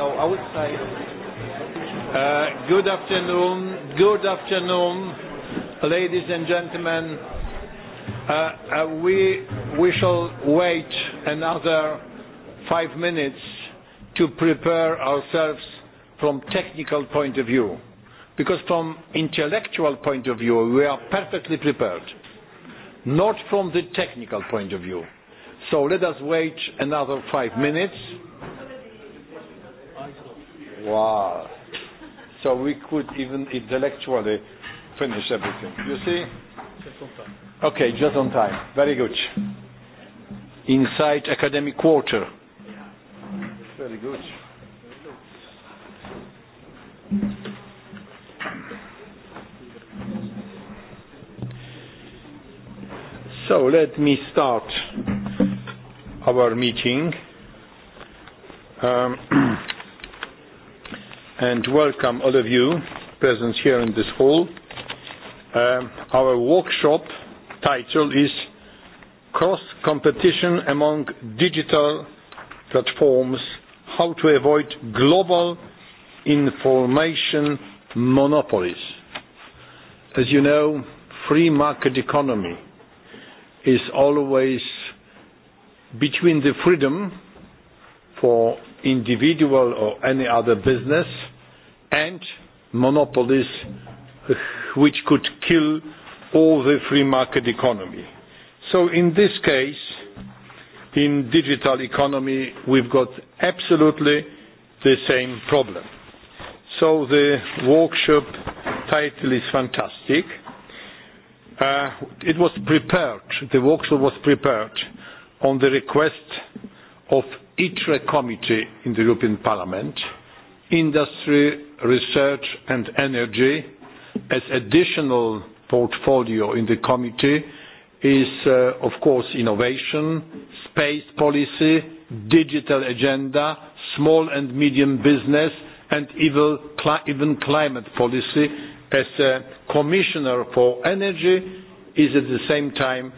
so outside. Uh, good afternoon, good afternoon, ladies and gentlemen. Uh, we we shall wait another five minutes to prepare ourselves from technical point of view, because from intellectual point of view we are perfectly prepared, not from the technical point of view. So let us wait another five minutes Wow. So we could even intellectually finish everything. You see? Okay, just on time. Very good. Inside academic quarter. Very good. So let me start our meeting. Um, and welcome all of you present here in this hall. Our workshop title is Cross Competition Among Digital Platforms, How to Avoid Global Information Monopolies. As you know, free market economy is always between the freedom for individual or any other business and monopolies which could kill all the free market economy. So in this case, in digital economy, we've got absolutely the same problem. So the workshop title is fantastic. It was prepared, the workshop was prepared on the request of ITRE committee in the European Parliament, industry research and energy as additional portfolio in the committee is, of course, innovation, space policy, digital agenda, small and medium business, and even climate policy as a commissioner for energy is at the same time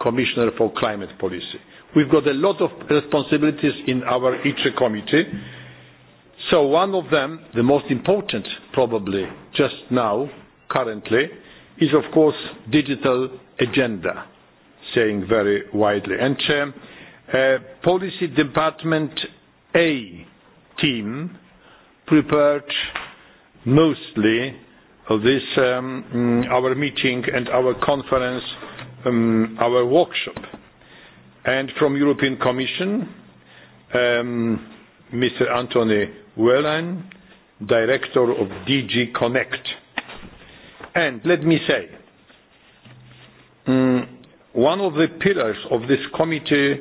commissioner for climate policy. We've got a lot of responsibilities in our ITRE committee So one of them, the most important probably just now, currently, is of course digital agenda, saying very widely. And policy department A team prepared mostly this our meeting and our conference, our workshop. And from European Commission, Mr. Antony. Wellen, Director of DG Connect. And let me say, one of the pillars of this committee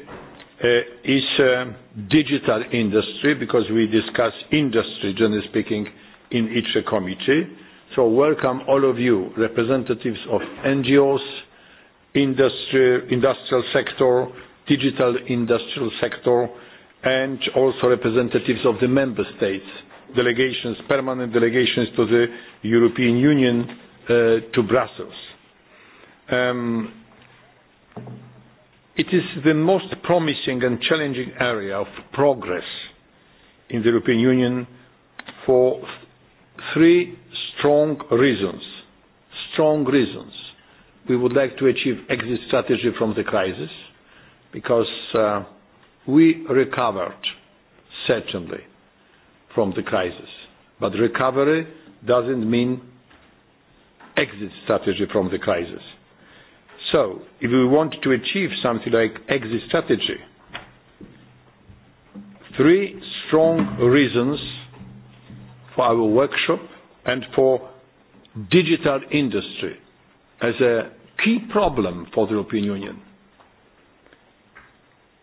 is digital industry because we discuss industry, generally speaking, in each committee. So welcome all of you, representatives of NGOs, industry, industrial sector, digital industrial sector, and also representatives of the member states, delegations, permanent delegations to the European Union to Brussels. It is the most promising and challenging area of progress in the European Union for three strong reasons. Strong reasons. We would like to achieve exit strategy from the crisis because We recovered, certainly, from the crisis. But recovery doesn't mean exit strategy from the crisis. So, if we want to achieve something like exit strategy, three strong reasons for our workshop and for digital industry as a key problem for the European Union.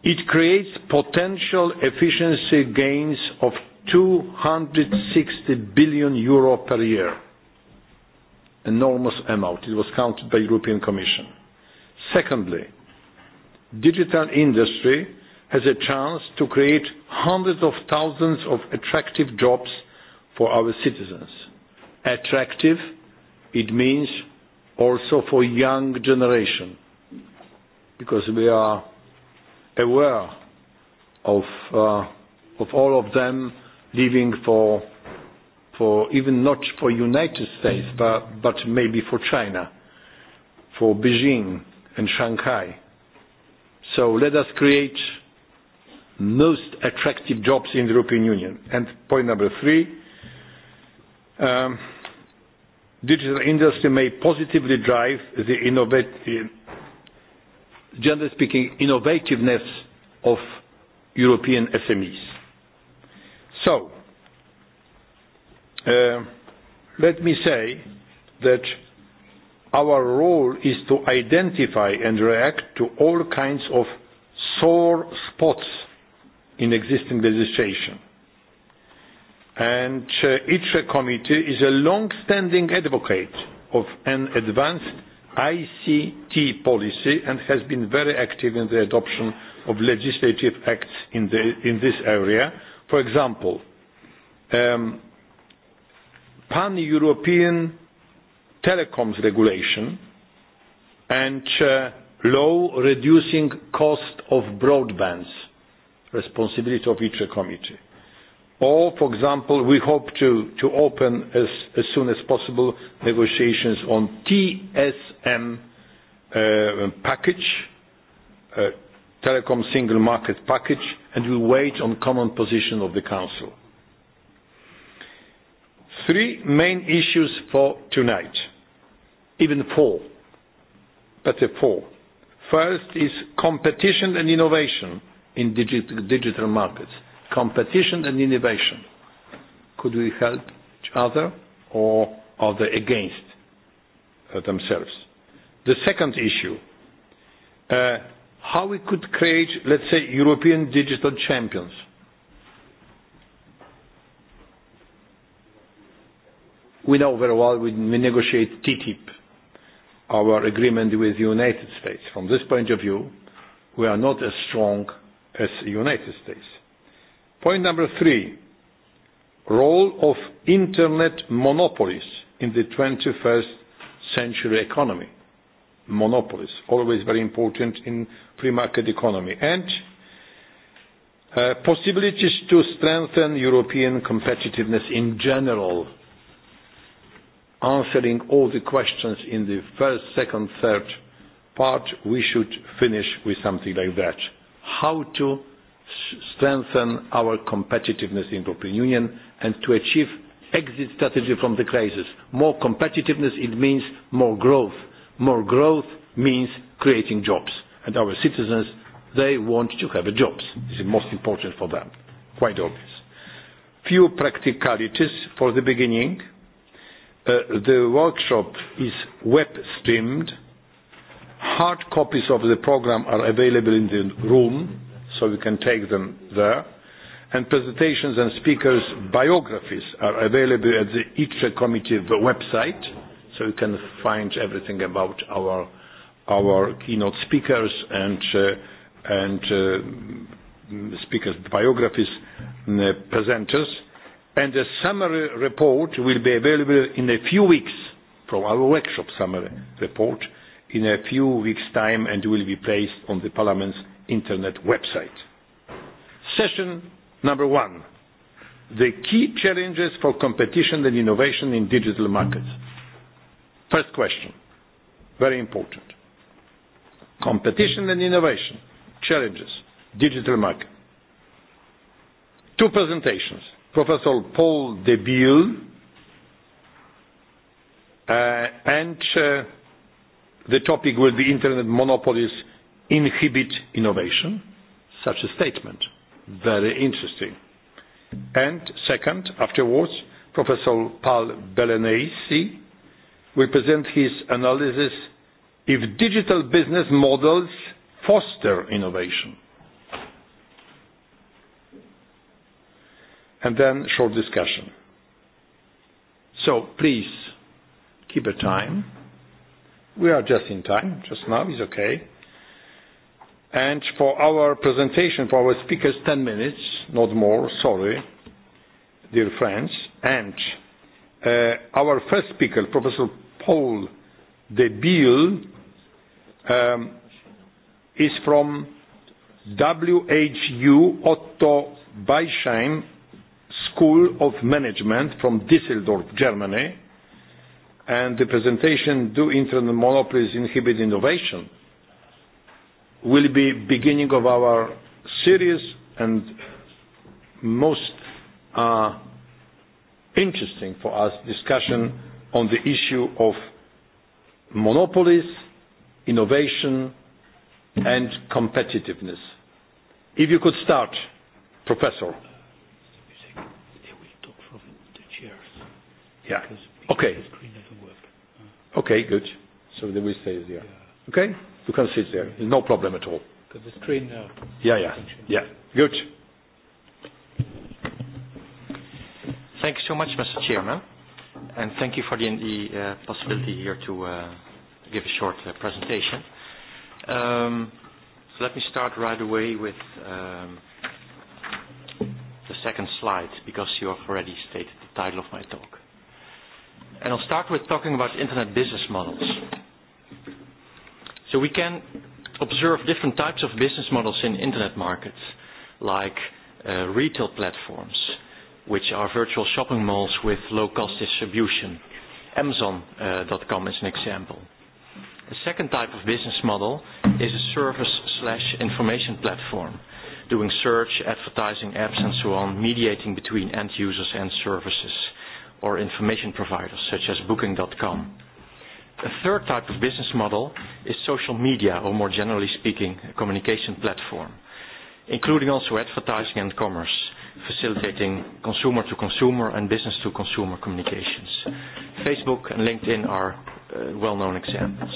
It creates potential efficiency gains of 260 billion euro per year. Enormous amount. It was counted by the European Commission. Secondly, digital industry has a chance to create hundreds of thousands of attractive jobs for our citizens. Attractive, it means also for young generation, because we are aware of of all of them leaving for for even not for United States but but maybe for China, for Beijing and Shanghai. So let us create most attractive jobs in the European Union. And point number three um digital industry may positively drive the generally speaking, innovativeness of European SMEs. So, let me say that our role is to identify and react to all kinds of sore spots in existing legislation. And ITRE committee is a long-standing advocate of an advanced ICT policy and has been very active in the adoption of legislative acts in this area. For example, pan-European telecoms regulation and law reducing cost of broadband, responsibility of each committee. Or, for example, we hope to open as soon as possible negotiations on TSM package, telecom single market package, and we wait on common position of the Council. Three main issues for tonight, even four, but four. First is competition and innovation in digital markets competition and innovation. Could we help each other or are they against themselves? The second issue, how we could create, let's say, European digital champions. We know very well we negotiate TTIP, our agreement with the United States. From this point of view, we are not as strong as the United States. Point number three, role of Internet monopolies in the 21st century economy. Monopolies, always very important in free market economy. And possibilities to strengthen European competitiveness in general, answering all the questions in the first, second, third part, we should finish with something like that. How to strengthen our competitiveness in the European Union and to achieve exit strategy from the crisis. More competitiveness, it means more growth. More growth means creating jobs. And our citizens, they want to have jobs. This is most important for them. Quite obvious. Few practicalities for the beginning. The workshop is web streamed. Hard copies of the program are available in the room so we can take them there. And presentations and speakers' biographies are available at the ITRE committee website, so you can find everything about our our keynote speakers and and speakers' biographies, presenters. And a summary report will be available in a few weeks from our workshop summary report in a few weeks' time and will be placed on the Parliament's Internet website. Session number one, the key challenges for competition and innovation in digital markets. First question, very important. Competition and innovation, challenges, digital market. Two presentations. Professor Paul uh, and the topic will be Internet monopolies inhibit innovation? Such a statement. Very interesting. And second, afterwards, Professor Paul Belenesi will present his analysis if digital business models foster innovation. And then short discussion. So please keep a time. We are just in time. Just now is okay and for our presentation, for our speakers, 10 minutes, not more, sorry, dear friends. And our first speaker, Professor Paul De is from WHU Otto Beisheim School of Management from Düsseldorf, Germany, and the presentation, Do Internet Monopolies Inhibit Innovation? will be beginning of our series and most uh, interesting for us discussion on the issue of monopolies, innovation and competitiveness. If you could start, Professor. Yeah. Okay. Okay, good. So they will stay there. Okay. You can sit there. No problem at all. Could the screen Yeah, yeah. Yeah. Good. Thank you so much, Mr. Chairman. And thank you for the, the uh, possibility here to uh, give a short uh, presentation. Um, so let me start right away with um, the second slide, because you have already stated the title of my talk. And I'll start with talking about Internet business models. So we can observe different types of business models in internet markets, like retail platforms, which are virtual shopping malls with low-cost distribution. Amazon.com is an example. The second type of business model is a service/information slash platform, doing search, advertising, apps, and so on, mediating between end users and services or information providers, such as Booking.com. A third type of business model is social media, or more generally speaking, a communication platform, including also advertising and commerce, facilitating consumer-to-consumer and business-to-consumer communications. Facebook and LinkedIn are well-known examples.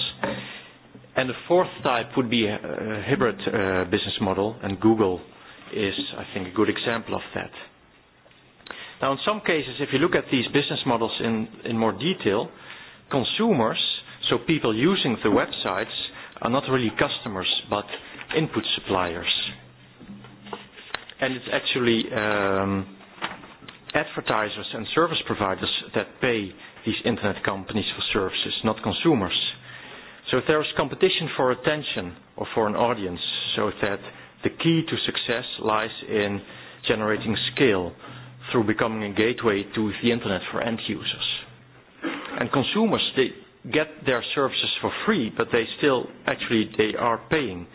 And the fourth type would be a hybrid business model, and Google is, I think, a good example of that. Now, in some cases, if you look at these business models in more detail, consumers So people using the websites are not really customers but input suppliers. And it's actually um, advertisers and service providers that pay these internet companies for services, not consumers. So there is competition for attention or for an audience, so that the key to success lies in generating scale through becoming a gateway to the internet for end users. And consumers, they, get their services for free, but they still actually they are paying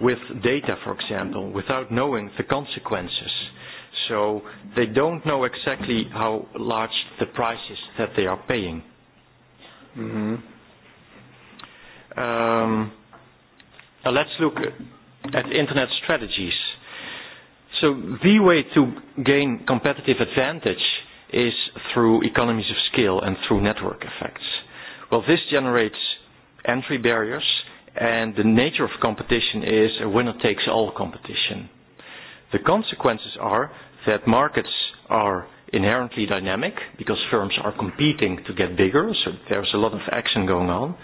with data, for example, without knowing the consequences. So they don't know exactly how large the price is that they are paying. Um, let's look at internet strategies. So the way to gain competitive advantage is through economies of scale and through network effects. Well, this generates entry barriers, and the nature of competition is a winner-takes-all competition. The consequences are that markets are inherently dynamic because firms are competing to get bigger, so there's a lot of action going on.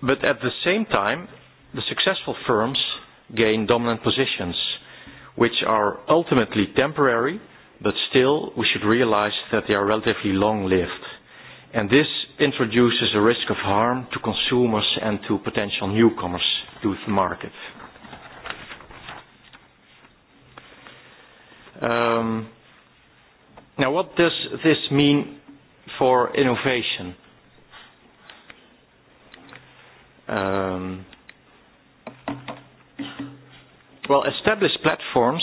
But at the same time, the successful firms gain dominant positions, which are ultimately temporary, but still we should realize that they are relatively long-lived. And this introduces a risk of harm to consumers and to potential newcomers to the market. Now, what does this mean for innovation? Well, established platforms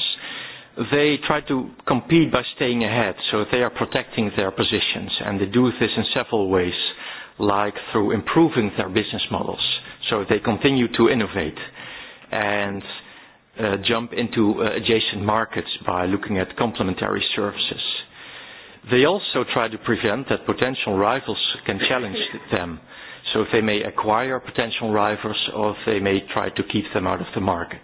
they try to compete by staying ahead, so they are protecting their positions, and they do this in several ways, like through improving their business models, so they continue to innovate and jump into adjacent markets by looking at complementary services. They also try to prevent that potential rivals can challenge them, so they may acquire potential rivals or they may try to keep them out of the market.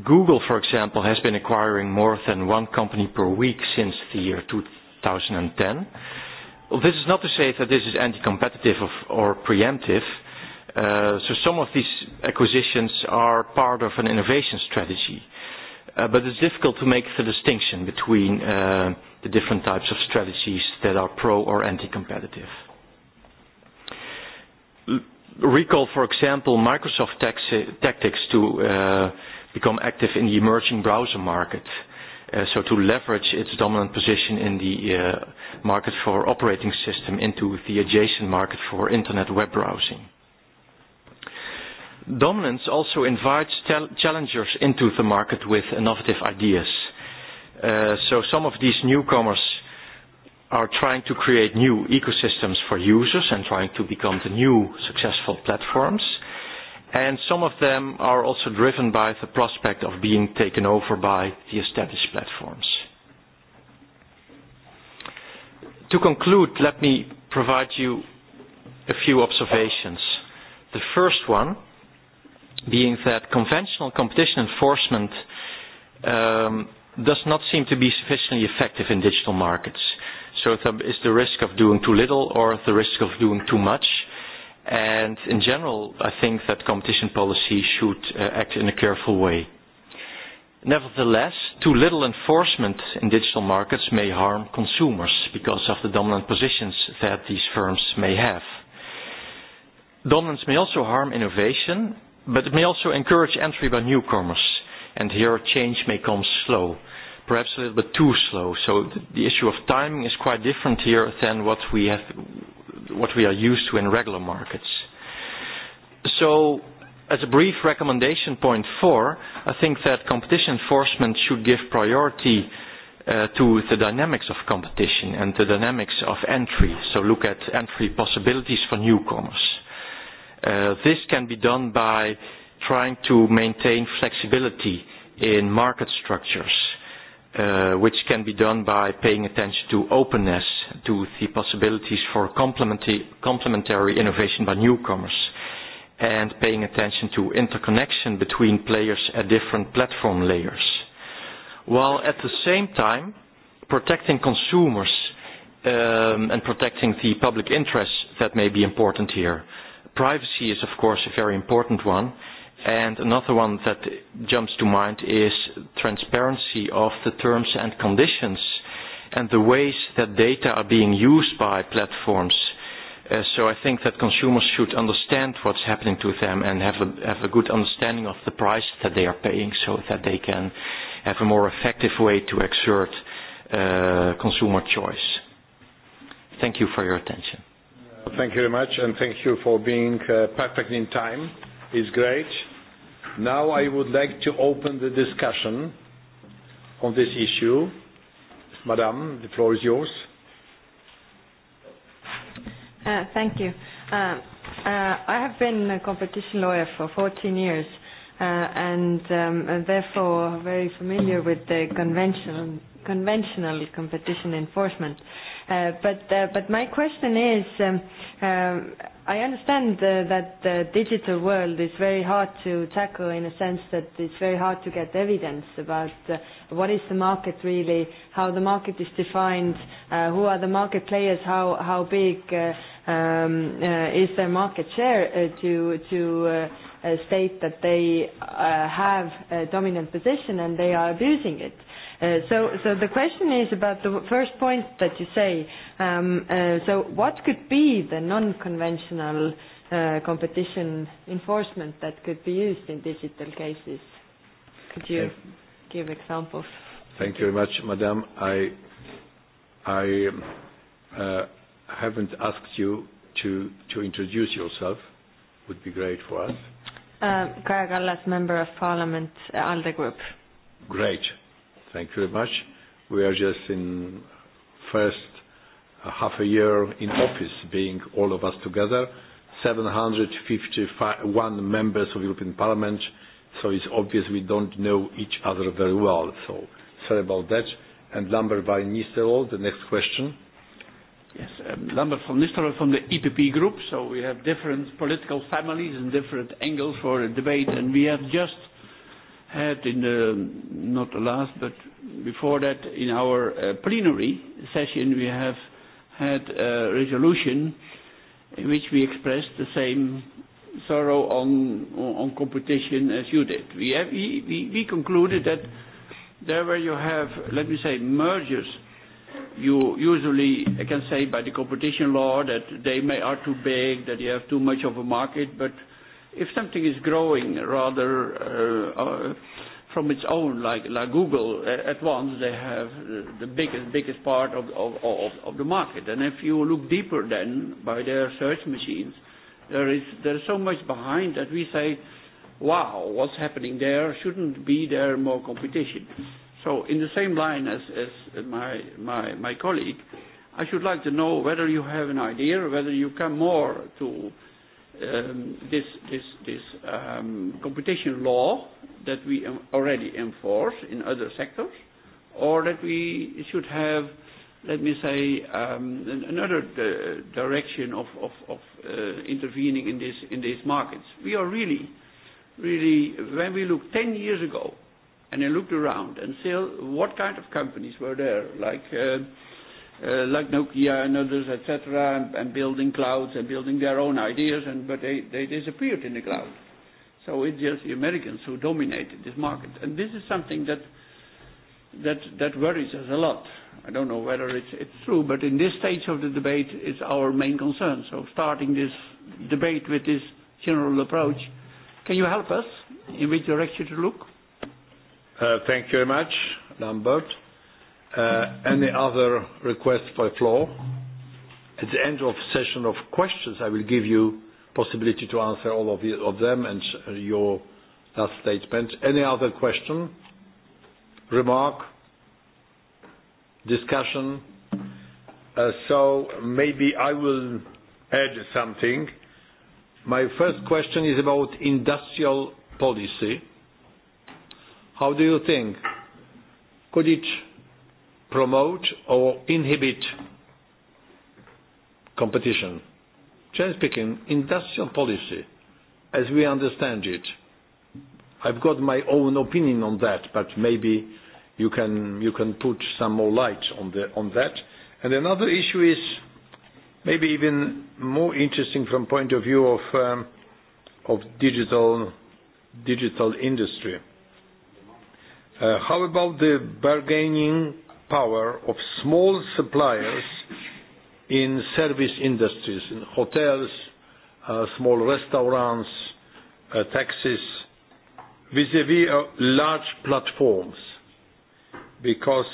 Google, for example, has been acquiring more than one company per week since the year 2010. This is not to say that this is anti-competitive or preemptive. So some of these acquisitions are part of an innovation strategy. But it's difficult to make the distinction between the different types of strategies that are pro or anti-competitive. Recall, for example, Microsoft tactics to become active in the emerging browser market, so to leverage its dominant position in the market for operating system into the adjacent market for internet web browsing. Dominance also invites challengers into the market with innovative ideas. So some of these newcomers are trying to create new ecosystems for users and trying to become the new successful platforms and some of them are also driven by the prospect of being taken over by the established platforms. To conclude, let me provide you a few observations. The first one being that conventional competition enforcement does not seem to be sufficiently effective in digital markets. So is the risk of doing too little or the risk of doing too much And in general, I think that competition policy should act in a careful way. Nevertheless, too little enforcement in digital markets may harm consumers because of the dominant positions that these firms may have. Dominance may also harm innovation, but it may also encourage entry by newcomers, and here change may come slow perhaps a little bit too slow. So the issue of timing is quite different here than what we have, what we are used to in regular markets. So as a brief recommendation, point four, I think that competition enforcement should give priority to the dynamics of competition and the dynamics of entry. So look at entry possibilities for newcomers. This can be done by trying to maintain flexibility in market structures which can be done by paying attention to openness, to the possibilities for complementary innovation by newcomers, and paying attention to interconnection between players at different platform layers. While at the same time, protecting consumers and protecting the public interests that may be important here. Privacy is, of course, a very important one, And another one that jumps to mind is transparency of the terms and conditions and the ways that data are being used by platforms. So I think that consumers should understand what's happening to them and have a have a good understanding of the price that they are paying so that they can have a more effective way to exert consumer choice. Thank you for your attention. Thank you very much and thank you for being perfect in time. It's great. Now I would like to open the discussion on this issue. Madam, the floor is yours. Thank you. Uh I have been a competition lawyer for 14 years uh and um therefore very familiar with the conventional conventional competition enforcement. But but my question is um I understand that the digital world is very hard to tackle in a sense that it's very hard to get evidence about what is the market really, how the market is defined, who are the market players, how how big is their market share to to state that they have a dominant position and they are abusing it. So so the question is about the first point that you say. So what could be the non-conventional competition enforcement that could be used in digital cases? Could you give examples? Thank you very much, Madam. I I haven't asked you to to introduce yourself. Would be great for us. Kaja Gallas, Member of Parliament, ALDE Group. Great. Thank you very much. We are just in first half a year in office, being all of us together, 751 members of European Parliament, so it's obvious we don't know each other very well. So sorry about that. And Lambert by Nistelrooy, the next question. Yes, Lambert from Nistelrooy from the EPP Group. So we have different political families and different angles for a debate, and we have just had in the, not the last, but before that in our plenary session we have had a resolution in which we expressed the same sorrow on, on competition as you did. We, have, we, we concluded that there where you have, let me say, mergers, you usually can say by the competition law that they may are too big, that you have too much of a market, but if something is growing rather from its own, like like Google, at once they have the biggest biggest part of of of the market. And if you look deeper, then by their search machines, there is there is so much behind that we say, wow, what's happening there? Shouldn't be there more competition? So in the same line as as my my my colleague, I should like to know whether you have an idea, whether you come more to um this this this competition law that we already enforce in other sectors, or that we should have, let me say, um another direction of of of intervening in this in these markets. We are really, really, when we look 10 years ago, and I looked around and saw what kind of companies were there, like like Nokia and others, etc., and building clouds and building their own ideas, and but they they disappeared in the cloud. So it's just the Americans who dominated this market, and this is something that that that worries us a lot. I don't know whether it's it's true, but in this stage of the debate, it's our main concern. So starting this debate with this general approach, can you help us in which direction to look? Thank you very much, Lambert. Any other request by floor? At the end of session of questions, I will give you possibility to answer all of them and your last statement. Any other question, remark, discussion? So maybe I will add something. My first question is about industrial policy. How do you think? Could it promote or inhibit competition. Generally speaking, industrial policy, as we understand it, I've got my own opinion on that, but maybe you can you can put some more light on the on that. And another issue is maybe even more interesting from point of view of of digital digital industry. How about the bargaining power of small suppliers in service industries, in hotels, small restaurants, taxis, vis-à-vis large platforms. Because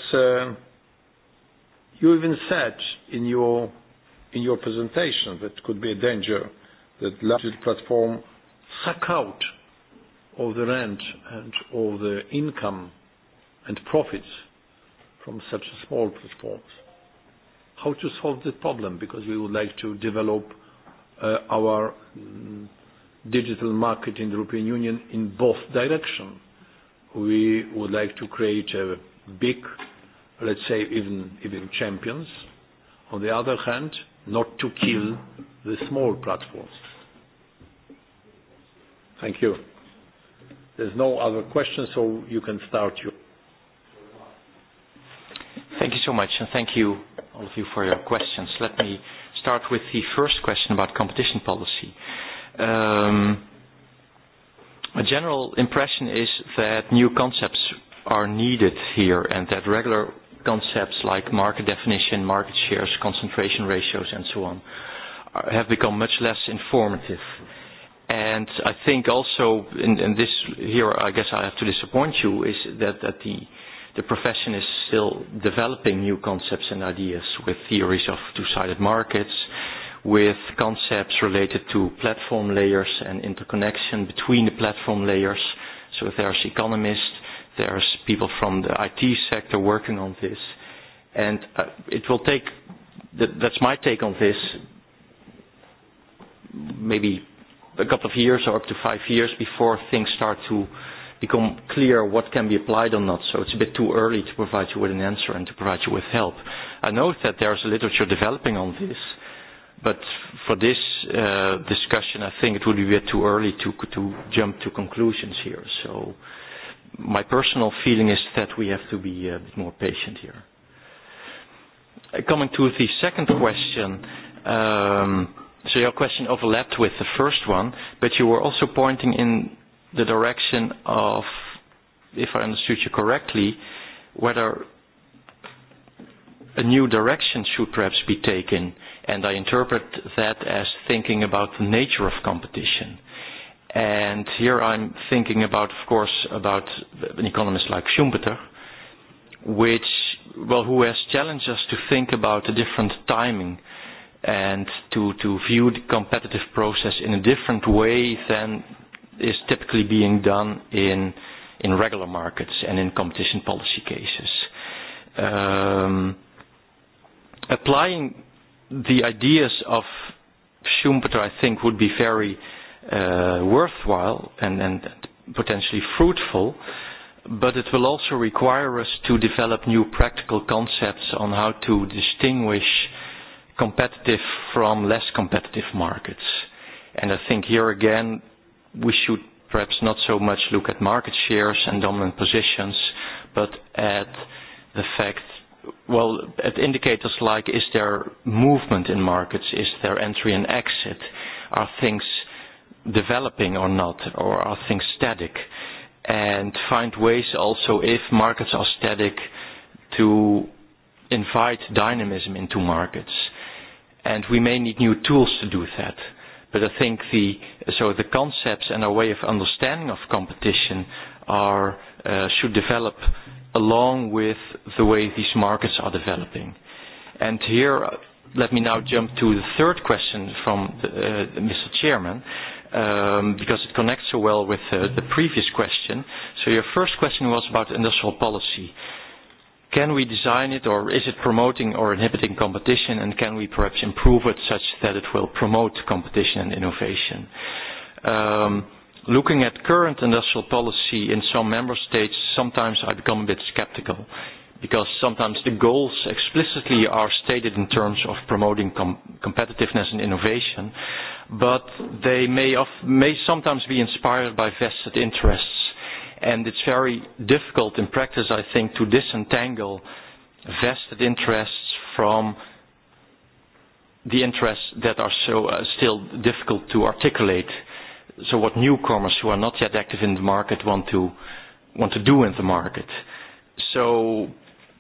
you even said in your in your presentation that could be a danger that large platform suck out all the rent and all the income and profits from such small platforms. How to solve the problem because we would like to develop our digital market in the European Union in both directions. We would like to create a big, let's say even even champions. On the other hand, not to kill the small platforms. Thank you. There's no other question, so you can start your so much, and thank you, all of you, for your questions. Let me start with the first question about competition policy. Um, a general impression is that new concepts are needed here and that regular concepts like market definition, market shares, concentration ratios and so on have become much less informative. And I think also, and this here I guess I have to disappoint you, is that, that the the profession is still developing new concepts and ideas with theories of two-sided markets, with concepts related to platform layers and interconnection between the platform layers. So there's economists, there's people from the IT sector working on this. And it will take, that's my take on this, maybe a couple of years or up to five years before things start to become clear what can be applied or not. So it's a bit too early to provide you with an answer and to provide you with help. I know that there's literature developing on this, but for this discussion, I think it would be a bit too early to, to jump to conclusions here. So my personal feeling is that we have to be a bit more patient here. Coming to the second question, so your question overlapped with the first one, but you were also pointing in the direction of, if I understood you correctly, whether a new direction should perhaps be taken. And I interpret that as thinking about the nature of competition. And here I'm thinking about, of course, about an economist like Schumpeter, which, well, who has challenged us to think about a different timing and to, to view the competitive process in a different way than is typically being done in in regular markets and in competition policy cases. Um, applying the ideas of Schumpeter, I think, would be very worthwhile and, and potentially fruitful, but it will also require us to develop new practical concepts on how to distinguish competitive from less competitive markets. And I think here again, we should perhaps not so much look at market shares and dominant positions, but at the fact, well, at indicators like is there movement in markets, is there entry and exit, are things developing or not, or are things static, and find ways also if markets are static to invite dynamism into markets. And we may need new tools to do that. But I think the so the concepts and our way of understanding of competition are should develop along with the way these markets are developing. And here, let me now jump to the third question from the Mr. Chairman, um because it connects so well with the previous question. So your first question was about industrial policy. Can we design it or is it promoting or inhibiting competition and can we perhaps improve it such that it will promote competition and innovation? Looking at current industrial policy in some member states, sometimes I become a bit skeptical because sometimes the goals explicitly are stated in terms of promoting competitiveness and innovation, but they may sometimes be inspired by vested interests and it's very difficult in practice, I think, to disentangle vested interests from the interests that are so still difficult to articulate. So what newcomers who are not yet active in the market want to want to do in the market. So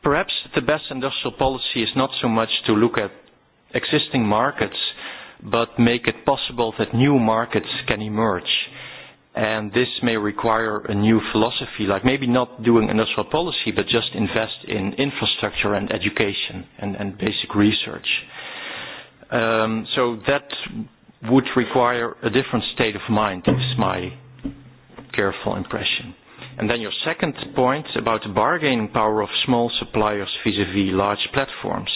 perhaps the best industrial policy is not so much to look at existing markets, but make it possible that new markets can emerge and this may require a new philosophy, like maybe not doing industrial policy, but just invest in infrastructure and education and, and basic research. so that would require a different state of mind, is my careful impression. And then your second point about the bargaining power of small suppliers vis-à-vis large platforms,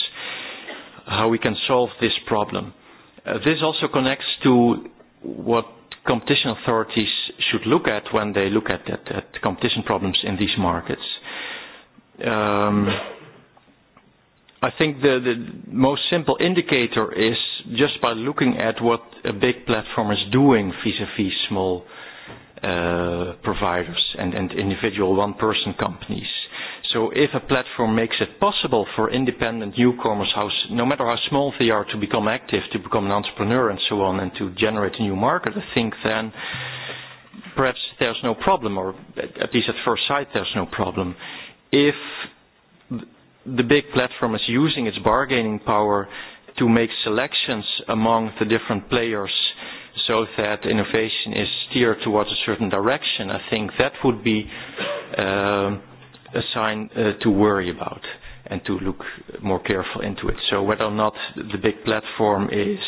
how we can solve this problem. This also connects to what competition authorities should look at when they look at at competition problems in these markets. I think the the most simple indicator is just by looking at what a big platform is doing vis-a-vis small providers and and individual one-person companies. So if a platform makes it possible for independent newcomers, no matter how small they are, to become active, to become an entrepreneur and so on, and to generate a new market, I think then perhaps there's no problem, or at least at first sight there's no problem. If the big platform is using its bargaining power to make selections among the different players so that innovation is steered towards a certain direction, I think that would be a sign to worry about and to look more careful into it. So whether or not the big platform is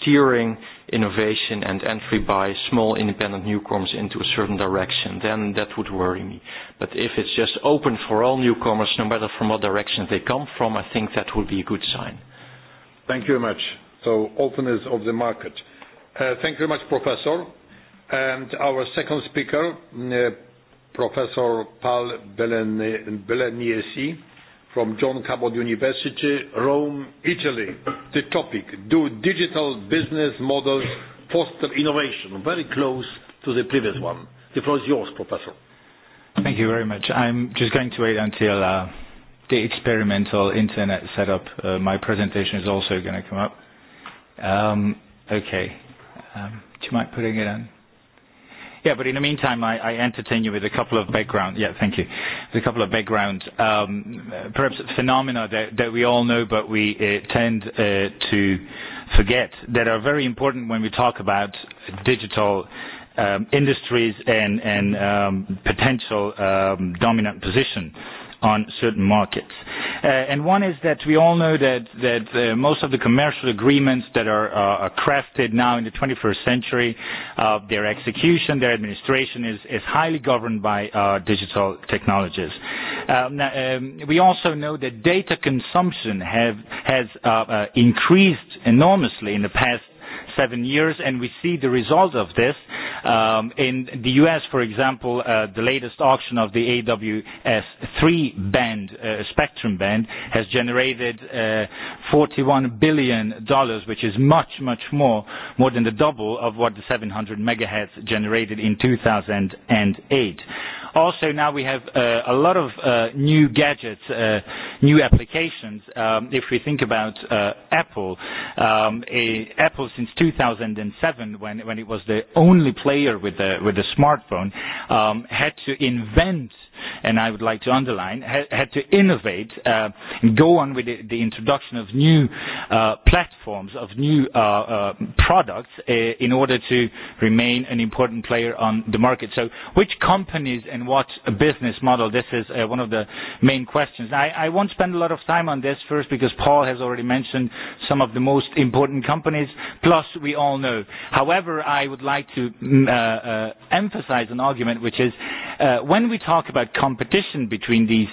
steering innovation and entry by small independent newcomers into a certain direction, then that would worry me. But if it's just open for all newcomers, no matter from what direction they come from, I think that would be a good sign. Thank you very much. So openness of the market. Thank you very much, Professor. And our second speaker, Professor Paul Beleniesi from John Cabot University, Rome, Italy. The topic, do digital business models foster innovation? Very close to the previous one. The floor is yours, Professor. Thank you very much. I'm just going to wait until uh, the experimental internet setup. Uh, my presentation is also going to come up. Um, okay. Um, do you mind putting it on? Yeah, but in the meantime, I, I entertain you with a couple of background. Yeah, thank you. With a couple of background, um, perhaps phenomena that, that we all know, but we uh, tend uh, to forget that are very important when we talk about digital um, industries and, and um, potential um, dominant position on certain markets. And one is that we all know that that most of the commercial agreements that are crafted now in the 21st century, their execution, their administration is is highly governed by digital technologies. We also know that data consumption have has increased enormously in the past seven years, and we see the result of this. In the U.S., for example, the latest auction of the AWS-3 band, spectrum band, has generated $41 billion, which is much, much more, more than the double of what the 700 megahertz generated in 2008. Also now we have a lot of new gadgets, new applications. If we think about Apple, Apple since 2007, when it was the only player with a smartphone, had to invent and I would like to underline, had to innovate and go on with the introduction of new platforms, of new products in order to remain an important player on the market. So which companies and what business model? This is one of the main questions. I won't spend a lot of time on this first because Paul has already mentioned some of the most important companies, plus we all know. However, I would like to emphasize an argument which is when we talk about competition between these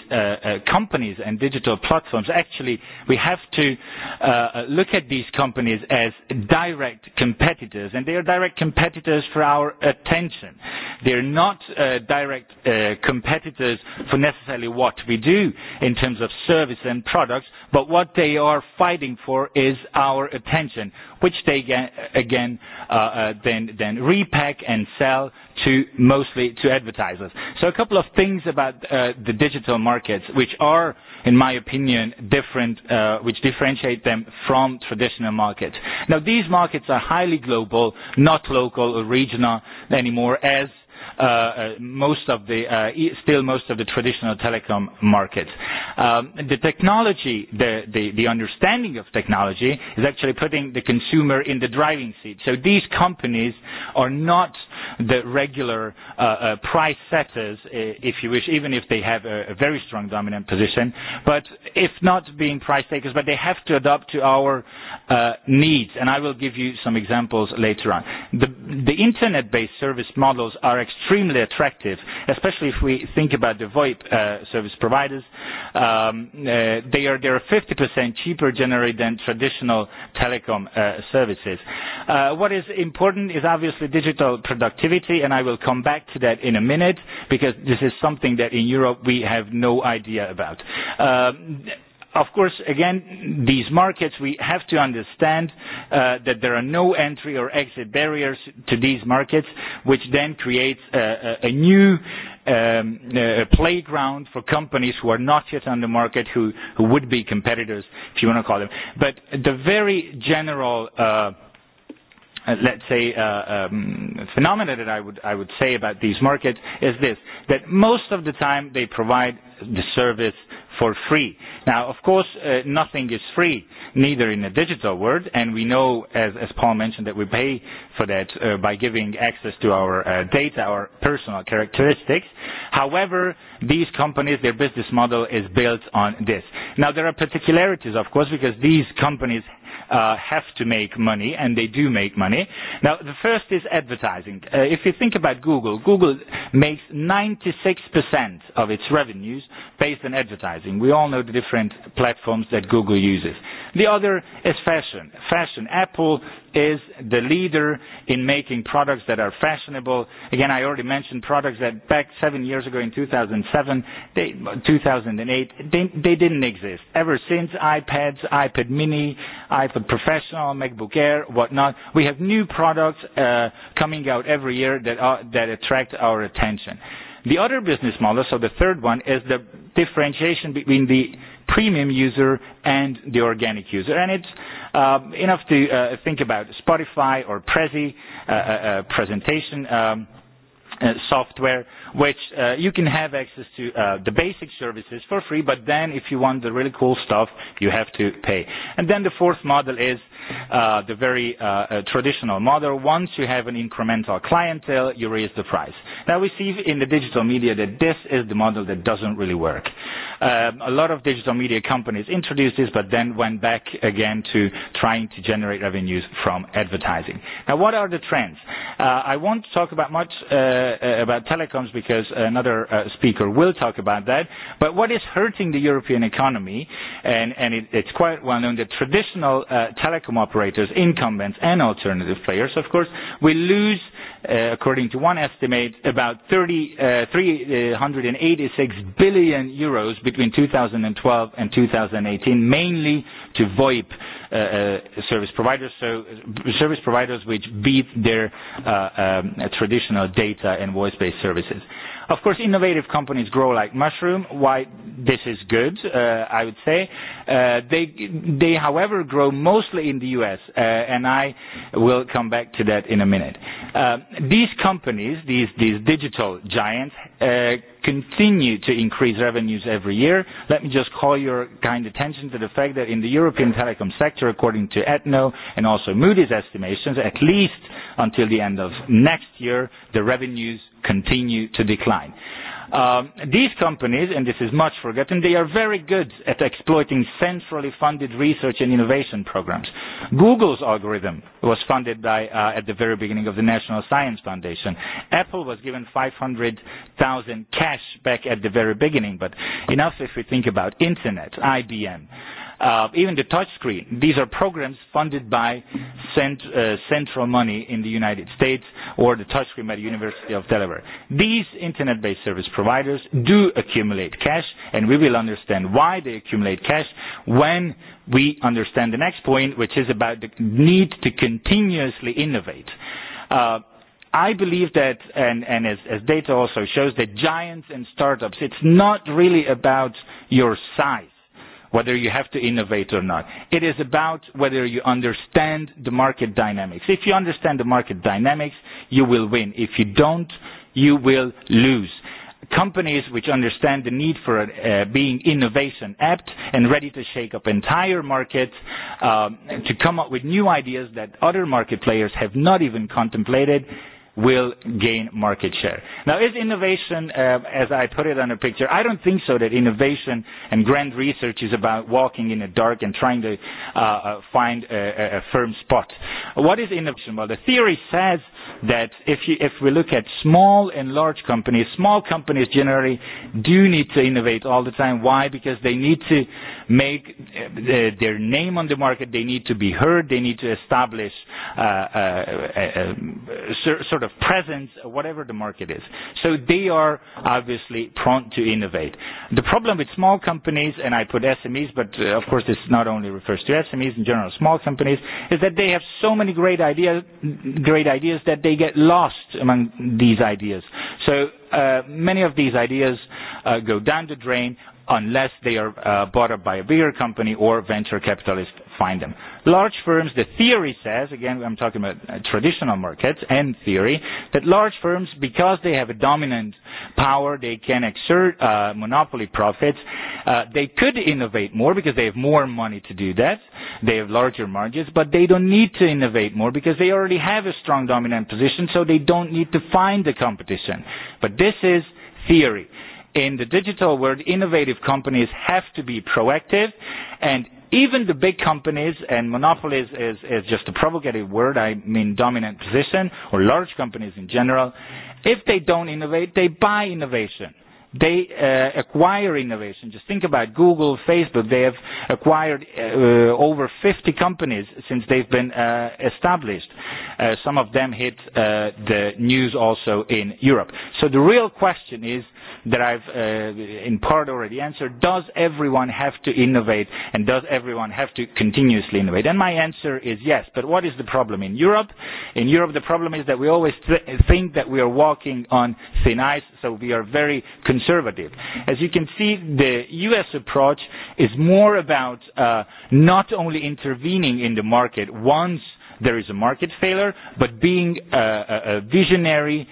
companies and digital platforms, actually we have to look at these companies as direct competitors, and they are direct competitors for our attention. They are not direct competitors for necessarily what we do in terms of service and products, But what they are fighting for is our attention, which they again then then repack and sell to mostly to advertisers. So a couple of things about the digital markets, which are, in my opinion, different, which differentiate them from traditional markets. Now, these markets are highly global, not local or regional anymore, as most of the still most of the traditional telecom markets. The technology, the the understanding of technology is actually putting the consumer in the driving seat. So these companies are not the regular price setters, if you wish, even if they have a very strong dominant position, but if not being price takers, but they have to adapt to our needs. And I will give you some examples later on. The internet-based service models are extremely attractive, especially if we think about the VoIP service providers. They are 50% cheaper generally than traditional telecom services. What is important is obviously digital productivity activity, and I will come back to that in a minute because this is something that in Europe we have no idea about. Of course, again, these markets, we have to understand that there are no entry or exit barriers to these markets, which then creates a new playground for companies who are not yet on the market, who would be competitors, if you want to call them. But the very general let's say, phenomena that I would, I would say about these markets is this, that most of the time they provide the service for free. Now, of course, nothing is free, neither in the digital world, and we know, as, as Paul mentioned, that we pay for that by giving access to our data, our personal characteristics. However, these companies, their business model is built on this. Now, there are particularities, of course, because these companies uh have to make money, and they do make money. Now, the first is advertising. If you think about Google, Google makes 96% of its revenues based on advertising. We all know the different platforms that Google uses. The other is fashion. Fashion. Apple is the leader in making products that are fashionable. Again, I already mentioned products that back seven years ago in 2007, 2008, they didn't exist. Ever since iPads, iPad mini, iPad professional, MacBook Air, whatnot, we have new products coming out every year that attract our attention. The other business model, so the third one, is the differentiation between the premium user and the organic user. And it's enough to think about Spotify or Prezi presentation software, which you can have access to the basic services for free, but then if you want the really cool stuff, you have to pay. And then the fourth model is the very traditional model. Once you have an incremental clientele, you raise the price. Now we see in the digital media that this is the model that doesn't really work. A lot of digital media companies introduced this, but then went back again to trying to generate revenues from advertising. Now, what are the trends? I won't talk about much about telecoms because another speaker will talk about that. But what is hurting the European economy, and it's quite well known that traditional telecom operators, incumbents and alternative players, of course, we lose, according to one estimate, about 386 billion euros between 2012 and 2018, mainly to VoIP service providers, so service providers which beat their traditional data and voice-based services. Of course, innovative companies grow like mushroom. Why this is good, I would say. They, they, however, grow mostly in the U.S., and I will come back to that in a minute. These companies, these these digital giants, continue to increase revenues every year. Let me just call your kind attention to the fact that in the European telecom sector, according to ETNO and also Moody's estimations, at least until the end of next year, the revenues continue to decline. These companies, and this is much forgotten, they are very good at exploiting centrally funded research and innovation programs. Google's algorithm was funded by, at the very beginning of the National Science Foundation. Apple was given 500,000 cash back at the very beginning, but enough if we think about Internet, IBM even the touch screen. These are programs funded by central money in the United States or the touch screen by the University of Delaware. These internet-based service providers do accumulate cash, and we will understand why they accumulate cash when we understand the next point, which is about the need to continuously innovate. I believe that, and, and as, as data also shows, that giants and startups, it's not really about your size whether you have to innovate or not. It is about whether you understand the market dynamics. If you understand the market dynamics, you will win. If you don't, you will lose. Companies which understand the need for being innovation apt and ready to shake up entire markets, to come up with new ideas that other market players have not even contemplated, will gain market share. Now, is innovation, as I put it on a picture, I don't think so that innovation and grand research is about walking in the dark and trying to find a firm spot. What is innovation? Well, the theory says that if if we look at small and large companies, small companies generally do need to innovate all the time. Why? Because they need to make their name on the market, they need to be heard, they need to establish a sort of presence, whatever the market is. So they are obviously prone to innovate. The problem with small companies, and I put SMEs, but of course this not only refers to SMEs in general, small companies, is that they have so many great ideas, great ideas that that they get lost among these ideas. So many of these ideas go down the drain unless they are bought up by a bigger company or venture capitalist find them. Large firms, the theory says, again I'm talking about traditional markets and theory, that large firms, because they have a dominant power, they can exert monopoly profits, they could innovate more because they have more money to do that, they have larger margins, but they don't need to innovate more because they already have a strong dominant position, so they don't need to find the competition. But this is theory. In the digital world, innovative companies have to be proactive and even the big companies, and monopolies is, is just a provocative word, I mean dominant position, or large companies in general, if they don't innovate, they buy innovation. They uh, acquire innovation. Just think about Google, Facebook. They have acquired uh, over 50 companies since they've been uh, established. Uh, some of them hit uh, the news also in Europe. So the real question is, that I've in part already answered. Does everyone have to innovate and does everyone have to continuously innovate? And my answer is yes. But what is the problem in Europe? In Europe the problem is that we always think that we are walking on thin ice, so we are very conservative. As you can see, the US approach is more about not only intervening in the market once there is a market failure, but being a visionary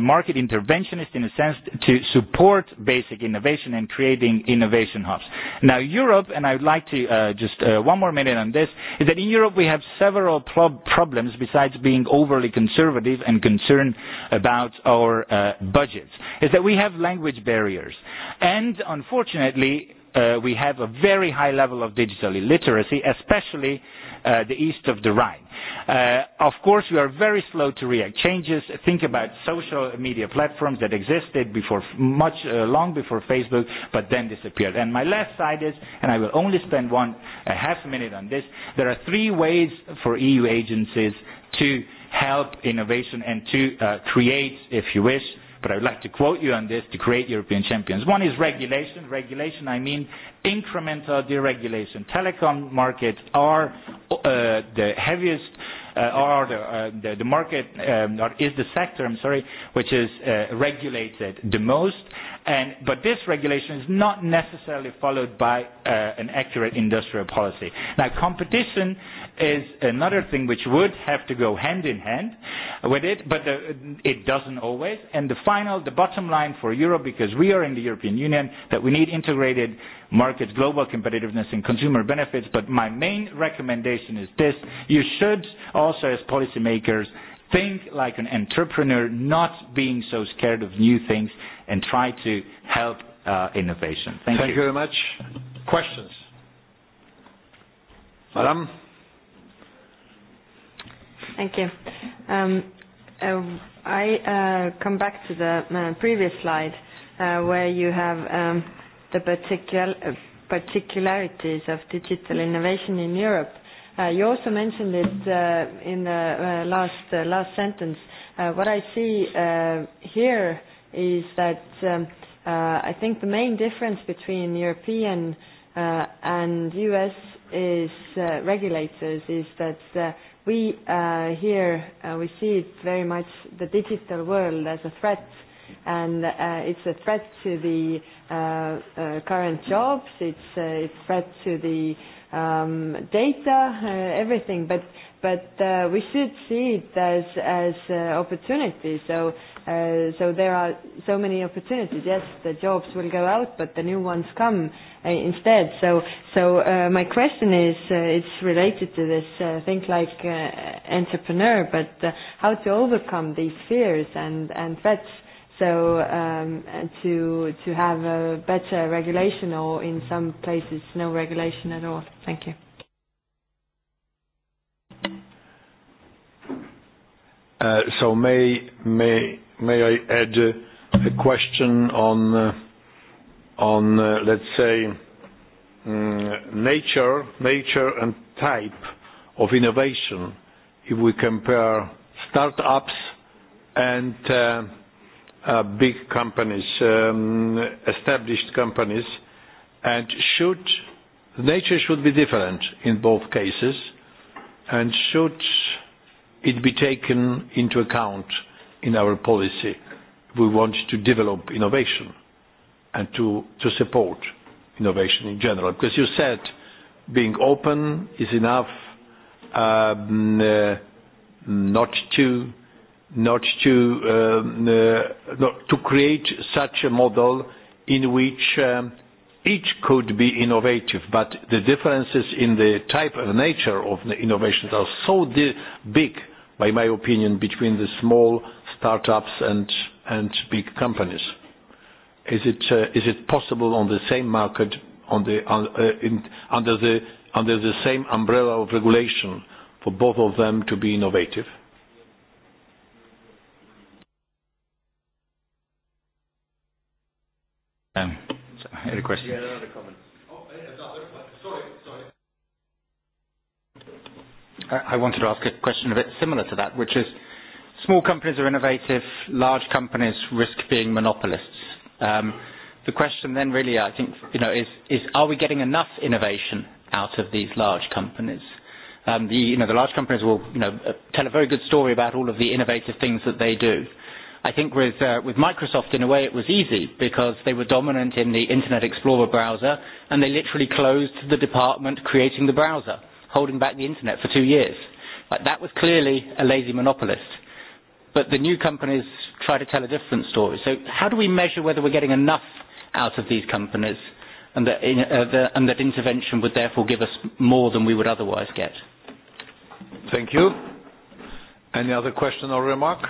market interventionist in a sense to support basic innovation and creating innovation hubs. Now Europe, and I would like to just one more minute on this, is that in Europe we have several problems besides being overly conservative and concerned about our budgets, is that we have language barriers. And unfortunately, we have a very high level of digital illiteracy, especially the east of the Rhine. Of course, we are very slow to react. Changes, think about social media platforms that existed before much long before Facebook, but then disappeared. And my last side is, and I will only spend one half minute on this, there are three ways for EU agencies to help innovation and to create, if you wish, but I would like to quote you on this to create European champions. One is regulation. Regulation, I mean incremental deregulation. Telecom markets are the heaviest or the market is the sector, I'm sorry, which is regulated the most. But this regulation is not necessarily followed by an accurate industrial policy. Now, competition is another thing which would have to go hand in hand with it, but it doesn't always. And the final, the bottom line for Europe, because we are in the European Union, that we need integrated markets, global competitiveness and consumer benefits. But my main recommendation is this. You should also, as policymakers, think like an entrepreneur, not being so scared of new things, and try to help innovation. Thank you. Thank you very much. Questions? Madam? Thank you. Um, I uh, come back to the previous slide where you have um, the particular, particularities of digital innovation in Europe. Uh, you also mentioned it in the last last sentence. what I see uh, here is that I think the main difference between European uh, and U.S. is regulators is that We here we see it very much the digital world as a threat, and it's a threat to the current jobs, it's a threat to the um data, everything, but but we should see it as as opportunity. So So there are so many opportunities. Yes, the jobs will go out, but the new ones come instead. So so my question is, it's related to this, think like entrepreneur, but how to overcome these fears and and threats. So to to have a better regulation or in some places no regulation at all. Thank you. So may may may I add a question on, on let's say, nature, nature and type of innovation if we compare startups and big companies, established companies, and should nature should be different in both cases, and should it be taken into account in our policy. We want to develop innovation and to to support innovation in general. Because you said being open is enough not to not to not to create such a model in which each could be innovative, but the differences in the type and nature of the innovations are so big, by my opinion, between the small startups and and big companies. Is it is it possible on the same market on the under the under the same umbrella of regulation for both of them to be innovative? I wanted to ask a question a bit similar to that, which is Small companies are innovative. Large companies risk being monopolists. The question then really, I think, you know, is, is are we getting enough innovation out of these large companies? Um, the, you know, the large companies will, you know, tell a very good story about all of the innovative things that they do. I think with, uh, with Microsoft, in a way, it was easy because they were dominant in the Internet Explorer browser and they literally closed the department creating the browser, holding back the Internet for two years. That was clearly a lazy monopolist but the new companies try to tell a different story. So how do we measure whether we're getting enough out of these companies and that, and that intervention would therefore give us more than we would otherwise get? Thank you. Any other question or remark?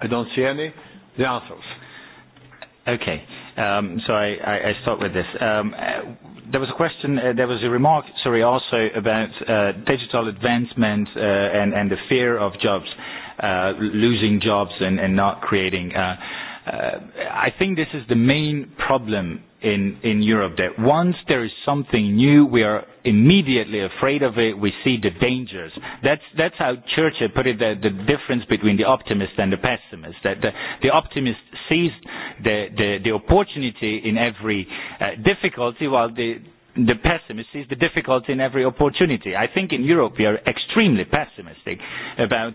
I don't see any. The answers. Okay. Um, so I, start with this. Um, there was a question, there was a remark, sorry, also about digital advancement and, and the fear of jobs losing jobs and not creating. I think this is the main problem in in Europe that once there is something new we are immediately afraid of it we see the dangers that's that's how Churchill put it the, the difference between the optimist and the pessimist that the, the optimist sees the, the the opportunity in every difficulty while the the pessimist is the difficulty in every opportunity. I think in Europe we are extremely pessimistic about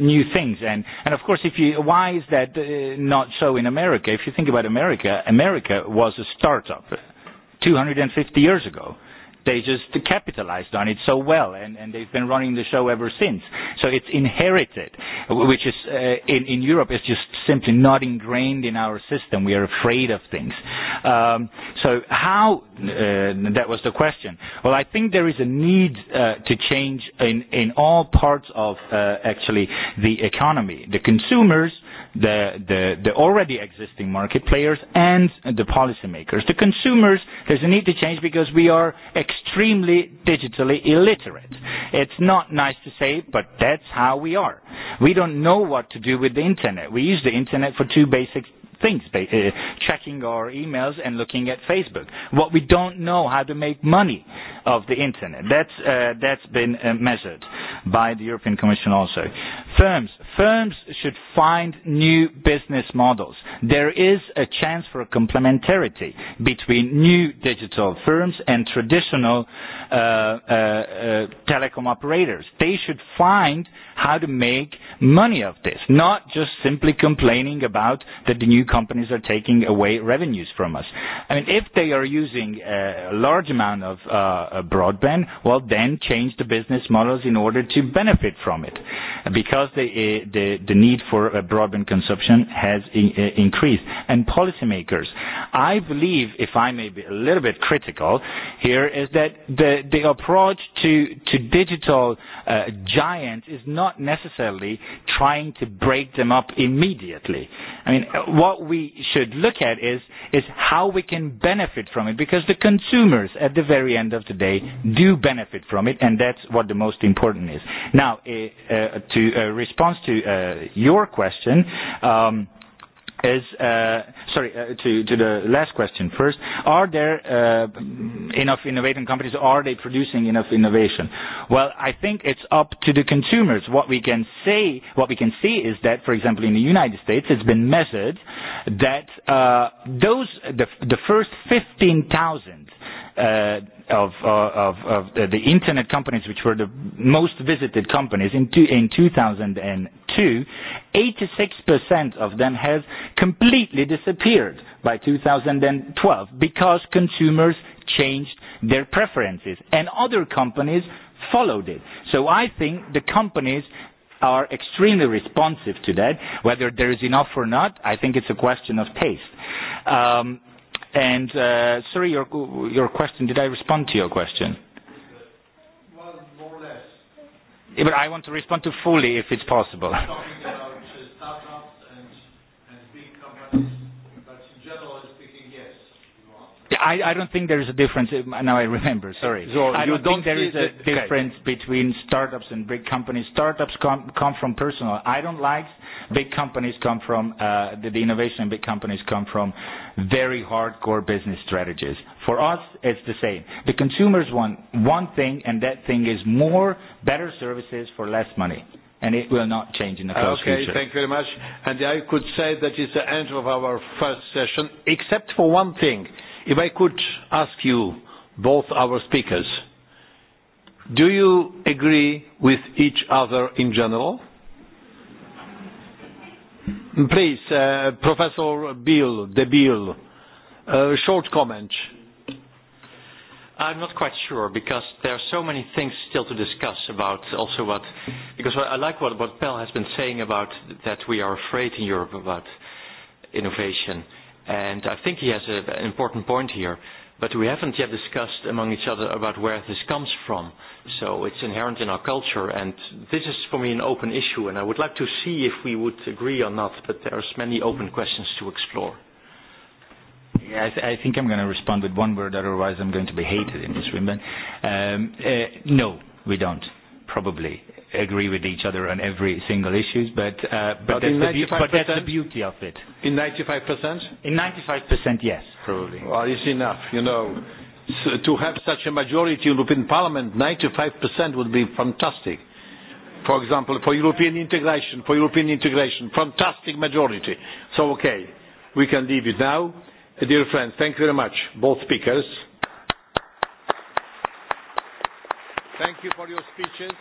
new things. And, and of course, if you, why is that not so in America? If you think about America, America was a startup 250 years ago they just capitalized on it so well and and they've been running the show ever since so it's inherited which is in in Europe is just simply not ingrained in our system we are afraid of things um so how that was the question well i think there is a need to change in in all parts of actually the economy the consumers the the already existing market players and the policymakers. The consumers, there's a need to change because we are extremely digitally illiterate. It's not nice to say, but that's how we are. We don't know what to do with the internet. We use the internet for two basic things, checking our emails and looking at Facebook. What we don't know how to make money of the internet. That's, that's been measured by the European Commission also. Firms, firms should find new business models. There is a chance for complementarity between new digital firms and traditional telecom operators. They should find how to make money of this, not just simply complaining about that the new companies are taking away revenues from us. I mean, if they are using a large amount of broadband, well then change the business models in order to benefit from it, because the the need for broadband consumption has increased. And policymakers, I believe, if I may be a little bit critical here, is that the the approach to to digital giants is not necessarily trying to break them up immediately. I mean, what we should look at is is how we can benefit from it, because the consumers at the very end of the day. They do benefit from it, and that's what the most important is. Now, to response to your question, is sorry to to the last question first are there enough innovating companies are they producing enough innovation well i think it's up to the consumers what we can say what we can see is that for example in the united states it's been measured that those the first 15000 of of the internet companies which were the most visited companies in in 2002 86% of them have completely disappeared by 2012 because consumers changed their preferences and other companies followed it so i think the companies are extremely responsive to that whether there is enough or not i think it's a question of taste um And uh sorry, your your question. Did I respond to your question? Well, more or less. But I want to respond to fully, if it's possible. I, I don't think there is a difference. Now I remember. Sorry. So I don't, think there is a difference between startups and big companies. Startups come, from personal. I don't like big companies come from uh, the, innovation in big companies come from very hardcore business strategies. For us, it's the same. The consumers want one thing, and that thing is more, better services for less money and it will not change in the close future. Okay, thank you very much. And I could say that is the end of our first session, except for one thing. If I could ask you, both our speakers, do you agree with each other in general? Please, Professor Bill, De Bill, a short comment. I'm not quite sure because there are so many things still to discuss about also what, because I like what, what Pell has been saying about that we are afraid in Europe about innovation And I think he has an important point here, but we haven't yet discussed among each other about where this comes from. So it's inherent in our culture, and this is for me an open issue, and I would like to see if we would agree or not, but there's many open questions to explore. I, I think I'm going to respond with one word, otherwise I'm going to be hated in this room. um, no, we don't probably agree with each other on every single issue, but, uh, but, that's the beauty of it. In 95%? In 95%, yes, probably. Well, it's enough, you know. to have such a majority in European Parliament, 95% would be fantastic. For example, for European integration, for European integration, fantastic majority. So, okay, we can leave it now. Dear friends, thank you very much, both speakers. Thank you for your speeches.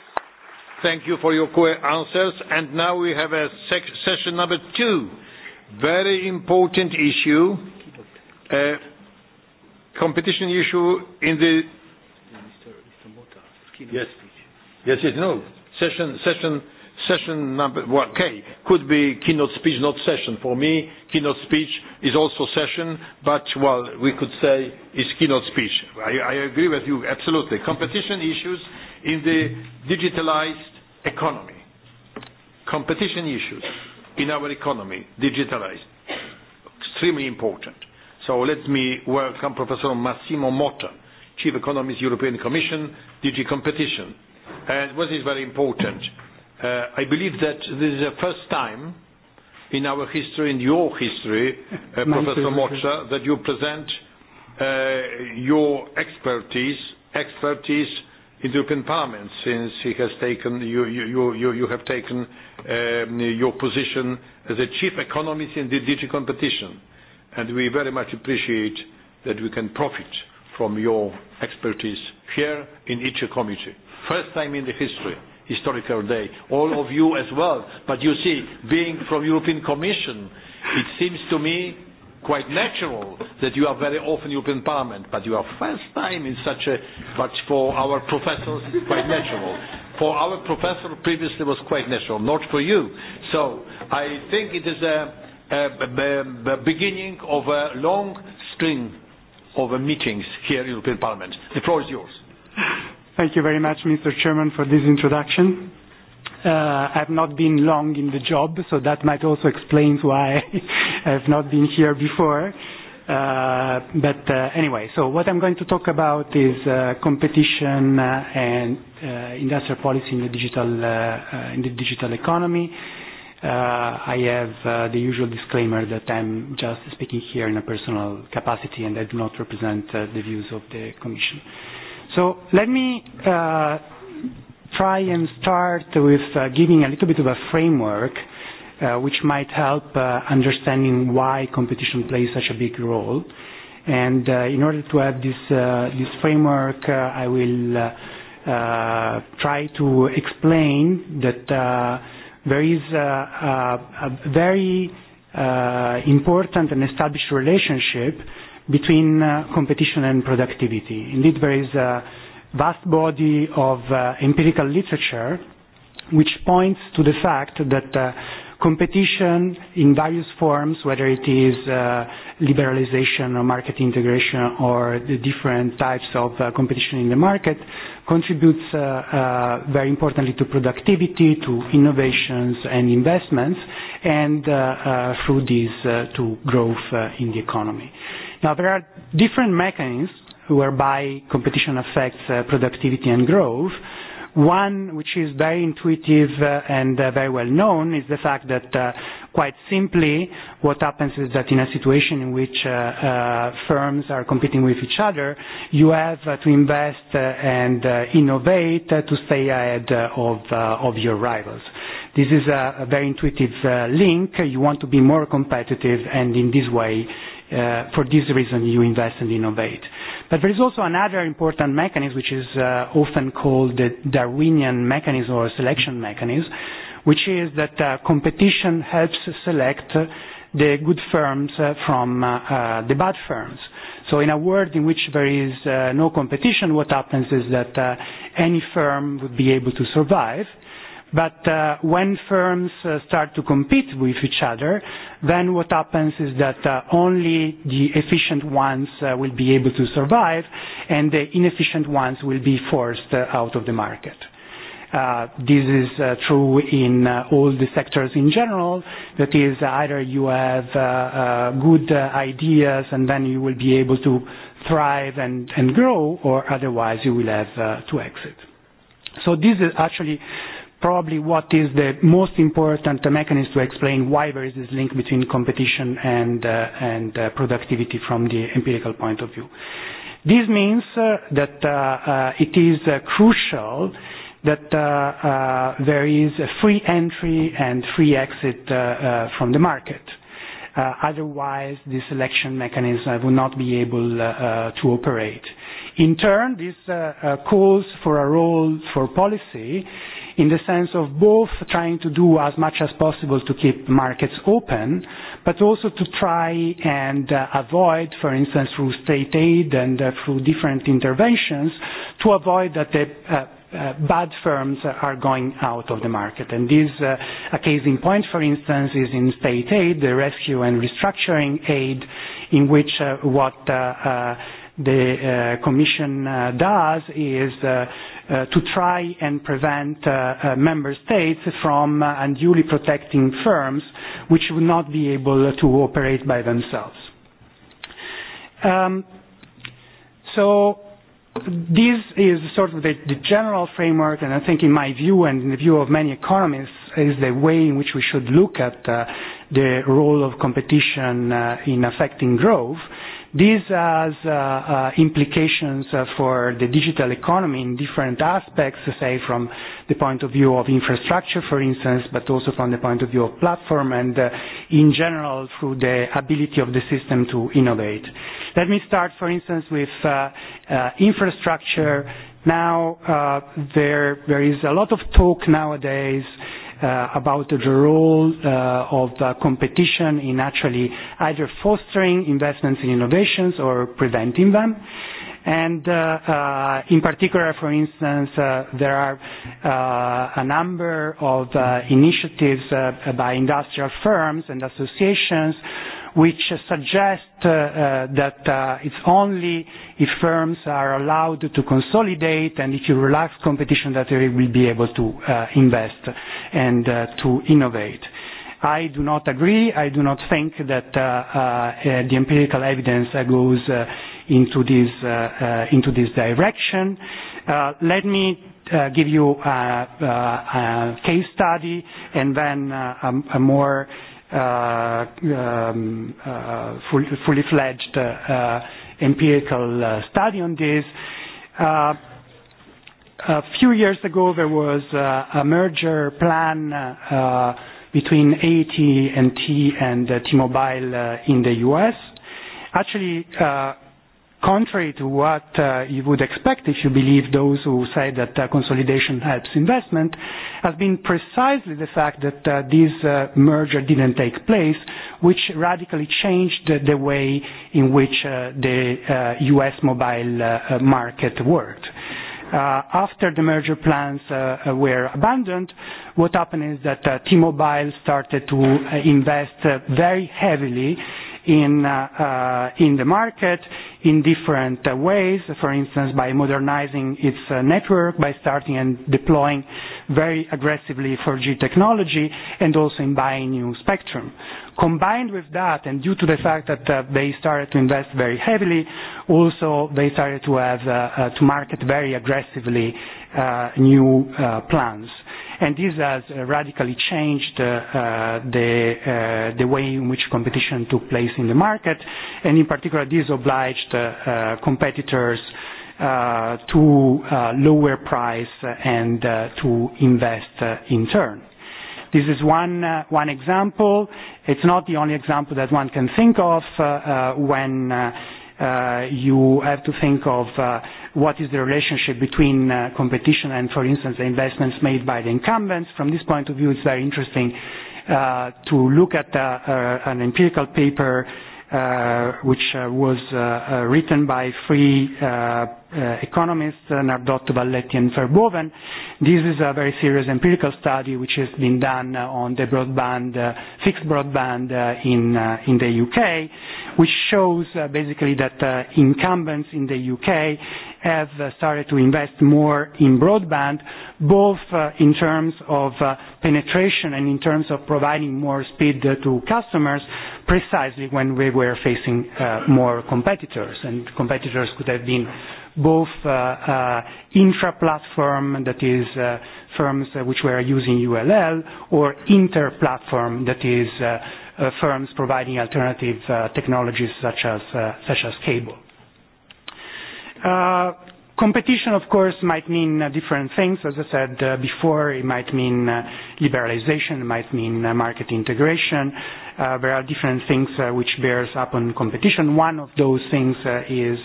Thank you for your answers. And now we have a session number two. Very important issue. Competition issue in the. Yes. Yes, yes, no. Session, session session number one K could be keynote speech, not session. For me, keynote speech is also session, but well, we could say is keynote speech. I, I agree with you absolutely. Competition issues in the digitalized economy, competition issues in our economy, digitalized, extremely important. So let me welcome Professor Massimo Motta, Chief Economist, European Commission, DG Competition. And what is very important I believe that this is the first time in our history, in your history, Professor Mocha, that you present your expertise, expertise in the European Parliament, since he has taken, you, you, you, you have taken your position as a chief economist in the digital competition. And we very much appreciate that we can profit from your expertise here in each committee. First time in the history historical day. All of you as well. But you see, being from European Commission, it seems to me quite natural that you are very often European Parliament, but you are first time in such a, but for our professors, quite natural. For our professor previously was quite natural, not for you. So I think it is a, a, beginning of a long string of meetings here in European Parliament. The floor is yours. Thank you very much, Mr. Chairman, for this introduction. I've not been long in the job, so that might also explain why I've not been here before. But anyway, so what I'm going to talk about is competition and industrial policy in the digital in the digital economy. I have the usual disclaimer that I'm just speaking here in a personal capacity and I do not represent the views of the Commission. So let me uh, try and start with giving a little bit of a framework which might help understanding why competition plays such a big role. And in order to have this, this framework, I will uh, try to explain that there is a, a very important and established relationship between competition and productivity. Indeed, there is a vast body of empirical literature which points to the fact that competition in various forms, whether it is liberalization or market integration or the different types of competition in the market, contributes very importantly to productivity, to innovations and investments, and through these to growth in the economy. Now, there are different mechanisms whereby competition affects productivity and growth. One which is very intuitive and very well known is the fact that quite simply what happens is that in a situation in which firms are competing with each other, you have to invest and innovate to stay ahead of your rivals. This is a very intuitive link. You want to be more competitive and in this way for this reason you invest and innovate. But there is also another important mechanism which is often called the Darwinian mechanism or selection mechanism, which is that competition helps select the good firms from the bad firms. So in a world in which there is no competition, what happens is that any firm would be able to survive But when firms start to compete with each other, then what happens is that only the efficient ones will be able to survive, and the inefficient ones will be forced out of the market. This is true in all the sectors in general. That is, either you have good ideas and then you will be able to thrive and grow, or otherwise you will have to exit. So this is actually probably what is the most important mechanism to explain why there is this link between competition and and productivity from the empirical point of view. This means that it is crucial that there is a free entry and free exit from the market. Otherwise, the selection mechanism would not be able to operate. In turn, this calls for a role for policy in the sense of both trying to do as much as possible to keep markets open, but also to try and avoid, for instance, through state aid and through different interventions, to avoid that the bad firms are going out of the market. And this, a case in point, for instance, is in state aid, the rescue and restructuring aid, in which what the Commission does is to try and prevent member states from unduly protecting firms which would not be able to operate by themselves. So this is sort of the general framework and I think in my view and in the view of many economists is the way in which we should look at the role of competition in affecting growth This has implications for the digital economy in different aspects, say from the point of view of infrastructure, for instance, but also from the point of view of platform and in general through the ability of the system to innovate. Let me start, for instance, with infrastructure. Now there there is a lot of talk nowadays about the role of competition in actually either fostering investments in innovations or preventing them. And in particular, for instance, there are a number of initiatives by industrial firms and associations which suggest that it's only if firms are allowed to consolidate and if you relax competition that they will be able to invest and to innovate. I do not agree. I do not think that the empirical evidence goes into this into this direction. Let me give you a case study and then a more fully fledged empirical study on this. A few years ago there was a merger plan between AT&T and T-Mobile in the US. Actually contrary to what you would expect if you believe those who say that consolidation helps investment, has been precisely the fact that this merger didn't take place, which radically changed the way in which the U.S. mobile market worked. After the merger plans were abandoned, what happened is that T-Mobile started to invest very heavily in in the market in different ways, for instance by modernizing its network, by starting and deploying very aggressively 4G technology and also in buying new spectrum. Combined with that and due to the fact that they started to invest very heavily, also they started to have to market very aggressively new plans and this has radically changed the the way in which competition took place in the market, and in particular this obliged competitors to lower price and to invest in turn. This is one one example. It's not the only example that one can think of when uh you have to think of what is the relationship between competition and, for instance, the investments made by the incumbents. From this point of view, it's very interesting uh to look at an empirical paper which was written by three economists, Nardotto, Valletti and Verboven. This is a very serious empirical study which has been done on the broadband, fixed broadband in in the UK, which shows basically that incumbents in the UK have started to invest more in broadband, both in terms of penetration and in terms of providing more speed to customers, precisely when we were facing more competitors, and competitors could have been both intra-platform, that is firms which were using ULL, or inter-platform, that is firms providing alternative technologies such as cable. Competition, of course, might mean different things. As I said before, it might mean liberalization, it might mean market integration. There are different things which bears upon competition. One of those things is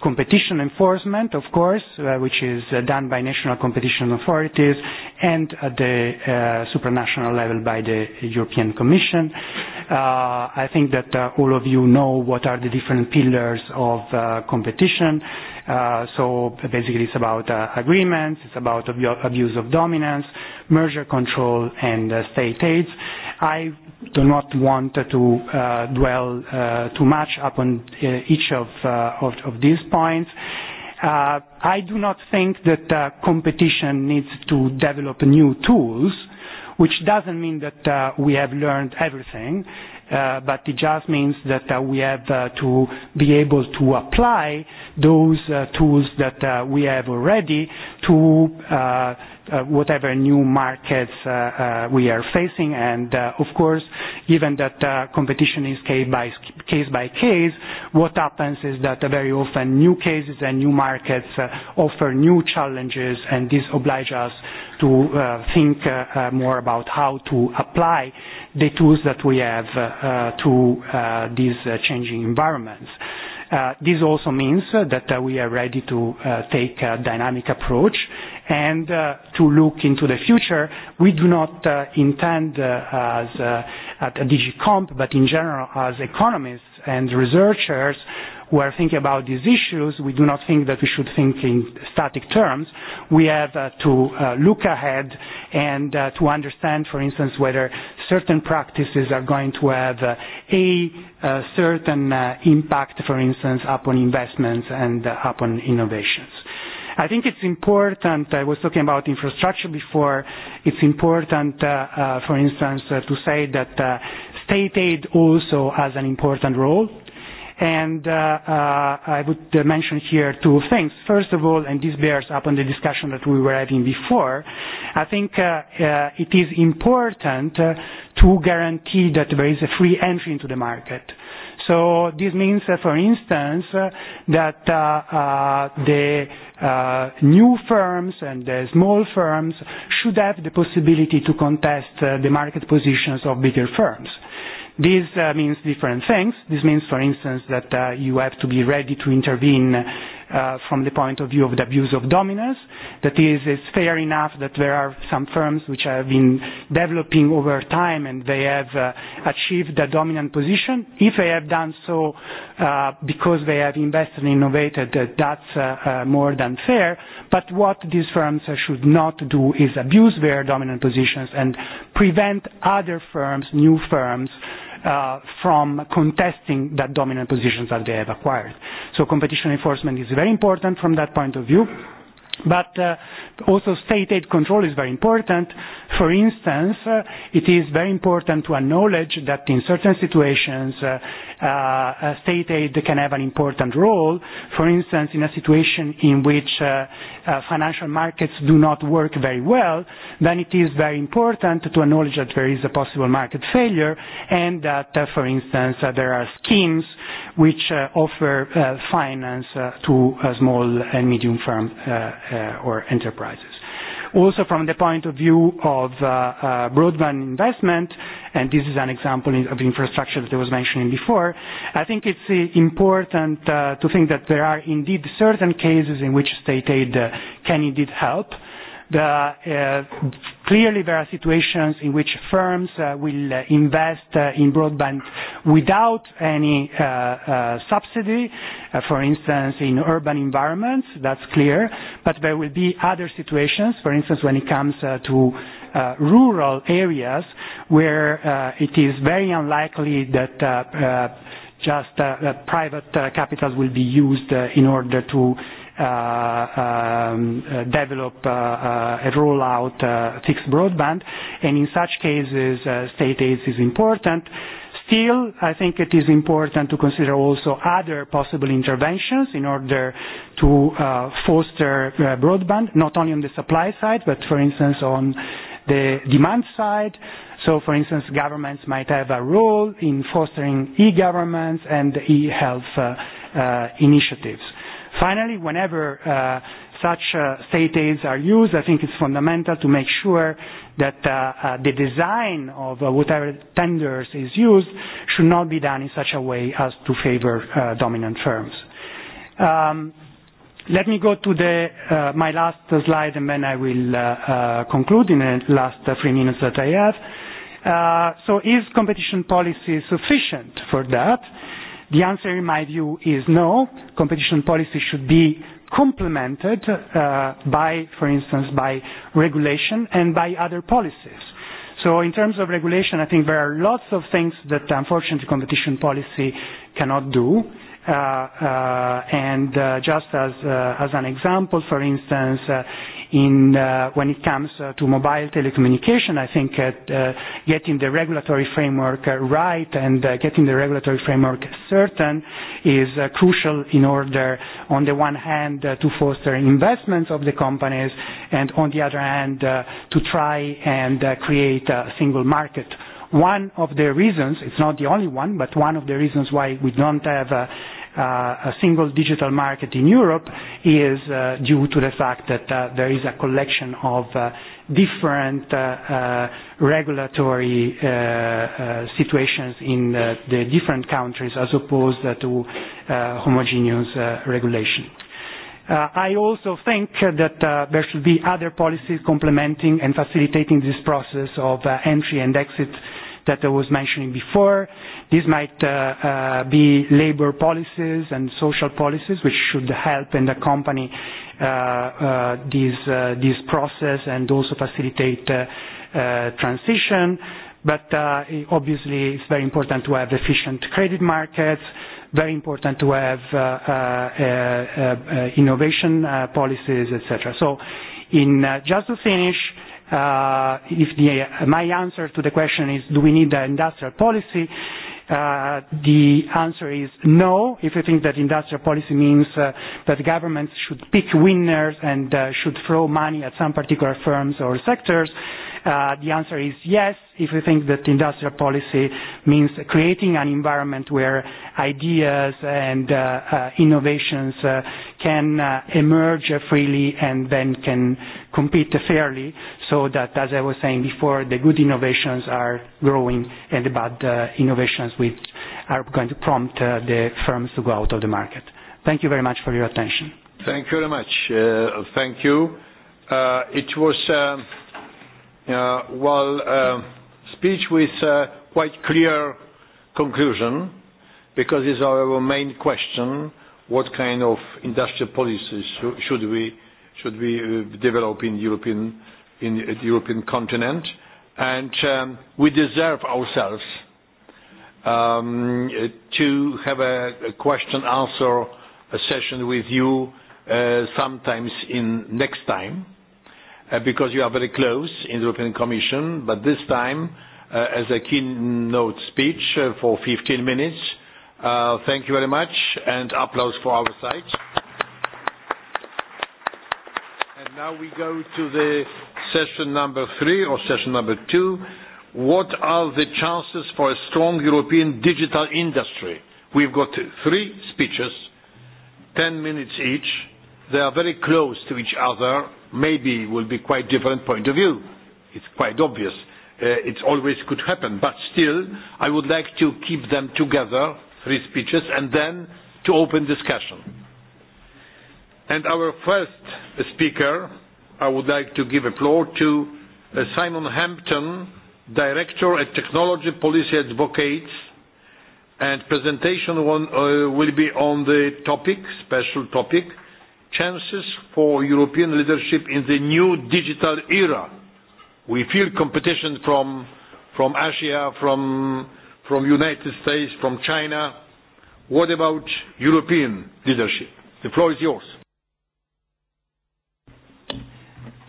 competition enforcement, of course, which is done by national competition authorities and at the supranational level by the European Commission. I think that all of you know what are the different pillars of competition So basically it's about agreements, it's about abuse of dominance, merger control and state aids. I do not want to dwell too much upon each of these points. I do not think that competition needs to develop new tools which doesn't mean that we have learned everything, but it just means that we have to be able to apply those tools that we have already to whatever new markets we are facing and of course given that competition is case by case by case, what happens is that very often new cases and new markets offer new challenges and this obliges us to think more about how to apply the tools that we have to these changing environments. This also means that we are ready to take a dynamic approach and to look into the future. We do not intend as at DigiComp, but in general as economists and researchers who are thinking about these issues, we do not think that we should think in static terms. We have to look ahead and to understand, for instance, whether certain practices are going to have a certain impact, for instance, upon investments and upon innovations. I think it's important, I was talking about infrastructure before, it's important, for instance, to say that state aid also has an important role And I would mention here two things. First of all, and this bears upon the discussion that we were having before, I think it is important to guarantee that there is a free entry into the market. So this means, for instance, that the new firms and the small firms should have the possibility to contest the market positions of bigger firms. This means different things. This means, for instance, that you have to be ready to intervene from the point of view of the abuse of dominance. That is, it's fair enough that there are some firms which have been developing over time and they have achieved a dominant position. If they have done so because they have invested and innovated, that's more than fair. But what these firms should not do is abuse their dominant positions and prevent other firms, new firms, uh from contesting that dominant positions that they have acquired. So competition enforcement is very important from that point of view. But also state aid control is very important. For instance, it is very important to acknowledge that in certain situations uh state aid can have an important role. For instance, in a situation in which financial markets do not work very well, then it is very important to acknowledge that there is a possible market failure and that, for instance, there are schemes which offer finance to small and medium firms or enterprises. Also from the point of view of broadband investment, and this is an example of infrastructure that I was mentioning before, I think it's important to think that there are indeed certain cases in which state aid can indeed help Clearly, there are situations in which firms will invest in broadband without any subsidy, for instance, in urban environments, that's clear, but there will be other situations, for instance, when it comes to rural areas, where it is very unlikely that just private capital will be used in order to develop a roll out fixed broadband. And in such cases, state aid is important. Still, I think it is important to consider also other possible interventions in order to foster broadband, not only on the supply side, but for instance on the demand side. So, for instance, governments might have a role in fostering e-governments and e-health initiatives. Finally, whenever such state aids are used, I think it's fundamental to make sure that the design of whatever tenders is used should not be done in such a way as to favor dominant firms. Let me go to the my last slide and then I will conclude in the last three minutes that I have. So is competition policy sufficient for that? The answer, in my view, is no. Competition policy should be complemented by, for instance, by regulation and by other policies. So in terms of regulation, I think there are lots of things that, unfortunately, competition policy cannot do. And just as an example, for instance, in when it comes to mobile telecommunication. I think getting the regulatory framework right and getting the regulatory framework certain is crucial in order, on the one hand, to foster investments of the companies and on the other hand, to try and create a single market. One of the reasons, it's not the only one, but one of the reasons why we don't have a single digital market in Europe is due to the fact that there is a collection of different regulatory situations in the different countries as opposed to homogeneous regulation. I also think that there should be other policies complementing and facilitating this process of entry and exit that I was mentioning before. These might be labor policies and social policies which should help and accompany this process and also facilitate transition. But obviously it's very important to have efficient credit markets, very important to have innovation policies, etc. So in just to finish, if my answer to the question is do we need an industrial policy, The answer is no, if you think that industrial policy means that governments should pick winners and should throw money at some particular firms or sectors The answer is yes, if we think that industrial policy means creating an environment where ideas and innovations can emerge freely and then can compete fairly so that, as I was saying before, the good innovations are growing and the bad innovations which are going to prompt the firms to go out of the market. Thank you very much for your attention. Thank you very much. Thank you. It was well, speech with quite clear conclusion, because it's our main question, what kind of industrial policies should we should we develop in European in the European continent, and we deserve ourselves um, to have a question answer session with you sometimes in next time because you are very close in the European Commission, but this time as a keynote speech for 15 minutes. Thank you very much and applause for our side. And now we go to the session number three or session number two. What are the chances for a strong European digital industry? We've got three speeches, 10 minutes each. They are very close to each other maybe will be quite different point of view. It's quite obvious. It always could happen. But still, I would like to keep them together, three speeches, and then to open discussion. And our first speaker, I would like to give a floor to Simon Hampton, Director at Technology Policy Advocates, and presentation will be on the topic, special topic, chances for European leadership in the new digital era. We feel competition from from Asia, from from United States, from China. What about European leadership? The floor is yours.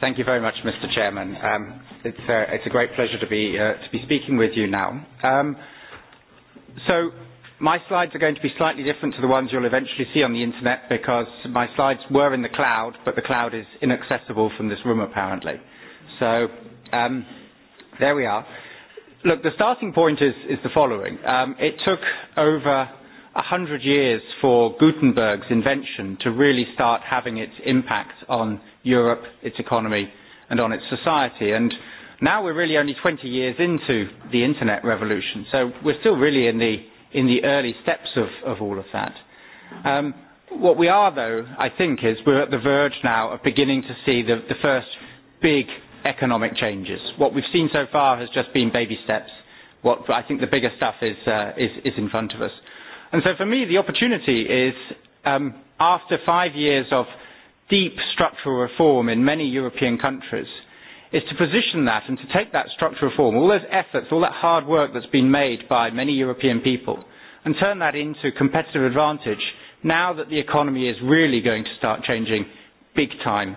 Thank you very much, Mr. Chairman. Um, it's, a, it's a great pleasure to be, uh, to be speaking with you now. Um, so My slides are going to be slightly different to the ones you'll eventually see on the internet because my slides were in the cloud, but the cloud is inaccessible from this room apparently. So um, there we are. Look, the starting point is, is the following. Um, it took over 100 years for Gutenberg's invention to really start having its impact on Europe, its economy, and on its society. And now we're really only 20 years into the internet revolution, so we're still really in the in the early steps of all of that. What we are, though, I think, is we're at the verge now of beginning to see the first big economic changes. What we've seen so far has just been baby steps. What I think the bigger stuff is in front of us. And so for me, the opportunity is, after five years of deep structural reform in many European countries, is to position that and to take that structural reform, all those efforts, all that hard work that's been made by many European people, and turn that into competitive advantage now that the economy is really going to start changing big time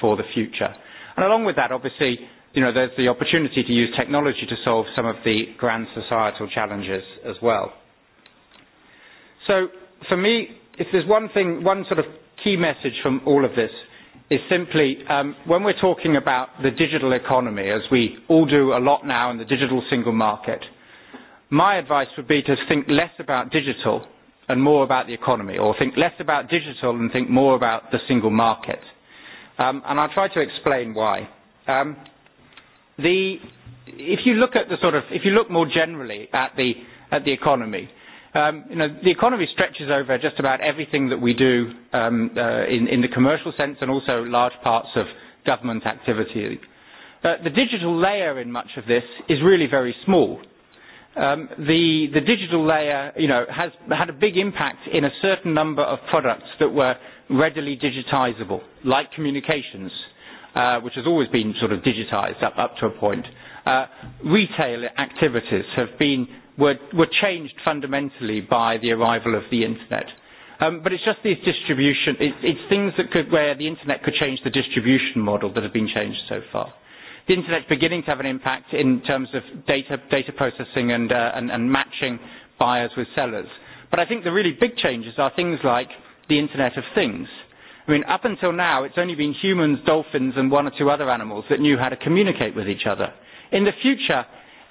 for the future. And along with that, obviously, you know, there's the opportunity to use technology to solve some of the grand societal challenges as well. So for me, if there's one thing, one sort of key message from all of this is simply um when we're talking about the digital economy, as we all do a lot now in the digital single market, my advice would be to think less about digital and more about the economy, or think less about digital and think more about the single market. And I'll try to explain why. The If you look at the sort of, if you look more generally at the at the economy, The economy stretches over just about everything that we do in the commercial sense and also large parts of government activity. The digital layer in much of this is really very small. The digital layer has had a big impact in a certain number of products that were readily digitizable, like communications, which has always been sort of digitized up to a point. Retail activities have been were were changed fundamentally by the arrival of the internet. But it's just these distribution, it's things that could, where the internet could change the distribution model that have been changed so far. The internet's beginning to have an impact in terms of data, data processing and, and, and matching buyers with sellers. But I think the really big changes are things like the Internet of Things. I mean, up until now, it's only been humans, dolphins, and one or two other animals that knew how to communicate with each other. In the future,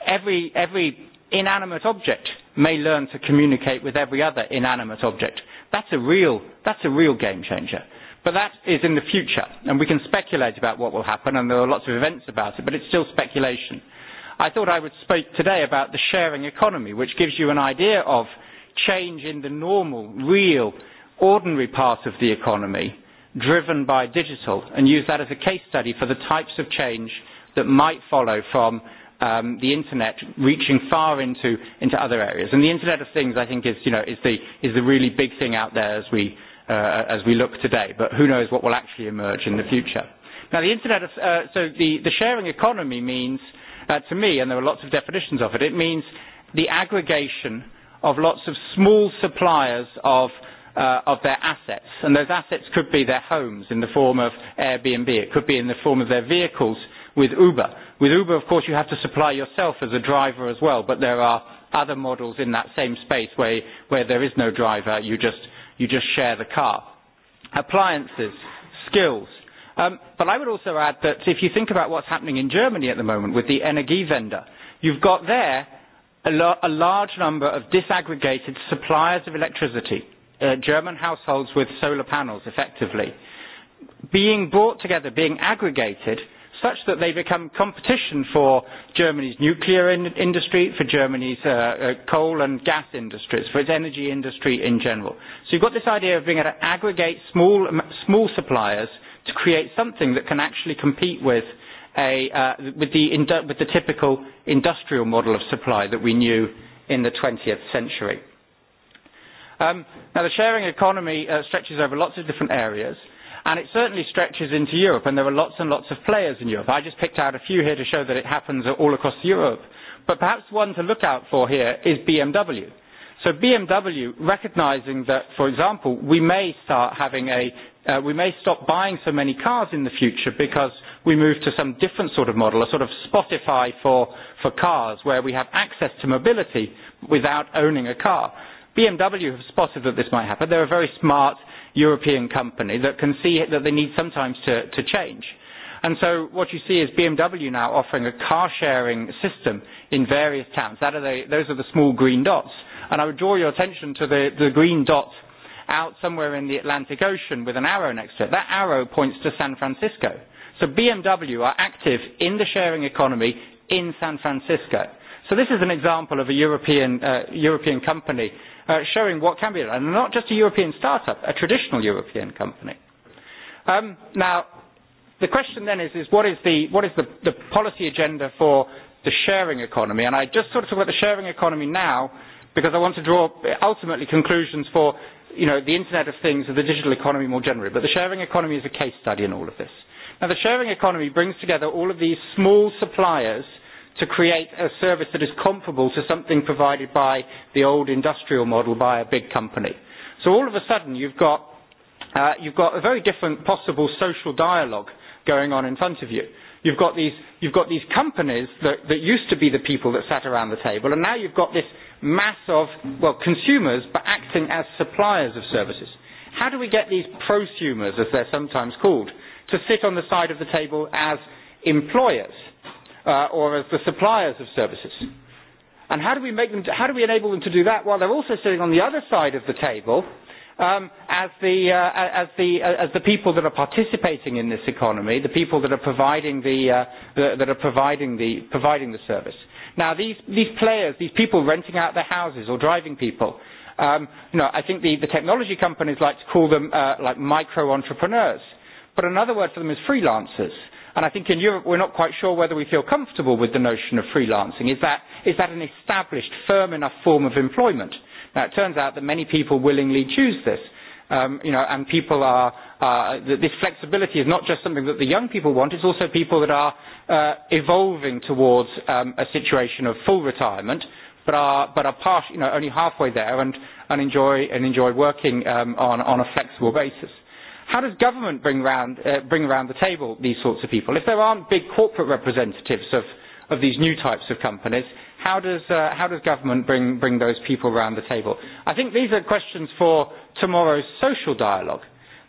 every, every inanimate object may learn to communicate with every other inanimate object. That's a real, that's a real game changer. But that is in the future, and we can speculate about what will happen, and there are lots of events about it, but it's still speculation. I thought I would speak today about the sharing economy, which gives you an idea of change in the normal, real, ordinary part of the economy, driven by digital, and use that as a case study for the types of change that might follow from the internet reaching far into into other areas. And the Internet of Things, I think, is you know is the is the really big thing out there as we as we look today. But who knows what will actually emerge in the future? Now, the Internet of so the the sharing economy means to me, and there are lots of definitions of it, it means the aggregation of lots of small suppliers of of their assets. And those assets could be their homes in the form of Airbnb. It could be in the form of their vehicles with Uber With Uber, of course, you have to supply yourself as a driver as well, but there are other models in that same space where, where there is no driver, you just, you just share the car. Appliances, skills. Um, but I would also add that if you think about what's happening in Germany at the moment with the Energiewende, you've got there a, a large number of disaggregated suppliers of electricity, German households with solar panels effectively, being brought together, being aggregated such that they become competition for Germany's nuclear industry, for Germany's coal and gas industries, for its energy industry in general. So you've got this idea of being able to aggregate small small suppliers to create something that can actually compete with a with the with the typical industrial model of supply that we knew in the 20th century. Now the sharing economy stretches over lots of different areas and it certainly stretches into Europe, and there are lots and lots of players in Europe. I just picked out a few here to show that it happens all across Europe. But perhaps one to look out for here is BMW. So BMW, recognizing that, for example, we may start having a, we may stop buying so many cars in the future because we move to some different sort of model, a sort of Spotify for, for cars, where we have access to mobility without owning a car. BMW have spotted that this might happen. They're a very smart European company that can see that they need sometimes to change. And so what you see is BMW now offering a car sharing system in various towns. That are the, those are the small green dots. And I would draw your attention to the, the green dot out somewhere in the Atlantic Ocean with an arrow next to it. That arrow points to San Francisco. So BMW are active in the sharing economy in San Francisco. So this is an example of a European, European company showing what can be done, and not just a European startup, a traditional European company. Now, the question then is, is what is the what is the, the policy agenda for the sharing economy? And I just sort of talk about the sharing economy now because I want to draw ultimately conclusions for you know, the Internet of Things and the digital economy more generally. But the sharing economy is a case study in all of this. Now, the sharing economy brings together all of these small suppliers to create a service that is comparable to something provided by the old industrial model by a big company. So all of a sudden you've got a very different possible social dialogue going on in front of you. You've got these companies that that used to be the people that sat around the table and now you've got this mass of well consumers but acting as suppliers of services. How do we get these prosumers, as they're sometimes called, to sit on the side of the table as employers or as the suppliers of services. And how do we make them? How do we enable them to do that? While they're also sitting on the other side of the table, as the as the as the people that are participating in this economy, the people that are providing the that are providing the providing the service. Now these these players, these people renting out their houses or driving people, I think the the technology companies like to call them like micro entrepreneurs, but another word for them is freelancers And I think in Europe we're not quite sure whether we feel comfortable with the notion of freelancing. Is that, is that an established, firm enough form of employment? Now, it turns out that many people willingly choose this. Um, you know, and people are, uh, this flexibility is not just something that the young people want, it's also people that are evolving towards a situation of full retirement, but are, but are part, you know, only halfway there and, and, enjoy, and enjoy working on, on a flexible basis. How does government bring around the table these sorts of people? If there aren't big corporate representatives of of these new types of companies, how does how does government bring bring those people around the table? I think these are questions for tomorrow's social dialogue.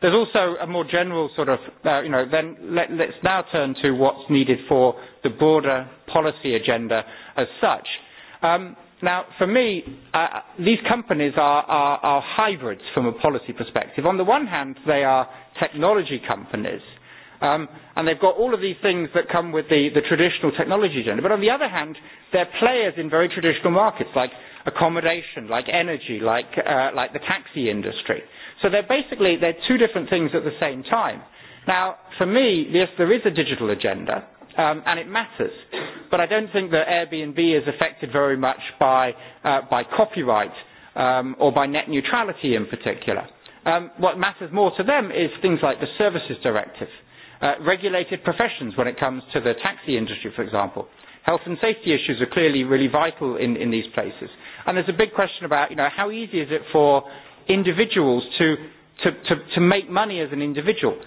There's also a more general sort of, you know, then let's now turn to what's needed for the broader policy agenda as such. Now, for me, these companies are, are, are hybrids from a policy perspective. On the one hand, they are technology companies, um, and they've got all of these things that come with the, the traditional technology agenda. But on the other hand, they're players in very traditional markets, like accommodation, like energy, like, uh, like the taxi industry. So they're basically, they're two different things at the same time. Now, for me, yes, there is a digital agenda and it matters. But I don't think that Airbnb is affected very much by copyright or by net neutrality in particular. What matters more to them is things like the Services Directive, regulated professions when it comes to the taxi industry, for example. Health and safety issues are clearly really vital in these places. And there's a big question about how easy is it for individuals to make money as an individual.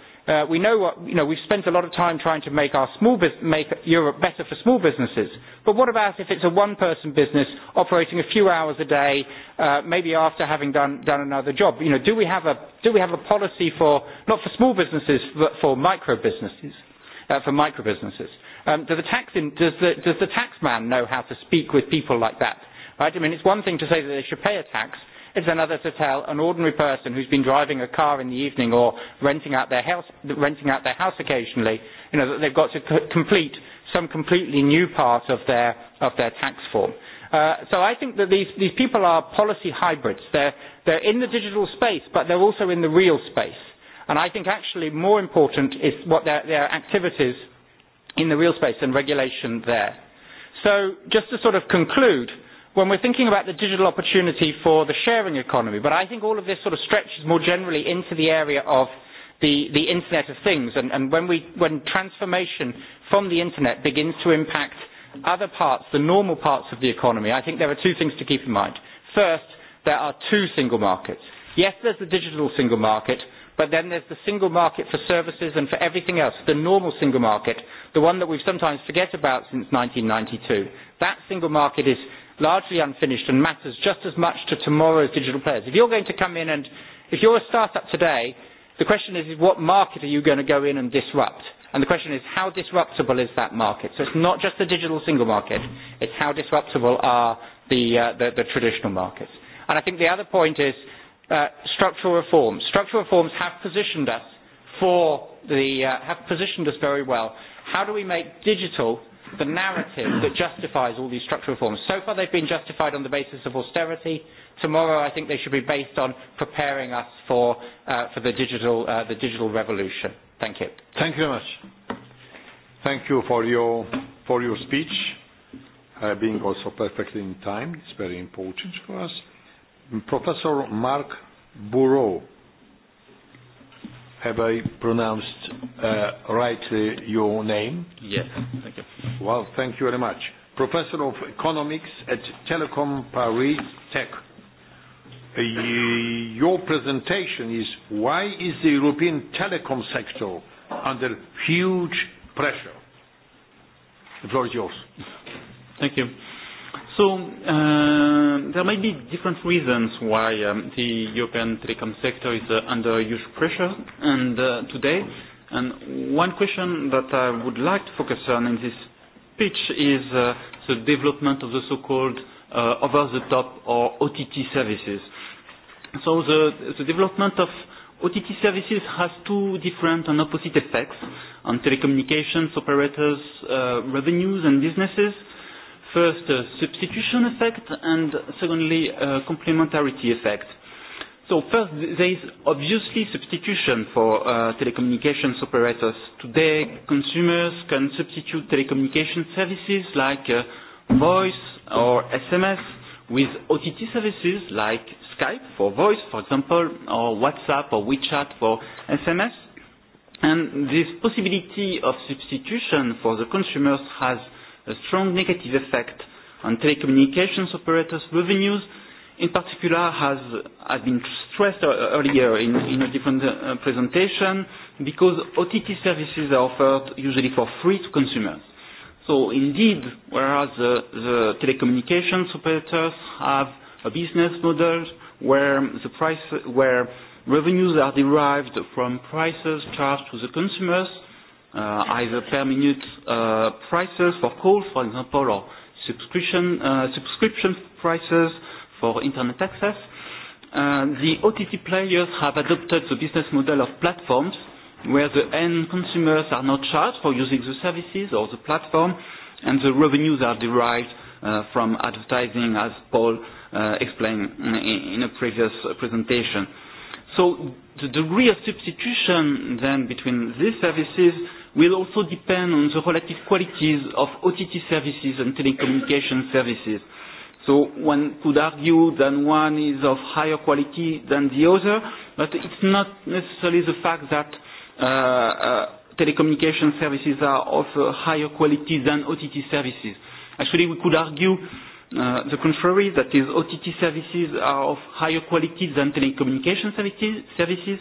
We know what, you know, we've spent a lot of time trying to make our small make Europe better for small businesses. But what about if it's a one-person business operating a few hours a day, maybe after having done done another job? You know, do we have a do we have a policy for not for small businesses but for micro businesses, for micro businesses? Does the tax does the does the tax man know how to speak with people like that? I mean, it's one thing to say that they should pay a tax, is another to tell an ordinary person who's been driving a car in the evening or renting out their house, renting out their house occasionally, you know, that they've got to complete some completely new part of their, of their tax form. So I think that these, these people are policy hybrids. They're, they're in the digital space, but they're also in the real space. And I think actually more important is what their, their activities in the real space and regulation there. So just to sort of conclude, when we're thinking about the digital opportunity for the sharing economy, but I think all of this sort of stretches more generally into the area of the, the Internet of Things, and, and when, we, when transformation from the Internet begins to impact other parts, the normal parts of the economy, I think there are two things to keep in mind. First, there are two single markets. Yes, there's the digital single market, but then there's the single market for services and for everything else, the normal single market, the one that we sometimes forget about since 1992. That single market is largely unfinished and matters just as much to tomorrow's digital players. If you're going to come in and if you're a startup today, the question is what market are you going to go in and disrupt? And the question is how disruptable is that market? So it's not just the digital single market, it's how disruptable are the, the, the traditional markets. And I think the other point is structural reforms. Structural reforms have positioned us for the, have positioned us very well. How do we make digital the narrative that justifies all these structural reforms. So far they've been justified on the basis of austerity. Tomorrow I think they should be based on preparing us for, for the, digital, the digital revolution. Thank you. Thank you very much. Thank you for your, for your speech, being also perfectly in time. It's very important for us. Professor Mark Bureau. Have I pronounced uh, your name? Yes, thank you. Well, thank you very much. Professor of Economics at Telecom Paris Tech. Uh, your presentation is why is the European telecom sector under huge pressure? The floor is yours. Thank you. So there might be different reasons why the European telecom sector is under huge pressure and today. And one question that I would like to focus on in this pitch is the development of the so-called over-the-top or OTT services. So the the development of OTT services has two different and opposite effects on telecommunications operators' revenues and businesses first a substitution effect and secondly a complementarity effect. So first, there is obviously substitution for telecommunications operators. Today, consumers can substitute telecommunication services like voice or SMS with OTT services like Skype for voice, for example, or WhatsApp or WeChat for SMS. And this possibility of substitution for the consumers has a strong negative effect on telecommunications operators' revenues, in particular, has been stressed earlier in a different presentation, because OTT services are offered usually for free to consumers. So indeed, whereas the telecommunications operators have a business model where the price where revenues are derived from prices charged to the consumers, either per minute prices for calls, for example, or subscription subscription prices for internet access. The OTT players have adopted the business model of platforms where the end consumers are not charged for using the services or the platform, and the revenues are derived from advertising, as Paul explained in a previous presentation. So the degree of substitution then between these services will also depend on the relative qualities of OTT services and telecommunication services. So one could argue that one is of higher quality than the other, but it's not necessarily the fact that telecommunication services are of higher quality than OTT services. Actually, we could argue the contrary, that is, OTT services are of higher quality than telecommunication services,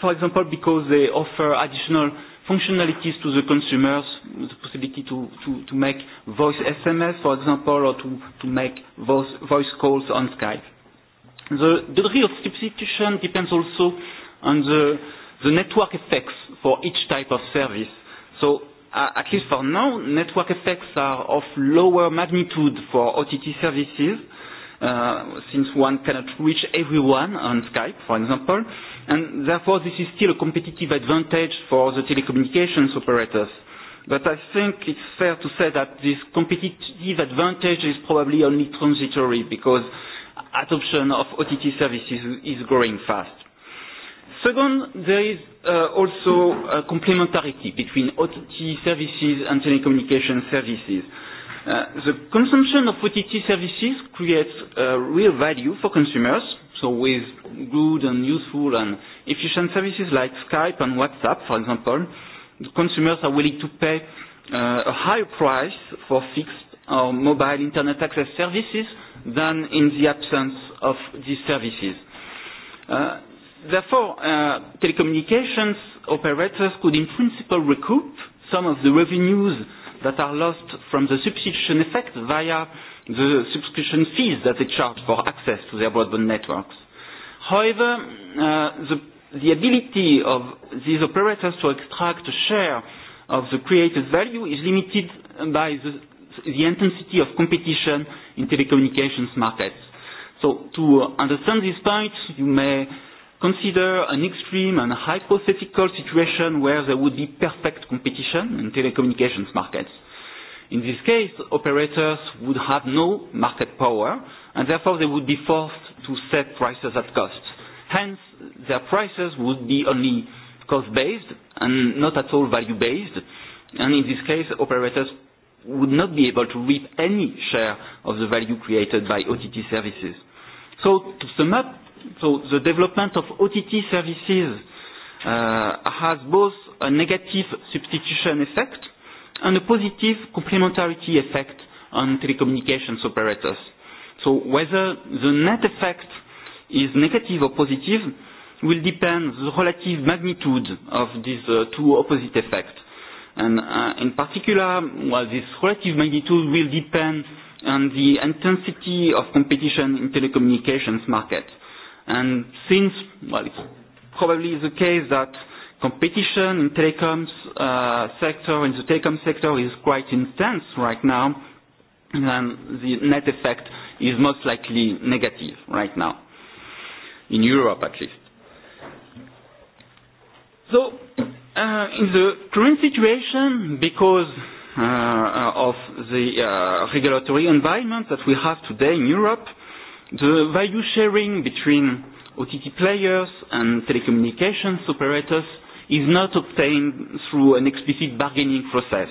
for example, because they offer additional functionalities to the consumers, the possibility to, to, to make voice SMS, for example, or to, to make voice, voice calls on Skype. The degree of substitution depends also on the, the network effects for each type of service. So at least for now, network effects are of lower magnitude for OTT services, since one cannot reach everyone on Skype, for example, and therefore this is still a competitive advantage for the telecommunications operators. But I think it's fair to say that this competitive advantage is probably only transitory because adoption of OTT services is growing fast. Second, there is also a complementarity between OTT services and telecommunication services. The consumption of OTT services creates real value for consumers, so with good and useful and efficient services like Skype and WhatsApp, for example, consumers are willing to pay a higher price for fixed or mobile internet access services than in the absence of these services. Therefore, telecommunications operators could in principle recoup some of the revenues that are lost from the subscription effect via the subscription fees that they charge for access to their broadband networks. However, the the ability of these operators to extract a share of the created value is limited by the the intensity of competition in telecommunications markets. So to understand this point, you may Consider an extreme and hypothetical situation where there would be perfect competition in telecommunications markets. In this case, operators would have no market power, and therefore they would be forced to set prices at cost. Hence, their prices would be only cost-based and not at all value-based, and in this case, operators would not be able to reap any share of the value created by OTT services. So, to sum up, So the development of OTT services has both a negative substitution effect and a positive complementarity effect on telecommunications operators. So whether the net effect is negative or positive will depend on the relative magnitude of these two opposite effects. And in particular, well, this relative magnitude will depend on the intensity of competition in telecommunications market. And since, well, it's probably is the case that competition in telecoms sector, in the telecom sector is quite intense right now, then the net effect is most likely negative right now, in Europe at least. So, in the current situation, because of the regulatory environment that we have today in Europe, The value sharing between OTT players and telecommunications operators is not obtained through an explicit bargaining process.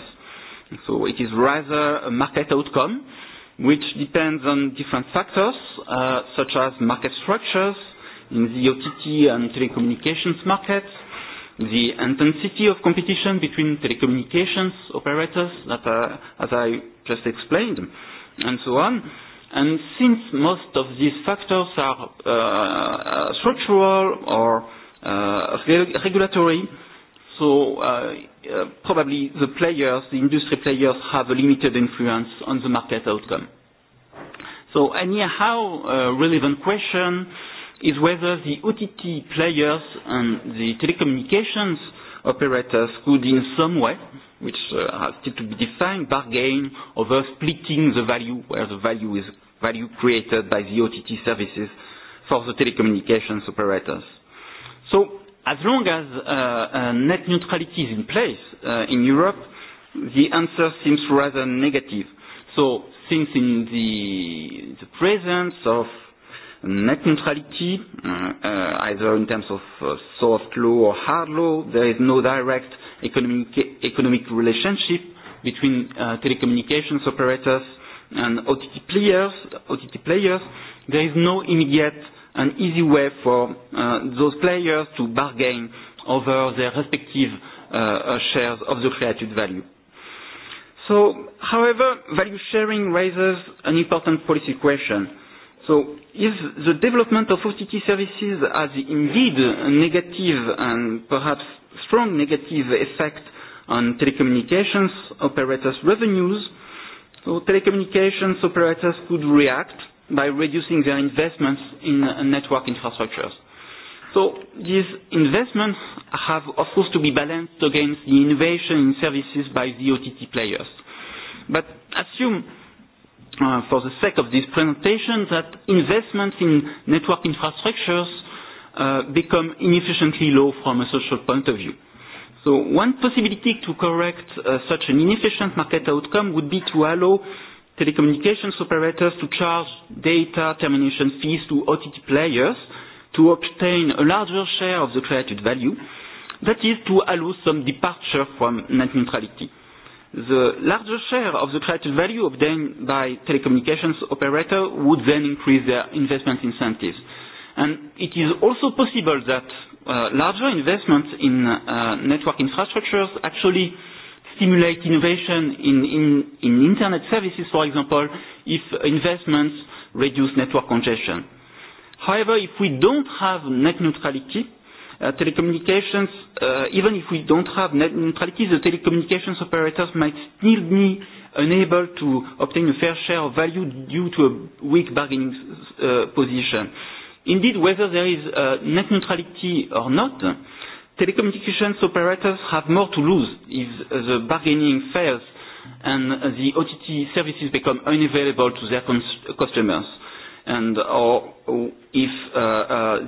So it is rather a market outcome which depends on different factors such as market structures in the OTT and telecommunications markets, the intensity of competition between telecommunications operators that as I just explained, and so on. And since most of these factors are structural or regulatory, so probably the players, the industry players, have a limited influence on the market outcome. So anyhow, relevant question is whether the OTT players and the telecommunications operators could in some way which has still to be defined, bargain over splitting the value where the value is value created by the OTT services for the telecommunications operators. So as long as net neutrality is in place in Europe, the answer seems rather negative. So since in the, the presence of net neutrality, either in terms of soft law or hard law, there is no direct economic, economic relationship between telecommunications operators and OTT players, players, there is no immediate and easy way for those players to bargain over their respective shares of the created value. So, however, value sharing raises an important policy question. So, if the development of OTT services has indeed a negative and perhaps strong negative effect on telecommunications operators' revenues. So telecommunications operators could react by reducing their investments in network infrastructures. So these investments have, of course, to be balanced against the innovation in services by the OTT players. But assume, for the sake of this presentation, that investments in network infrastructures become inefficiently low from a social point of view. So one possibility to correct such an inefficient market outcome would be to allow telecommunications operators to charge data termination fees to OTT players to obtain a larger share of the created value, that is to allow some departure from net neutrality. The larger share of the created value obtained by telecommunications operators would then increase their investment incentives. And it is also possible that larger investments in network infrastructures actually stimulate innovation in in internet services, for example, if investments reduce network congestion. However, if we don't have net neutrality, telecommunications, even if we don't have net neutrality, the telecommunications operators might still be unable to obtain a fair share of value due to a weak bargaining position. Indeed, whether there is net neutrality or not, telecommunications operators have more to lose if the bargaining fails and the OTT services become unavailable to their customers, and or if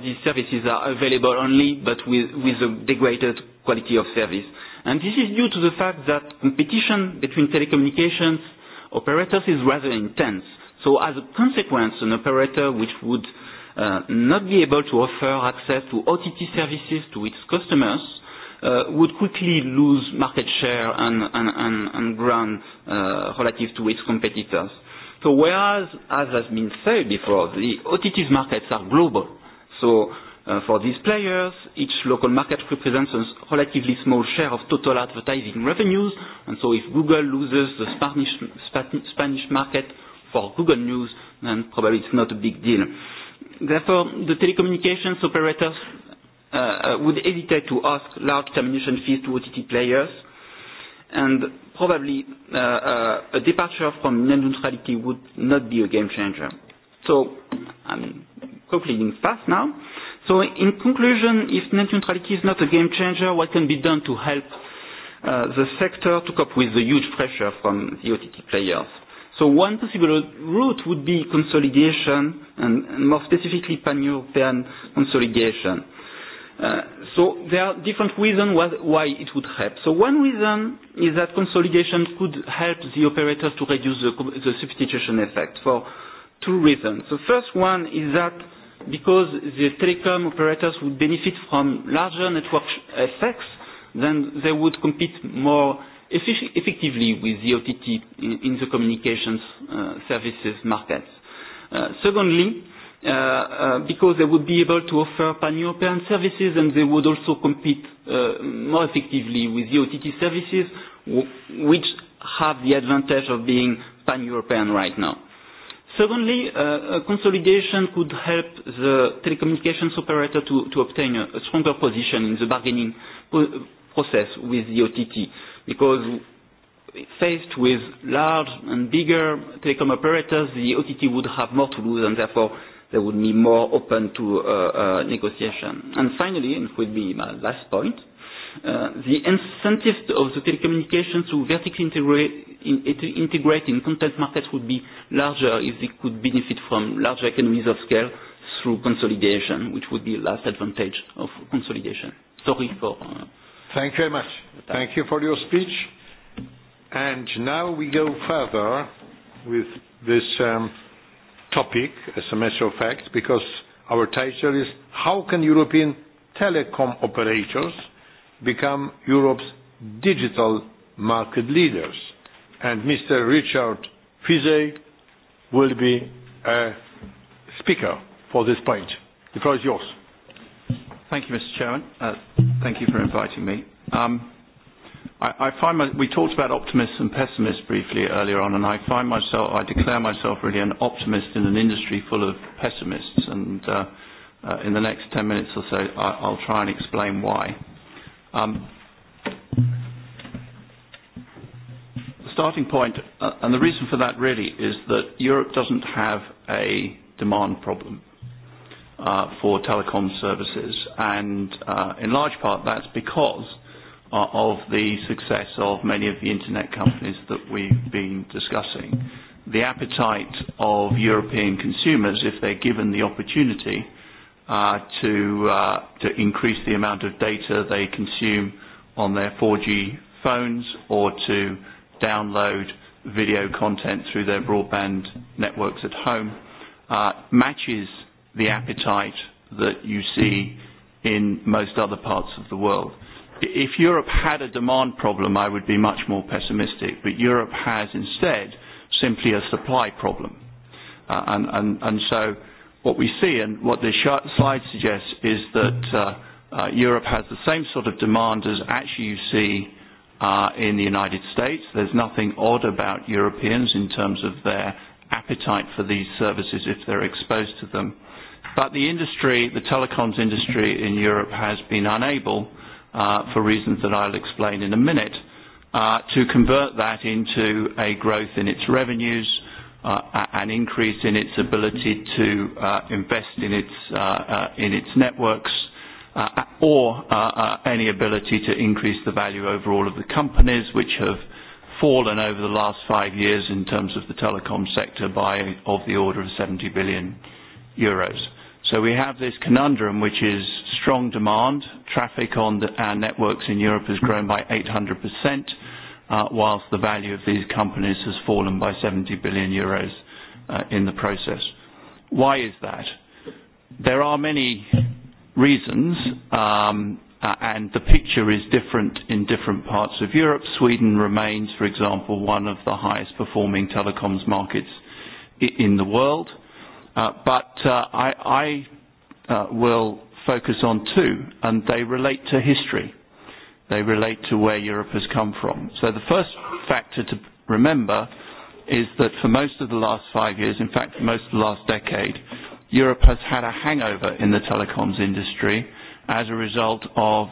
these services are available only but with with a degraded quality of service. And this is due to the fact that competition between telecommunications operators is rather intense. So as a consequence, an operator which would not be able to offer access to OTT services to its customers, would quickly lose market share and ground relative to its competitors. So whereas, as has been said before, the OTT markets are global. So for these players, each local market represents a relatively small share of total advertising revenues. And so if Google loses the Spanish market for Google News, then probably it's not a big deal. Therefore, the telecommunications operators would hesitate to ask large termination fees to OTT players, and probably a departure from net neutrality would not be a game changer. So I'm concluding fast now. So in conclusion, if net neutrality is not a game changer, what can be done to help the sector to cope with the huge pressure from the OTT players? So one possible route would be consolidation and more specifically pan-European consolidation. So there are different reasons why it would help. So one reason is that consolidation could help the operators to reduce the substitution effect for two reasons. The first one is that because the telecom operators would benefit from larger network effects, then they would compete more effectively with the OTT in the communications services markets. Secondly, because they would be able to offer pan-European services and they would also compete more effectively with the OTT services, which have the advantage of being pan-European right now. Secondly, consolidation could help the telecommunications operator to obtain a stronger position in the bargaining process with the OTT because faced with large and bigger telecom operators, the OTT would have more to lose and therefore they would be more open to negotiation. And finally, and it will be my last point, the incentives of the telecommunications to vertically integrate in content markets would be larger if they could benefit from larger economies of scale through consolidation, which would be the last advantage of consolidation. Sorry for Thank you very much. Thank you for your speech. And now we go further with this topic, as a matter of fact, because our title is How Can European Telecom Operators Become Europe's Digital Market Leaders? And Mr. Richard Fizet will be a speaker for this point. The floor is yours. Thank you, Mr. Chairman. Thank you for inviting me. Um, I, I find my, we talked about optimists and pessimists briefly earlier on, and I find myself, I declare myself really an optimist in an industry full of pessimists, and uh, uh, in the next 10 minutes or so, I, I'll try and explain why. Um, the starting point, uh, and the reason for that really, is that Europe doesn't have a demand problem for telecom services. And in large part, that's because of the success of many of the internet companies that we've been discussing. The appetite of European consumers, if they're given the opportunity to to increase the amount of data they consume on their 4G phones or to download video content through their broadband networks at home, matches the appetite that you see in most other parts of the world. If Europe had a demand problem, I would be much more pessimistic, but Europe has instead simply a supply problem. And and so what we see and what this slide suggests is that Europe has the same sort of demand as actually you see in the United States. There's nothing odd about Europeans in terms of their appetite for these services if they're exposed to them. But the industry, the telecoms industry in Europe has been unable, for reasons that I'll explain in a minute, to convert that into a growth in its revenues, an increase in its ability to invest in its in its networks, or any ability to increase the value overall of the companies which have fallen over the last five years in terms of the telecom sector by of the order of 70 billion euros. So we have this conundrum, which is strong demand. Traffic on our networks in Europe has grown by 800%, whilst the value of these companies has fallen by 70 billion euros in the process. Why is that? There are many reasons, and the picture is different in different parts of Europe. Sweden remains, for example, one of the highest performing telecoms markets in the world but I will focus on two, and they relate to history. They relate to where Europe has come from. So the first factor to remember is that for most of the last five years, in fact for most of the last decade, Europe has had a hangover in the telecoms industry as a result of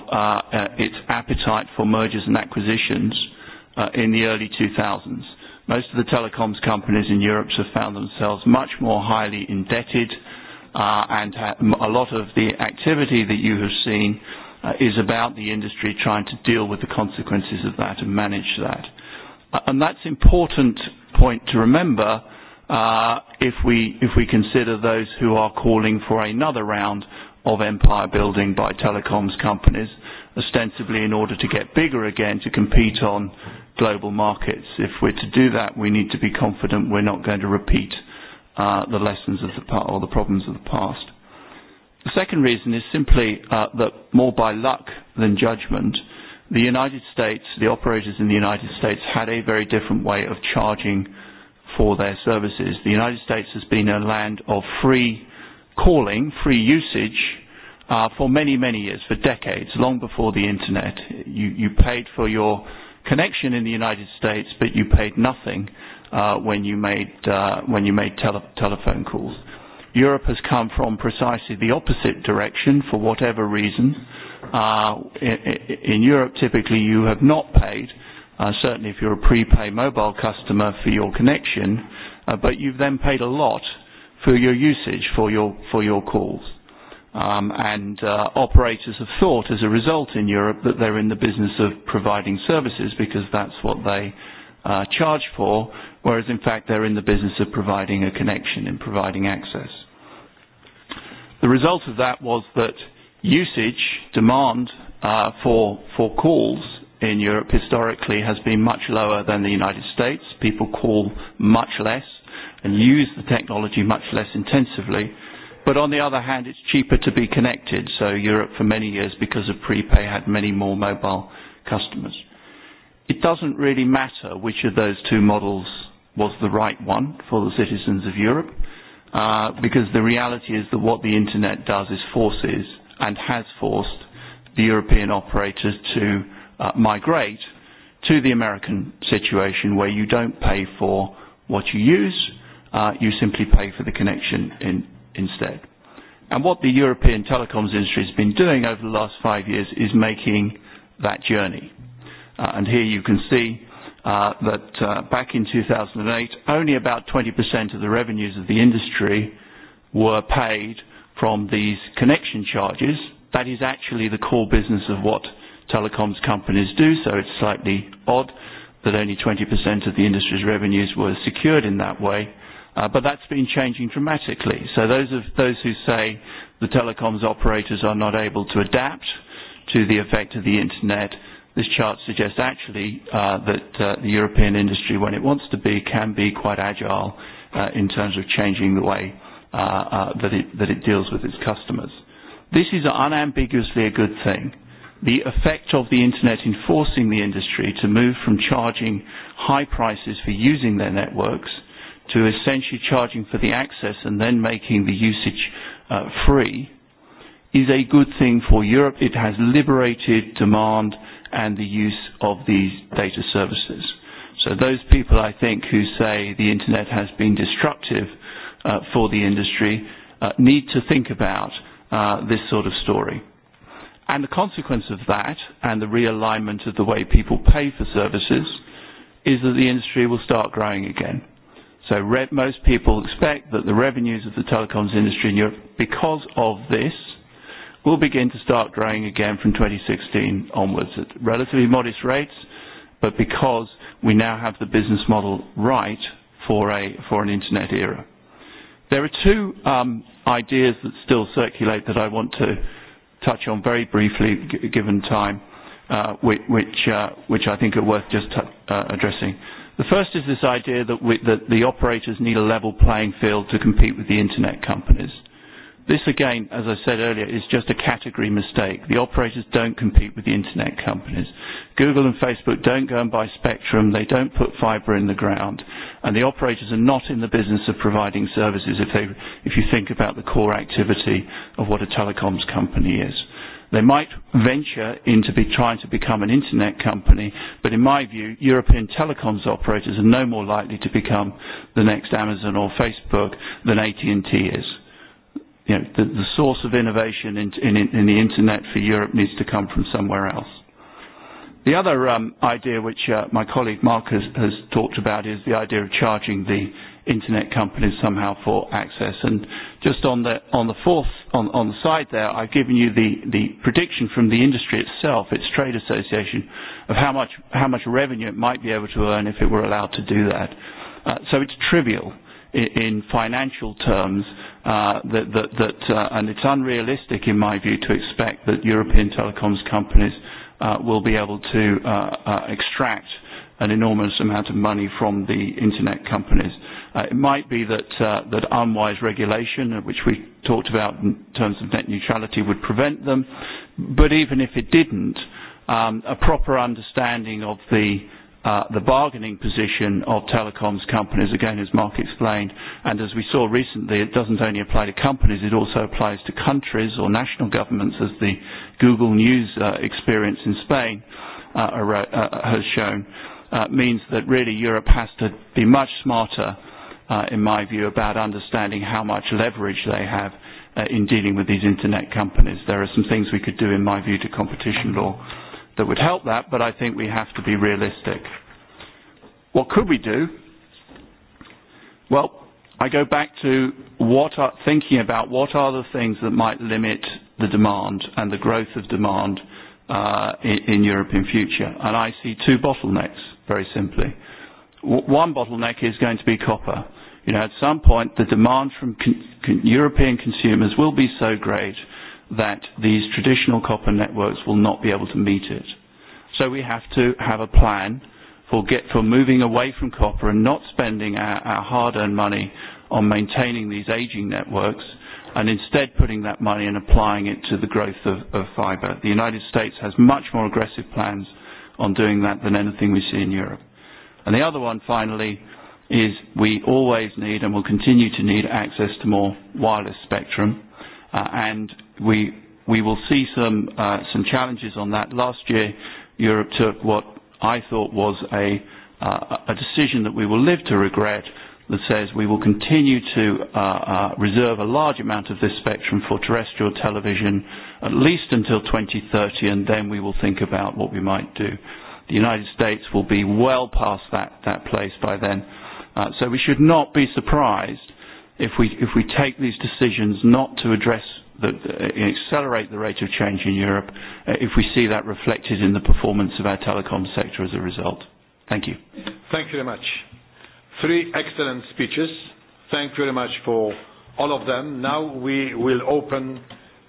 its appetite for mergers and acquisitions in the early 2000s. Most of the telecoms companies in Europe have found themselves much more highly indebted, and a lot of the activity that you have seen is about the industry trying to deal with the consequences of that and manage that. And that's important point to remember if we if we consider those who are calling for another round of empire building by telecoms companies, ostensibly in order to get bigger again to compete on global markets. If we're to do that, we need to be confident we're not going to repeat uh, the lessons of the past or the problems of the past. The second reason is simply uh, that more by luck than judgment, the United States, the operators in the United States had a very different way of charging for their services. The United States has been a land of free calling, free usage, uh, for many, many years, for decades, long before the internet. You, you paid for your connection in the United States, but you paid nothing when you made when you made telephone calls. Europe has come from precisely the opposite direction for whatever reason. In Europe, typically you have not paid, certainly if you're a prepaid mobile customer for your connection, but you've then paid a lot for your usage, for your for your calls and operators have thought as a result in Europe that they're in the business of providing services because that's what they charge for, whereas in fact they're in the business of providing a connection and providing access. The result of that was that usage, demand for for calls in Europe historically has been much lower than the United States. People call much less and use the technology much less intensively But on the other hand, it's cheaper to be connected. So Europe, for many years, because of prepay, had many more mobile customers. It doesn't really matter which of those two models was the right one for the citizens of Europe, because the reality is that what the Internet does is forces and has forced the European operators to migrate to the American situation where you don't pay for what you use, you simply pay for the connection in instead. And what the European telecoms industry has been doing over the last five years is making that journey. And here you can see that back in 2008, only about 20% of the revenues of the industry were paid from these connection charges. That is actually the core business of what telecoms companies do, so it's slightly odd that only 20% of the industry's revenues were secured in that way. But that's been changing dramatically. So those those who say the telecoms operators are not able to adapt to the effect of the Internet, this chart suggests actually that the European industry, when it wants to be, can be quite agile in terms of changing the way that it that it deals with its customers. This is unambiguously a good thing. The effect of the Internet in forcing the industry to move from charging high prices for using their networks to essentially charging for the access and then making the usage free is a good thing for Europe. It has liberated demand and the use of these data services. So those people, I think, who say the Internet has been destructive for the industry need to think about this sort of story. And the consequence of that and the realignment of the way people pay for services is that the industry will start growing again. So most people expect that the revenues of the telecoms industry in Europe, because of this, will begin to start growing again from 2016 onwards at relatively modest rates, but because we now have the business model right for a for an internet era. There are two um ideas that still circulate that I want to touch on very briefly given time, which which I think are worth just addressing. The first is this idea that, we, that the operators need a level playing field to compete with the internet companies. This again, as I said earlier, is just a category mistake. The operators don't compete with the internet companies. Google and Facebook don't go and buy spectrum. They don't put fibre in the ground. And the operators are not in the business of providing services if, they, if you think about the core activity of what a telecoms company is. They might venture into be trying to become an internet company, but in my view, European telecoms operators are no more likely to become the next Amazon or Facebook than AT&T is. You know, the, source of innovation in, in, in the internet for Europe needs to come from somewhere else. The other um, idea which uh, my colleague Mark has, has talked about is the idea of charging the internet companies somehow for access. And just on the on the fourth on on the side there, I've given you the the prediction from the industry itself, its trade association, of how much how much revenue it might be able to earn if it were allowed to do that. So it's trivial in financial terms that that that and it's unrealistic in my view to expect that European telecoms companies will be able to extract an enormous amount of money from the internet companies. It might be that unwise regulation, which we talked about in terms of net neutrality, would prevent them. But even if it didn't, a proper understanding of the the bargaining position of telecoms companies, again, as Mark explained, and as we saw recently, it doesn't only apply to companies, it also applies to countries or national governments, as the Google News experience in Spain has shown, means that really Europe has to be much smarter in my view, about understanding how much leverage they have in dealing with these internet companies. There are some things we could do, in my view, to competition law that would help that, but I think we have to be realistic. What could we do? Well, I go back to what are, thinking about what are the things that might limit the demand and the growth of demand uh, in, in Europe in future. And I see two bottlenecks, very simply. one bottleneck is going to be copper you know, at some point the demand from European consumers will be so great that these traditional copper networks will not be able to meet it. So we have to have a plan for get for moving away from copper and not spending our, our hard-earned money on maintaining these aging networks and instead putting that money and applying it to the growth of, of fiber. The United States has much more aggressive plans on doing that than anything we see in Europe. And the other one, finally, is we always need and will continue to need access to more wireless spectrum and we we will see some some challenges on that last year Europe took what I thought was a a decision that we will live to regret that says we will continue to reserve a large amount of this spectrum for terrestrial television at least until 2030 and then we will think about what we might do the United States will be well past that that place by then So we should not be surprised if we if we take these decisions not to address the accelerate the rate of change in Europe if we see that reflected in the performance of our telecom sector as a result. Thank you. Thank you very much. Three excellent speeches. Thank you very much for all of them. Now we will open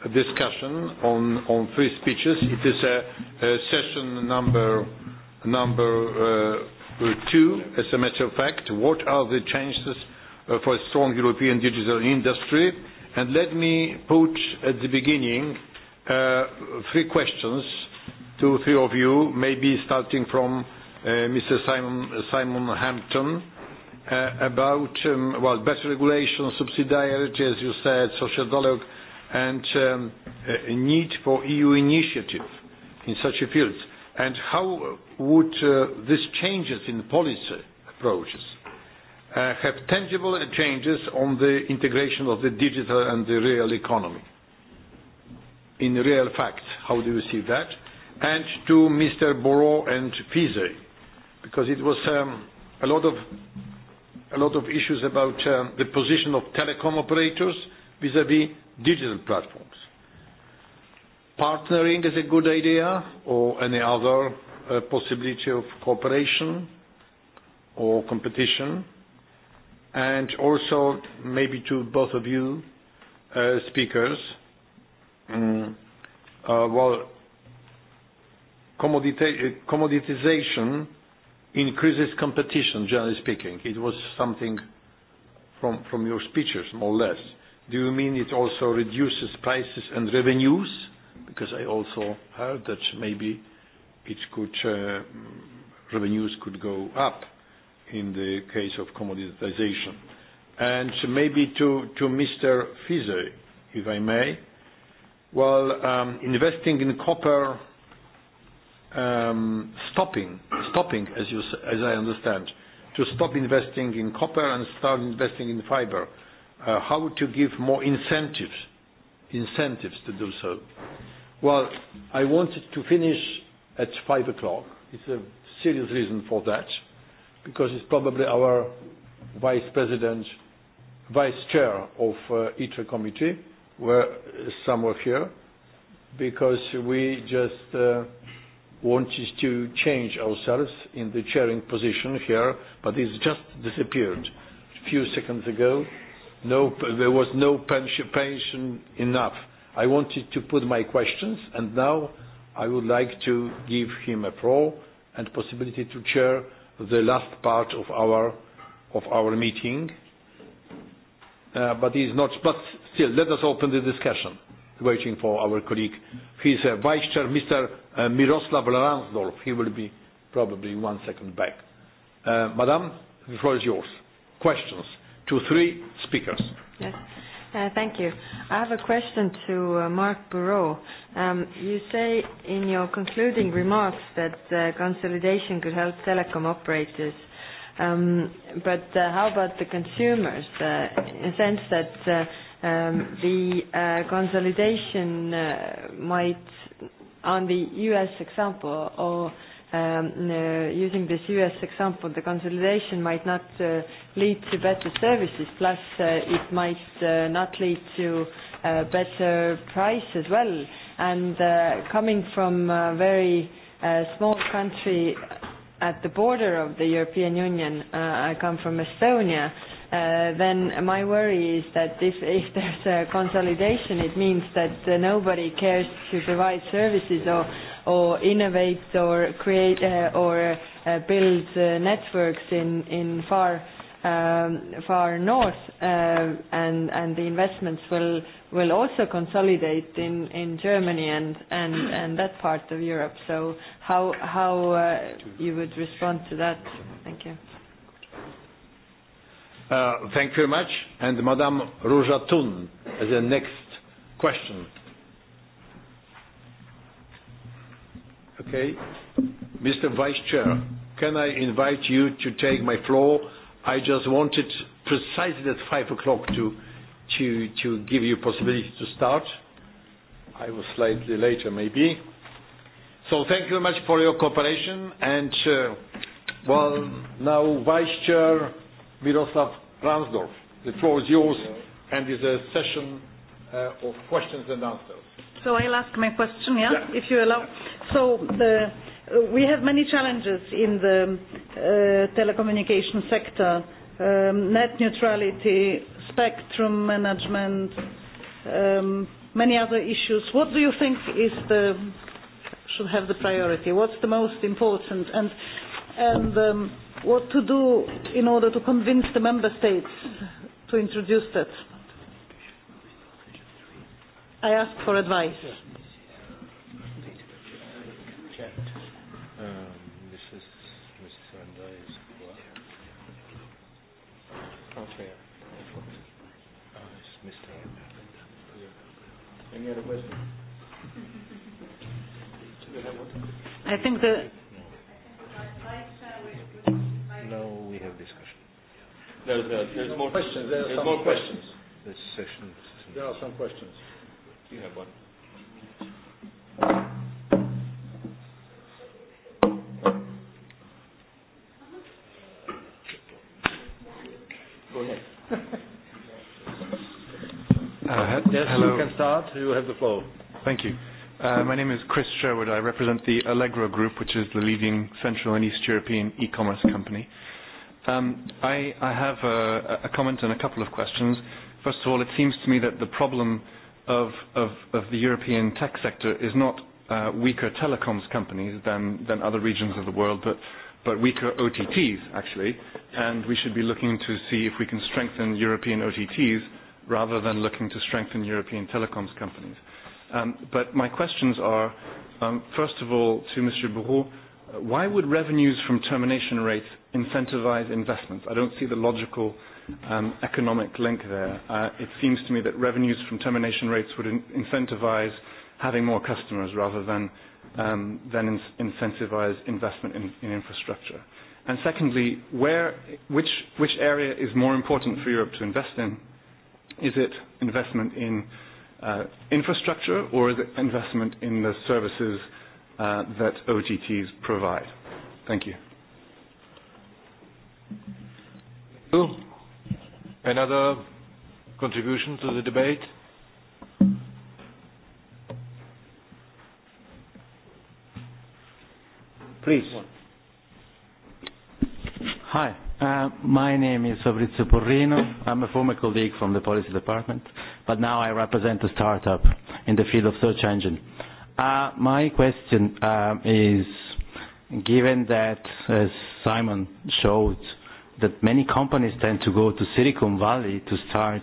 a discussion on on three speeches. It is a session number number Two, as a matter of fact, what are the chances for a strong European digital industry? And let me put at the beginning three questions to three of you, maybe starting from Mr. Simon Simon Hampton about well better regulation, subsidiarity, as you said, social dialogue, and need for EU initiative in such a field and how would these changes in policy approaches have tangible changes on the integration of the digital and the real economy? In real fact, how do you see that? And to Mr. Borot and Fize, because it was a lot of a lot of issues about the position of telecom operators vis-à-vis digital platforms. Partnering is a good idea or any other possibility of cooperation or competition. And also maybe to both of you speakers, well, commoditization increases competition, generally speaking. It was something from from your speeches, more or less. Do you mean it also reduces prices and revenues? because I also heard that maybe it could revenues could go up in the case of commoditization. And maybe to to Mr. Fize, if I may, well, investing in copper, stopping, stopping as you as I understand, to stop investing in copper and start investing in fiber. How to give more incentives incentives to do so. Well, I wanted to finish at five o'clock. It's a serious reason for that, because it's probably our vice president, vice chair of ITRE committee, where somewhere here, because we just wanted to change ourselves in the chairing position here, but it's just disappeared a few seconds ago no, there was no pension enough. I wanted to put my questions, and now I would like to give him a floor and possibility to chair the last part of our of our meeting. But he's not. But still, let us open the discussion. Waiting for our colleague. He's a vice chair, Mr. Miroslav Ransdorf. He will be probably one second back. Madam, the floor is yours. Questions. Two, three Yes. Thank you. I have a question to Mark Bureau. Um You say in your concluding remarks that consolidation could help telecom operators. Um But how about the consumers? In the sense that um the consolidation might, on the U.S. example, or using this U.S. example, the consolidation might not lead to better services, plus it might not lead to better price as well. And coming from a very small country at the border of the European Union, I come from Estonia, then my worry is that if, if there's a consolidation, it means that nobody cares to provide services or or innovate or create or builds networks in in far far north and and the investments will will also consolidate in in Germany and and and that part of Europe so how how you would respond to that thank you uh thank you very much and madam Rouja Thun as the next question Okay. Mr. Vice Chair, can I invite you to take my floor? I just wanted precisely at five o'clock to, to, to give you possibility to start. I was slightly later maybe. So thank you very much for your cooperation and uh, well now Vice Chair Miroslav Ransdorf, the floor is yours and is a session uh, of questions and answers. So I'll ask my question, yeah. if you allow. So the we have many challenges in the telecommunication sector. Net neutrality, spectrum management, many other issues. What do you think is the should have the priority? What's the most important? And and what to do in order to convince the member states to introduce that? I ask for advice. contraire. Any other question? I think the. No, we have discussion. There's, there's more questions. There's more questions. This session. There are some questions. You have one. Yes, Hello. you can start. You have the floor. Thank you. my name is Chris Sherwood. I represent the Allegro Group, which is the leading Central and East European e-commerce company. Um, I, I have a, a comment and a couple of questions. First of all, it seems to me that the problem of, of, of the European tech sector is not weaker telecoms companies than, than other regions of the world, but, but weaker OTTs, actually. And we should be looking to see if we can strengthen European OTTs rather than looking to strengthen European telecoms companies. But my questions are, first of all, to Mr. Bourreau, why would revenues from termination rates incentivize investments? I don't see the logical economic link there. It seems to me that revenues from termination rates would incentivize having more customers rather than than incentivize investment in infrastructure. And secondly, where which which area is more important for Europe to invest in? Is it investment in uh infrastructure or is it investment in the services uh that OGTs provide? Thank you. Another contribution to the debate? Please. Hi. My name is Fabrizio Porrino. I'm a former colleague from the policy department, but now I represent a startup in the field of search engine. My question is, given that, as Simon showed, that many companies tend to go to Silicon Valley to start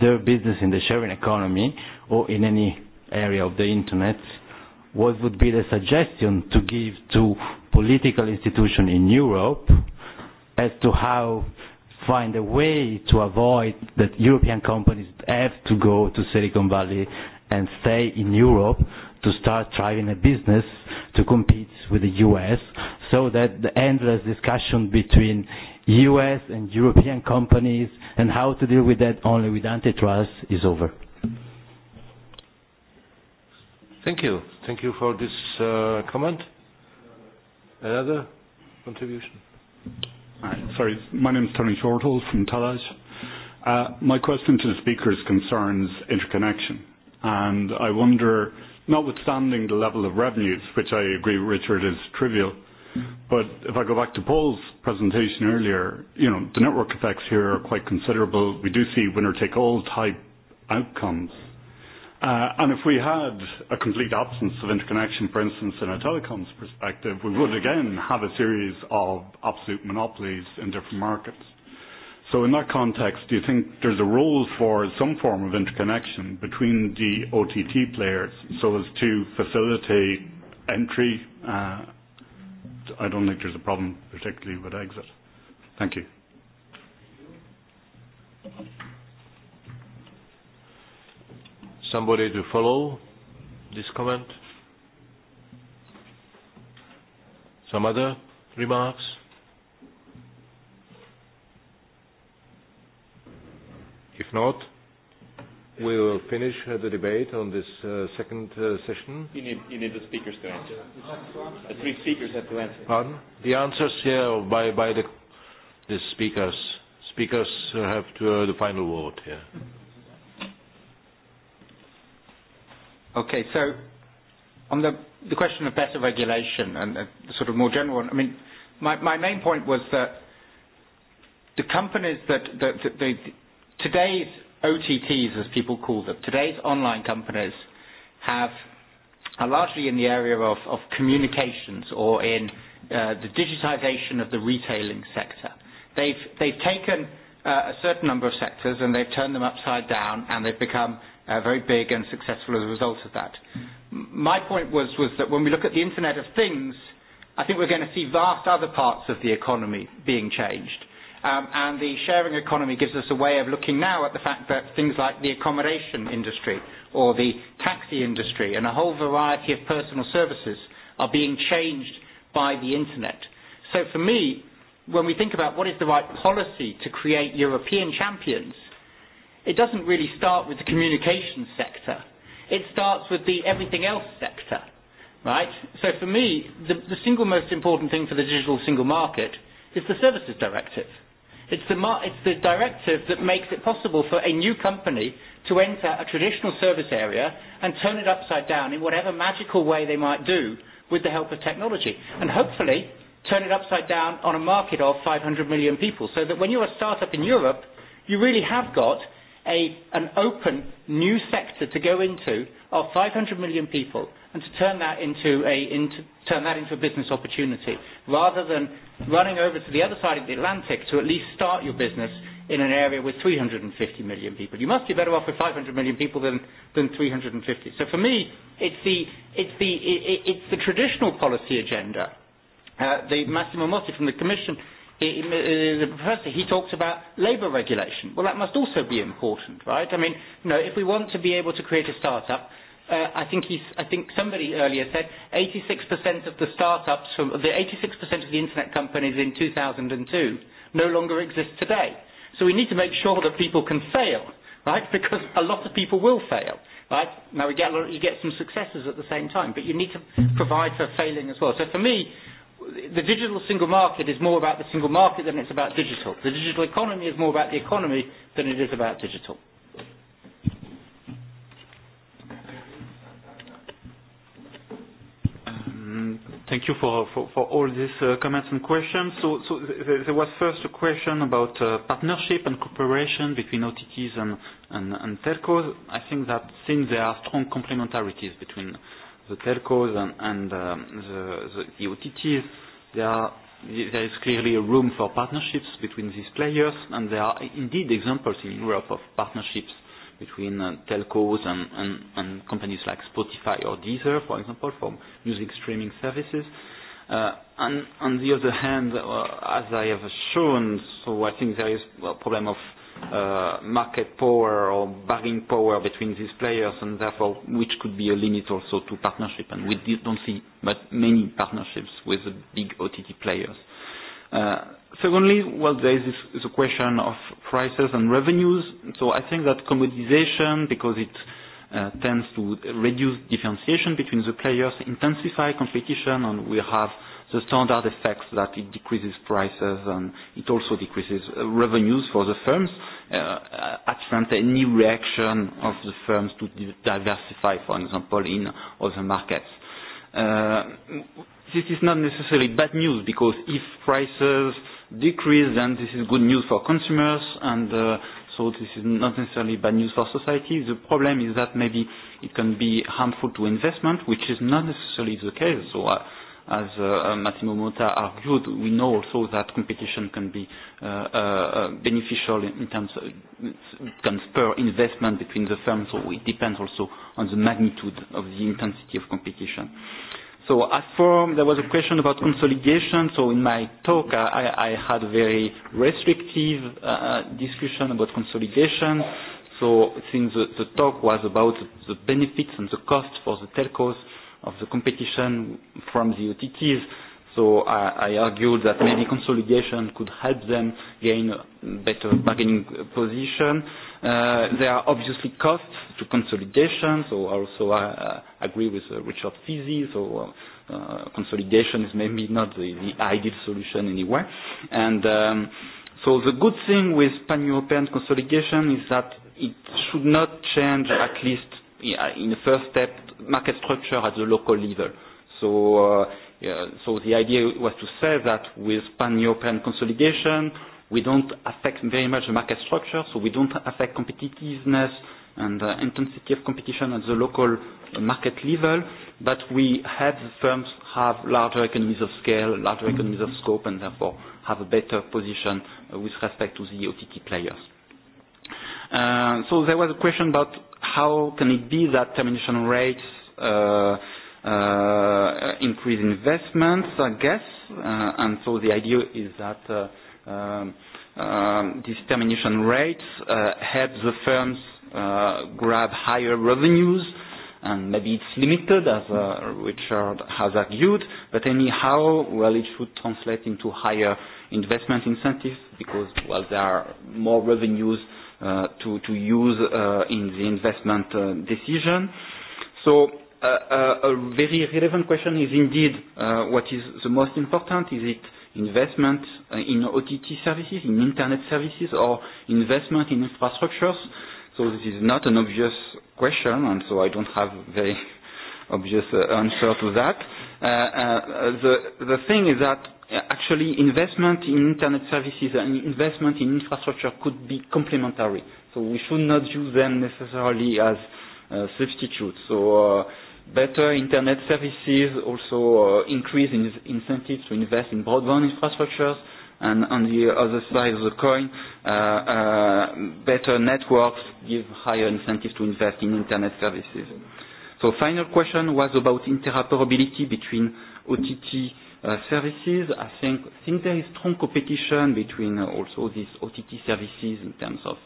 their business in the sharing economy or in any area of the internet, what would be the suggestion to give to political institutions in Europe as to how find a way to avoid that European companies have to go to Silicon Valley and stay in Europe to start driving a business to compete with the US so that the endless discussion between US and European companies and how to deal with that only with antitrust is over. Thank you. Thank you for this uh, comment. Another contribution? sorry, my name is Tony Shortall from Talaj. Uh, my question to the speakers concerns interconnection, and I wonder, notwithstanding the level of revenues, which I agree, Richard, is trivial, but if I go back to Paul's presentation earlier, you know, the network effects here are quite considerable. We do see winner-take-all type outcomes And if we had a complete absence of interconnection, for instance, in a telecoms perspective, we would again have a series of absolute monopolies in different markets. So in that context, do you think there's a role for some form of interconnection between the OTT players so as to facilitate entry? I don't think there's a problem particularly with exit. Thank you somebody to follow this comment? Some other remarks? If not, we will finish the debate on this second session. You need, you need the speakers to answer. The three speakers have to answer. Pardon? The answers here by, by the, the speakers. Speakers have to, the final vote, here. Okay, so on the, the question of better regulation and sort of more general, I mean, my, my main point was that the companies that, today's OTTs, as people call them, today's online companies have are largely in the area of, of communications or in the digitization of the retailing sector. They've, they've taken a certain number of sectors and they've turned them upside down and they've become very big and successful as a result of that. My point was was that when we look at the Internet of Things, I think we're going to see vast other parts of the economy being changed. And the sharing economy gives us a way of looking now at the fact that things like the accommodation industry or the taxi industry and a whole variety of personal services are being changed by the internet. So for me, when we think about what is the right policy to create European champions, it doesn't really start with the communications sector. It starts with the everything else sector, right? So for me, the, the single most important thing for the digital single market is the services directive. It's the, it's the directive that makes it possible for a new company to enter a traditional service area and turn it upside down in whatever magical way they might do with the help of technology. And hopefully turn it upside down on a market of 500 million people so that when you're a startup in Europe, you really have got an open new sector to go into of 500 million people and to turn that into a turn that into a business opportunity rather than running over to the other side of the Atlantic to at least start your business in an area with 350 million people. You must be better off with 500 million people than than 350. So for me, it's the it's the it's the traditional policy agenda. The Massimo Motti from the Commission the professor, he talked about labour regulation. Well, that must also be important, right? I mean, you know, if we want to be able to create a start-up, I think he's, I think somebody earlier said 86% of the startups from the 86% of the internet companies in 2002 no longer exist today. So we need to make sure that people can fail, right? Because a lot of people will fail, right? Now we get you get some successes at the same time, but you need to provide for failing as well. So for me, the digital single market is more about the single market than it's about digital. The digital economy is more about the economy than it is about digital. Thank you for for for all these comments and questions. So so there was first a question about partnership and cooperation between OTTs and and telcos. I think that since there are strong complementarities between the telcos and, and the, the, OTTs, there, are, there is clearly a room for partnerships between these players, and there are indeed examples in Europe of partnerships between telcos and, and, and companies like Spotify or Deezer, for example, for music streaming services. and on the other hand, as I have shown, so I think there is a problem of market power or bargaining power between these players and therefore which could be a limit also to partnership and we don't see many partnerships with the big OTT players. Secondly, well, there is the question of prices and revenues. So I think that commodization because it tends to reduce differentiation between the players, intensify competition and we have the standard effects that it decreases prices and it also decreases revenues for the firms. Absent any reaction of the firms to diversify, for example, in other markets. This is not necessarily bad news because if prices decrease, then this is good news for consumers and so this is not necessarily bad news for society. The problem is that maybe it can be harmful to investment, which is not necessarily the case. So as Massimo Mota argued, we know also that competition can be beneficial in terms can spur investment between the firms, so it depends also on the magnitude of the intensity of competition. So as for, there was a question about consolidation. So in my talk, I, I had a very restrictive discussion about consolidation. So since the, the talk was about the benefits and the cost for the telcos, of the competition from the OTTs. So I argued that maybe consolidation could help them gain a better bargaining position. There are obviously costs to consolidation, so also I agree with Richard Fizzi, so consolidation is maybe not the ideal solution anyway And so the good thing with pan-European consolidation is that it should not change, at least in the first step, market structure at the local level. So so the idea was to say that with pan-European consolidation, we don't affect very much the market structure, so we don't affect competitiveness and intensity of competition at the local market level, but we have firms have larger economies of scale, larger economies of scope, and therefore have a better position with respect to the OTT players. So there was a question about how can it be that termination rates increase investments, I guess, and so the idea is that these termination rates help the firms grab higher revenues, and maybe it's limited, as Richard has argued, but anyhow, well, it should translate into higher investment incentives because, well, there are more revenues to use in the investment decision. So a very relevant question is indeed what is the most important? Is it investment in OTT services, in internet services, or investment in infrastructures? So this is not an obvious question, and so I don't have very obvious answer to that. The thing is that actually investment in internet services and investment in infrastructure could be complementary. So we should not use them necessarily as substitutes. So better internet services also increase incentives to invest in broadband infrastructures and on the other side of the coin, better networks give higher incentives to invest in internet services. So final question was about interoperability between OTT services. I think there is strong competition between also these OTT services in terms of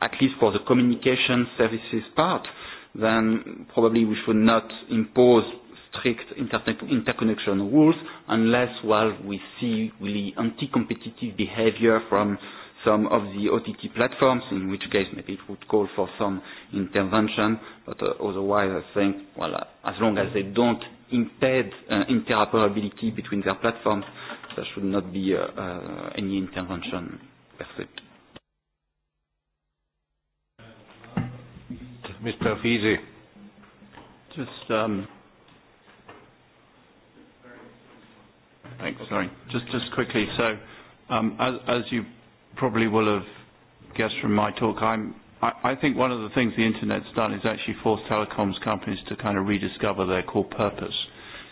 at least for the communication services part, then probably we should not impose strict interconnection rules unless, while we see really anti-competitive behavior from some of the OTT platforms, in which case maybe it would call for some intervention, but otherwise I think, well, as long as they don't impede interoperability between their platforms, there should not be any intervention per Mr. Fizi Just, um, thanks, sorry. Just, just quickly, so um, as, as you probably will have guessed from my talk, I'm, I, I think one of the things the Internet's done is actually forced telecoms companies to kind of rediscover their core purpose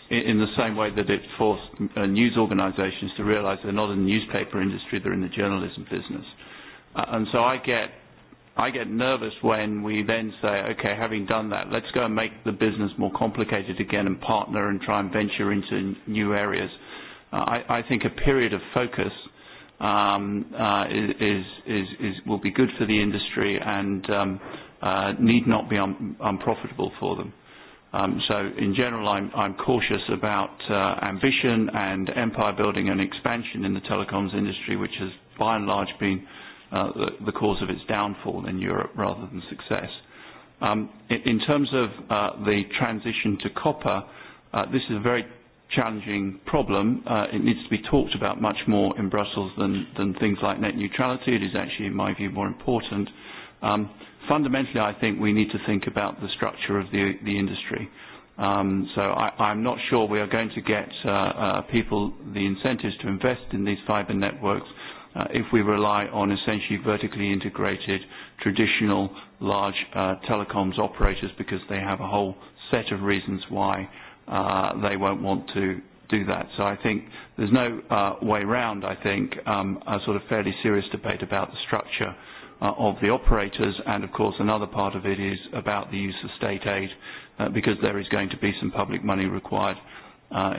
in the same way that it forced news organizations to realize they're not in the newspaper industry, they're in the journalism business. And so I get I get nervous when we then say, okay, having done that, let's go and make the business more complicated again and partner and try and venture into new areas. I I think a period of focus um, uh, is, is, is, will be good for the industry and um, uh, need not be unprofitable for them. Um, so in general, I'm, I'm cautious about ambition and empire building and expansion in the telecoms industry, which has by and large been the, cause of its downfall in Europe rather than success. Um, in, terms of the transition to copper, this is a very challenging problem. It needs to be talked about much more in Brussels than than things like net neutrality. It is actually, in my view, more important. Fundamentally, I think we need to think about the structure of the the industry. So I I'm not sure we are going to get people the incentives to invest in these fiber networks if we rely on essentially vertically integrated, traditional, large telecoms operators because they have a whole set of reasons why they won't want to do that. So I think there's no uh, way round, I think, um, a sort of fairly serious debate about the structure of the operators and of course another part of it is about the use of state aid because there is going to be some public money required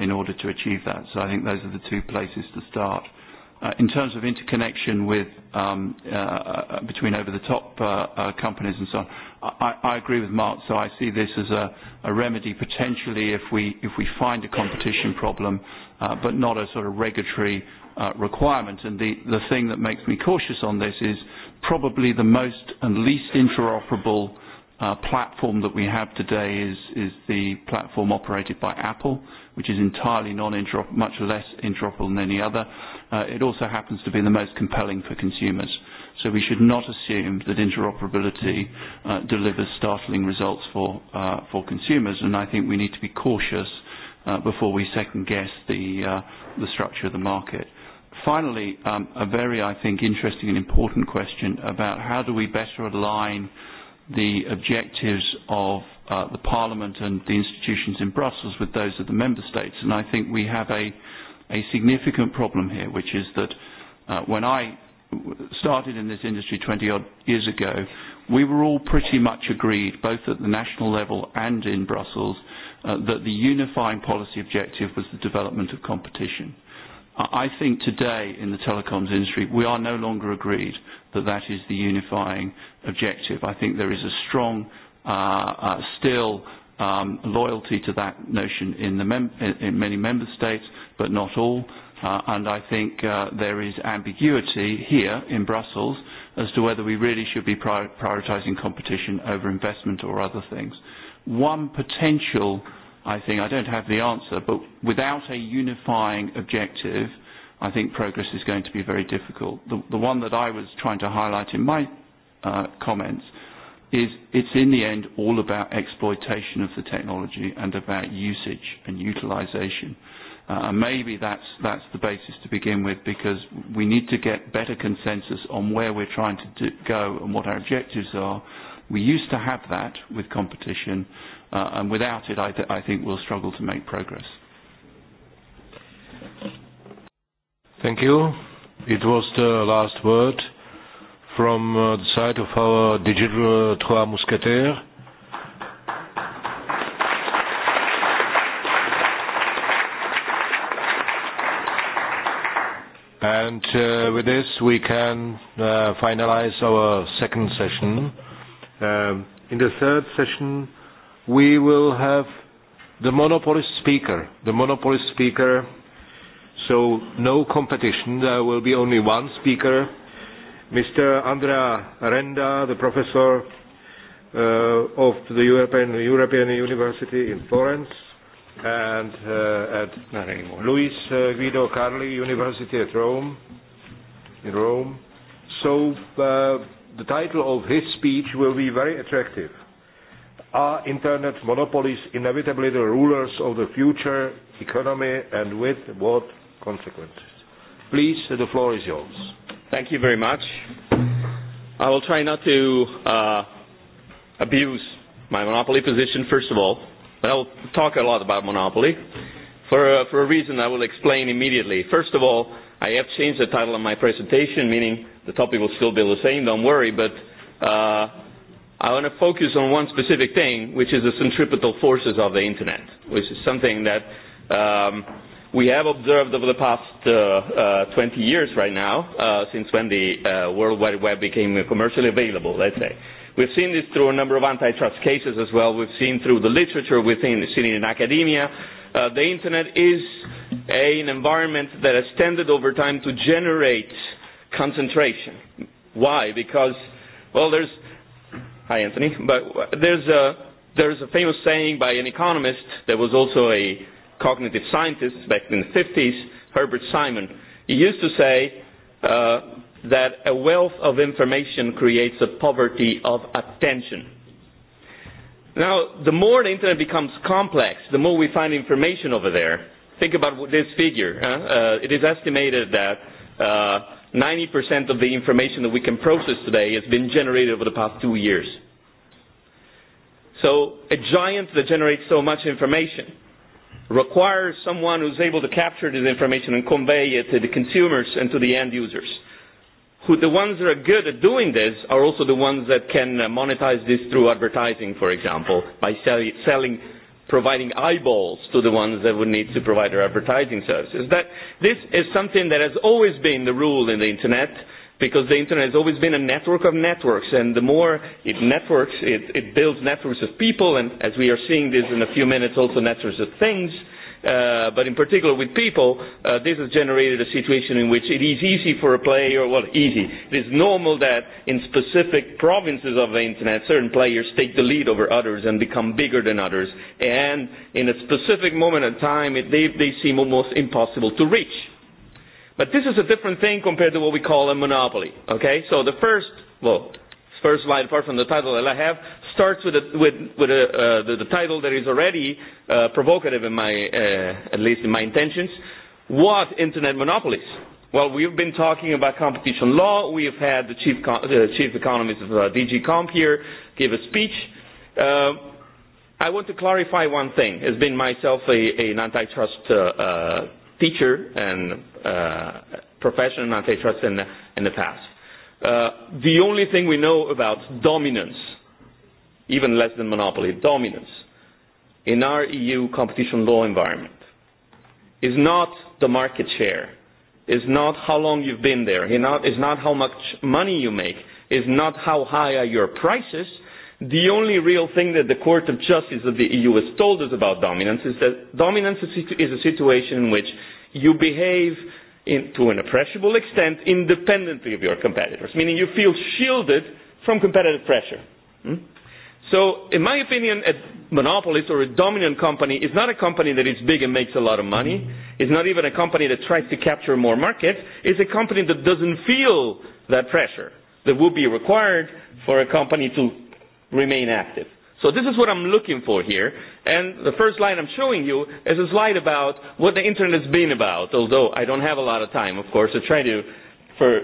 in order to achieve that. So I think those are the two places to start. In terms of interconnection with between over the top companies and so on, I agree with Mark, so I see this as a remedy potentially if we if we find a competition problem, but not a sort of regulatory requirement. And the the thing that makes me cautious on this is probably the most and least interoperable platform that we have today is is the platform operated by Apple, which is entirely non much less interoperable than any other. It also happens to be the most compelling for consumers. So we should not assume that interoperability delivers startling results for for consumers, and I think we need to be cautious before we second guess the the structure of the market. Finally, a very, I think, interesting and important question about how do we better align the objectives of the Parliament and the institutions in Brussels with those of the Member States. And I think we have a significant problem here, which is that when I started in this industry 20 odd years ago, we were all pretty much agreed, both at the national level and in Brussels, that the unifying policy objective was the development of competition. I think today in the telecoms industry we are no longer agreed that that is the unifying objective. I think there is a strong still loyalty to that notion in the in many member states, but not all and I think there is ambiguity here in Brussels as to whether we really should be prioritising competition over investment or other things. One potential, I think, I don't have the answer, but without a unifying objective, I think progress is going to be very difficult. The one that I was trying to highlight in my comments is it's in the end all about exploitation of the technology and about usage and utilisation And maybe that's that's the basis to begin with, because we need to get better consensus on where we're trying to go and what our objectives are. We used to have that with competition, and without it, I I think we'll struggle to make progress. Thank you. It was the last word from the side of our digital Trois Mousquetaires. And with this, we can finalize our second session. In the third session, we will have the monopolist speaker. The monopolist speaker, so no competition. There will be only one speaker. Mr. Andrea Renda, the professor of the European European University in Florence and uh, at not anymore. Luis Guido Carli, University at Rome, in Rome. So uh, the title of his speech will be very attractive. Are internet monopolies inevitably the rulers of the future economy and with what consequences? Please, the floor is yours. Thank you very much. I will try not to uh, abuse my monopoly position, first of all. I will talk a lot about monopoly for, for a reason I will explain immediately. First of all, I have changed the title of my presentation, meaning the topic will still be the same, don't worry, but uh, I want to focus on one specific thing, which is the centripetal forces of the Internet, which is something that um, we have observed over the past uh, uh, 20 years right now, uh, since when the uh, World Wide Web became commercially available, let's say. We've seen this through a number of antitrust cases as well. We've seen through the literature, we've seen it in academia. The Internet is an environment that has tended over time to generate concentration. Why? Because, well, there's, hi Anthony, but there's a, there's a famous saying by an economist that was also a cognitive scientist back in the 50s, Herbert Simon. He used to say, that a wealth of information creates a poverty of attention. Now, the more the Internet becomes complex, the more we find information over there. Think about this figure. It is estimated that 90% of the information that we can process today has been generated over the past two years. So a giant that generates so much information requires someone who's able to capture this information and convey it to the consumers and to the end users who the ones that are good at doing this are also the ones that can monetize this through advertising, for example, by selling, providing eyeballs to the ones that would need to provide their advertising services. That this is something that has always been the rule in the internet, because the internet has always been a network of networks, and the more it networks, it, it builds networks of people, and as we are seeing this in a few minutes, also networks of things but in particular with people, this has generated a situation in which it is easy for a player, well, easy. It is normal that in specific provinces of the Internet, certain players take the lead over others and become bigger than others. And in a specific moment of time, they, they seem almost impossible to reach. But this is a different thing compared to what we call a monopoly. Okay? So the first, well, first slide, apart from the title that I have, starts with a, with, with a, uh, the, the title that is already uh, provocative in my, uh, at least in my intentions. What internet monopolies? Well, we've been talking about competition law. We have had the chief, uh, chief economist of uh, DG Comp here give a speech. I want to clarify one thing. as been myself a, an antitrust uh, uh, teacher and uh, professional in antitrust in, in the past. Uh, the only thing we know about dominance even less than monopoly dominance in our EU competition law environment is not the market share, is not how long you've been there, is not how much money you make, is not how high are your prices. The only real thing that the Court of Justice of the EU has told us about dominance is that dominance is a situation in which you behave to an appreciable extent independently of your competitors, meaning you feel shielded from competitive pressure. So in my opinion, a monopolist or a dominant company is not a company that is big and makes a lot of money. It's not even a company that tries to capture more markets. It's a company that doesn't feel that pressure that would be required for a company to remain active. So this is what I'm looking for here. And the first slide I'm showing you is a slide about what the Internet has been about, although I don't have a lot of time, of course, to try to for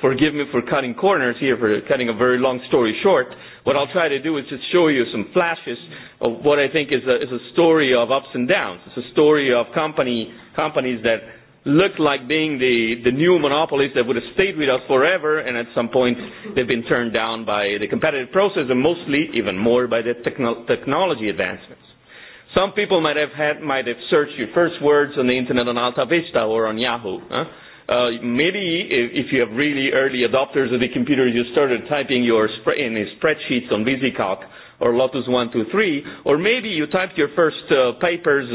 forgive me for cutting corners here, for cutting a very long story short. What I'll try to do is just show you some flashes of what I think is a, is a story of ups and downs. It's a story of company, companies that look like being the, the new monopolies that would have stayed with us forever, and at some point they've been turned down by the competitive process and mostly even more by the technology advancements. Some people might have, had, might have searched your first words on the internet on Alta Vista or on Yahoo. Huh? maybe if you have really early adopters of the computer, you started typing your in spreadsheets on VisiCalc or Lotus 123, or maybe you typed your first papers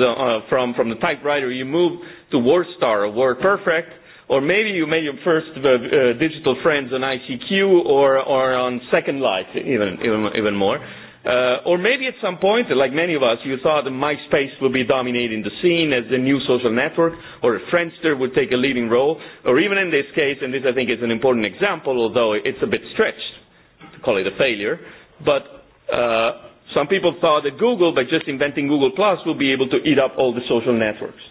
from from the typewriter, you moved to WordStar or WordPerfect, or maybe you made your first digital friends on ICQ or or on Second Life even even even more. Or maybe at some point, like many of us, you thought that MySpace would be dominating the scene as the new social network, or Friendster would take a leading role, or even in this case, and this I think is an important example, although it's a bit stretched to call it a failure, but some people thought that Google, by just inventing Google Plus, will be able to eat up all the social networks.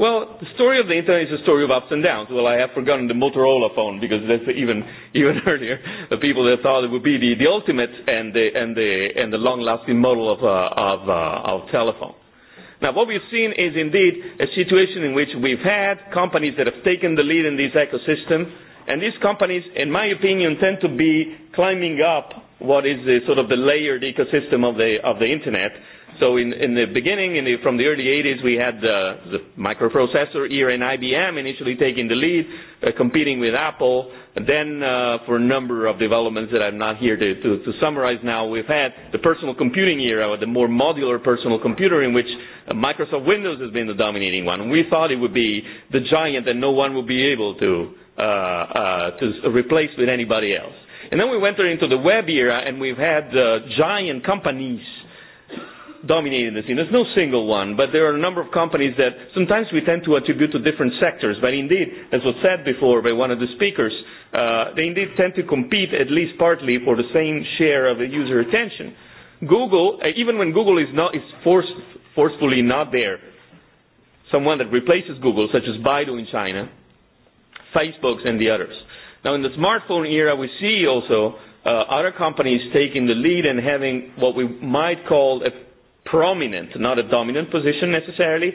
Well, the story of the internet is a story of ups and downs. Well, I have forgotten the Motorola phone because that's even even earlier. The people that thought it would be the, the ultimate and the and the and the long-lasting model of uh, of uh, of telephone. Now, what we've seen is indeed a situation in which we've had companies that have taken the lead in this ecosystem, and these companies, in my opinion, tend to be climbing up what is the sort of the layered ecosystem of the of the internet So in, in the beginning, in the, from the early 80s, we had the, the microprocessor era and IBM initially taking the lead, uh, competing with Apple. And then uh, for a number of developments that I'm not here to, to, to summarize now, we've had the personal computing era, the more modular personal computer in which uh, Microsoft Windows has been the dominating one. And we thought it would be the giant that no one would be able to, uh, uh, to replace with anybody else. And then we went into the web era and we've had uh, giant companies dominating the scene. There's no single one, but there are a number of companies that sometimes we tend to attribute to different sectors. But indeed, as was said before by one of the speakers, they indeed tend to compete at least partly for the same share of the user attention. Google, even when Google is not is forcefully not there, someone that replaces Google, such as Baidu in China, Facebook and the others. Now in the smartphone era, we see also other companies taking the lead and having what we might call a prominent, not a dominant position necessarily,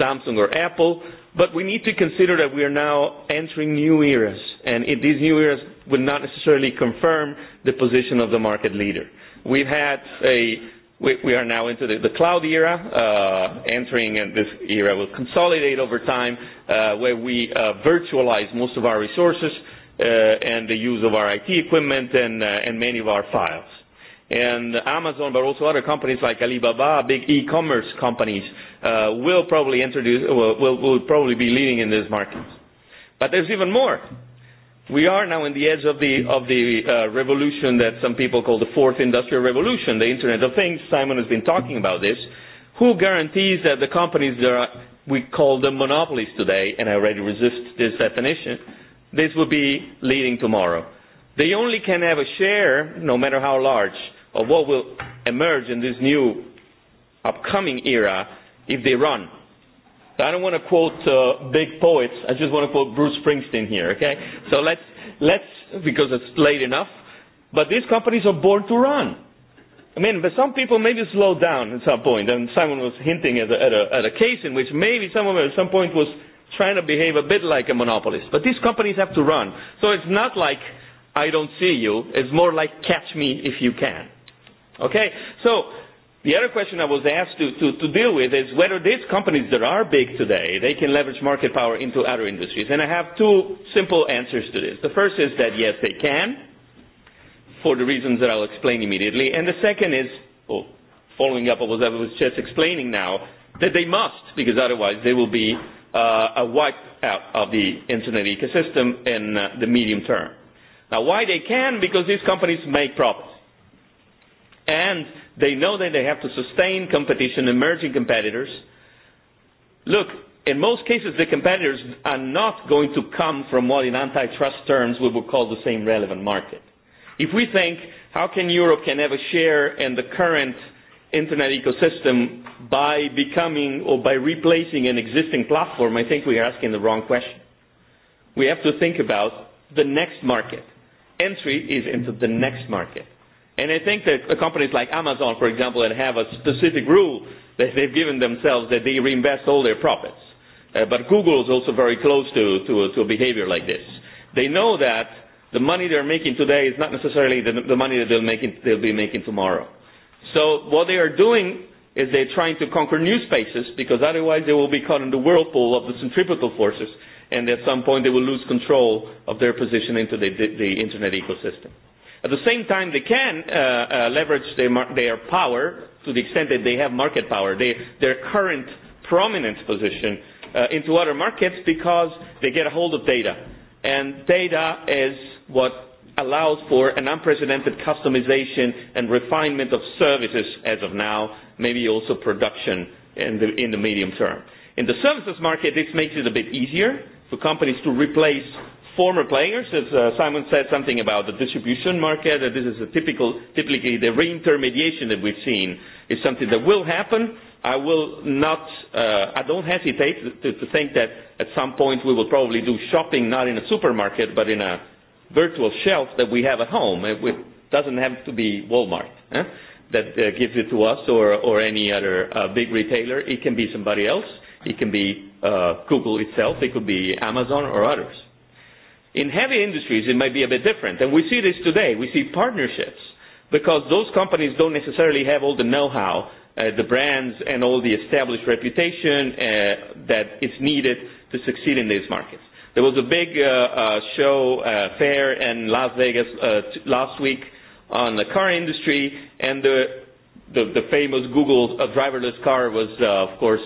Samsung or Apple, but we need to consider that we are now entering new eras, and these new eras will not necessarily confirm the position of the market leader. We've had a, we are now into the cloud era, entering and this era will consolidate over time, where we virtualize most of our resources and the use of our IT equipment and many of our files and Amazon, but also other companies like Alibaba, big e-commerce companies, will probably introduce, will, will probably be leading in this market. But there's even more. We are now in the edge of the, of the revolution that some people call the fourth industrial revolution, the Internet of Things. Simon has been talking about this. Who guarantees that the companies that are, we call them monopolies today, and I already resist this definition, this will be leading tomorrow. They only can have a share, no matter how large, of what will emerge in this new upcoming era if they run. I don't want to quote uh, big poets. I just want to quote Bruce Springsteen here. Okay, so let's let's because it's late enough. But these companies are born to run. I mean, but some people maybe slow down at some point. And Simon was hinting at a, at a, at a case in which maybe someone at some point was trying to behave a bit like a monopolist. But these companies have to run. So it's not like I don't see you. It's more like catch me if you can. Okay, so the other question I was asked to, to, to deal with is whether these companies that are big today, they can leverage market power into other industries. And I have two simple answers to this. The first is that yes, they can, for the reasons that I'll explain immediately. And the second is, following up on what I was just explaining now, that they must, because otherwise they will be uh, a wipe out of the internet ecosystem in the medium term. Now, why they can? Because these companies make profits and they know that they have to sustain competition, emerging competitors. Look, in most cases, the competitors are not going to come from what in antitrust terms we would call the same relevant market. If we think, how can Europe can have a share in the current internet ecosystem by becoming or by replacing an existing platform, I think we are asking the wrong question. We have to think about the next market. Entry is into the next market. And I think that companies like Amazon, for example, that have a specific rule that they've given themselves that they reinvest all their profits. But Google is also very close to, to, to a behavior like this. They know that the money they're making today is not necessarily the, the money that they'll, make they'll be making tomorrow. So what they are doing is they're trying to conquer new spaces because otherwise they will be caught in the whirlpool of the centripetal forces and at some point they will lose control of their position into the, the, the internet ecosystem. At the same time, they can leverage their power to the extent that they have market power, their current prominence position into other markets because they get a hold of data. And data is what allows for an unprecedented customization and refinement of services as of now, maybe also production in the medium term. In the services market, this makes it a bit easier for companies to replace former players, as Simon said something about the distribution market, that this is a typical, typically the reintermediation that we've seen is something that will happen. I will not, I don't hesitate to think that at some point we will probably do shopping not in a supermarket but in a virtual shelf that we have at home. It doesn't have to be Walmart that gives it to us or any other big retailer. It can be somebody else. It can be Google itself. It could be Amazon or others. In heavy industries, it might be a bit different, and we see this today. We see partnerships because those companies don't necessarily have all the know-how, the brands, and all the established reputation that is needed to succeed in these markets. There was a big show fair in Las Vegas last week on the car industry, and the the, the famous Google driverless car was, of course,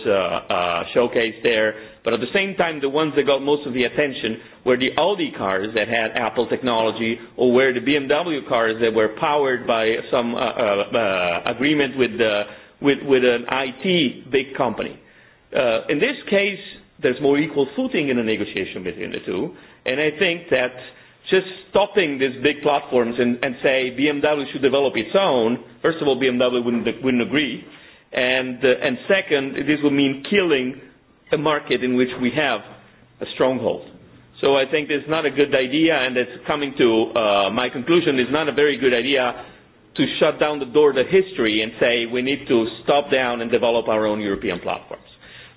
showcased there. But at the same time, the ones that got most of the attention were the Audi cars that had Apple technology, or were the BMW cars that were powered by some agreement with, with, with an IT big company. in this case, there's more equal footing in the negotiation between the two, and I think that just stopping these big platforms and, and say BMW should develop its own first of all, BMW wouldn't, wouldn't agree. And, and second, this would mean killing a market in which we have a stronghold. So I think it's not a good idea, and it's coming to uh, my conclusion, it's not a very good idea to shut down the door to history and say we need to stop down and develop our own European platforms.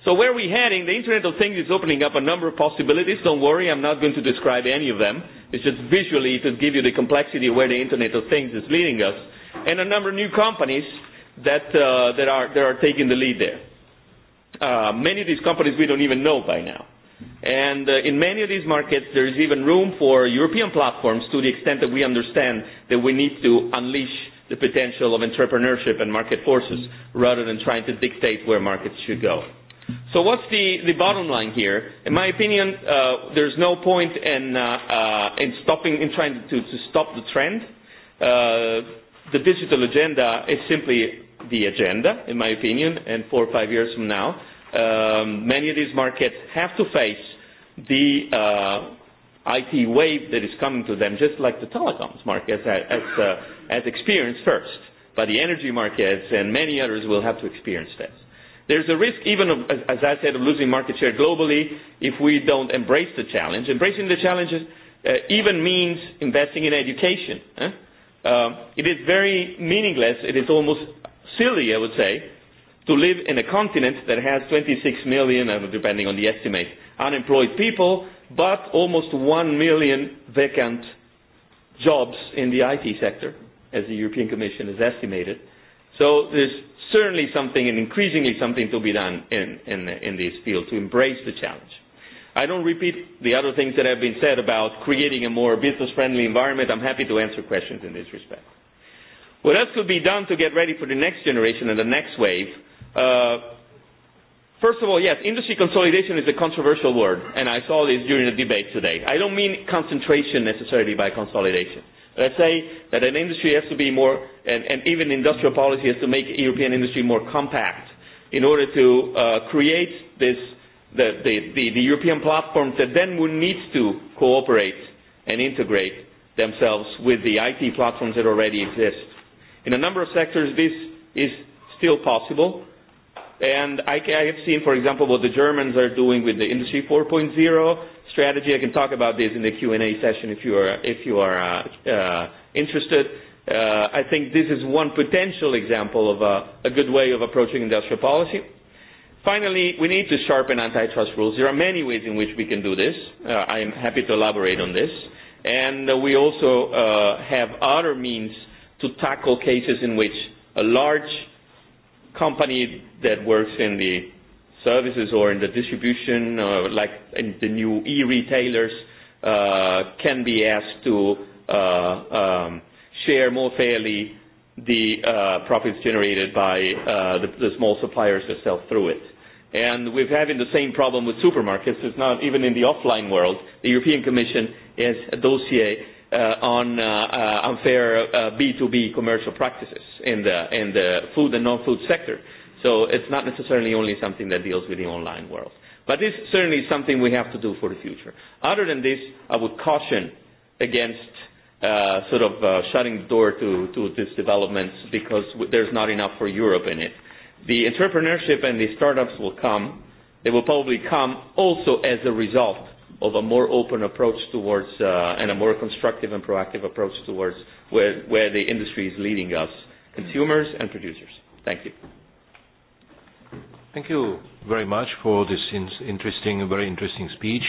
So where are we heading? The Internet of Things is opening up a number of possibilities. Don't worry, I'm not going to describe any of them. It's just visually to give you the complexity of where the Internet of Things is leading us and a number of new companies that uh, that are that are taking the lead there. Uh, many of these companies we don't even know by now. And in many of these markets, there is even room for European platforms to the extent that we understand that we need to unleash the potential of entrepreneurship and market forces rather than trying to dictate where markets should go. So what's the, the bottom line here? In my opinion, uh, there's no point in, uh, uh, in stopping, in trying to, to stop the trend. Uh, the digital agenda is simply the agenda, in my opinion, and four or five years from now, many of these markets have to face the IT wave that is coming to them, just like the telecoms market has experienced first. But the energy markets and many others will have to experience this. There's a risk, even of, as I said, of losing market share globally if we don't embrace the challenge. Embracing the challenges even means investing in education. It is very meaningless, it is almost silly, I would say, to live in a continent that has 26 million, depending on the estimate, unemployed people, but almost 1 million vacant jobs in the IT sector, as the European Commission has estimated. So there's certainly something and increasingly something to be done in, in, in this field to embrace the challenge. I don't repeat the other things that have been said about creating a more business-friendly environment. I'm happy to answer questions in this respect. What else could be done to get ready for the next generation and the next wave? First of all, yes, industry consolidation is a controversial word, and I saw this during the debate today. I don't mean concentration necessarily by consolidation. Let's say that an industry has to be more, and even industrial policy has to make European industry more compact in order to create this the, the, the European platforms that then would need to cooperate and integrate themselves with the IT platforms that already exist. In a number of sectors, this is still possible. And I, I have seen, for example, what the Germans are doing with the Industry 4.0 strategy. I can talk about this in the Q&A session if you are, if you are uh, interested. I think this is one potential example of a, a good way of approaching industrial policy. Finally, we need to sharpen antitrust rules. There are many ways in which we can do this. I am happy to elaborate on this. And we also have other means to tackle cases in which a large company that works in the services or in the distribution, like the new e-retailers, can be asked to share more fairly the profits generated by the small suppliers that sell through it. And we're having the same problem with supermarkets. It's not even in the offline world. The European Commission has a dossier on unfair B2B commercial practices in the, in the food and non-food sector. So it's not necessarily only something that deals with the online world. But this certainly is something we have to do for the future. Other than this, I would caution against sort of shutting the door to, to these developments because there's not enough for Europe in it. The entrepreneurship and the startups will come. They will probably come also as a result of a more open approach towards and a more constructive and proactive approach towards where where the industry is leading us, consumers and producers. Thank you. Thank you very much for this interesting, very interesting speech.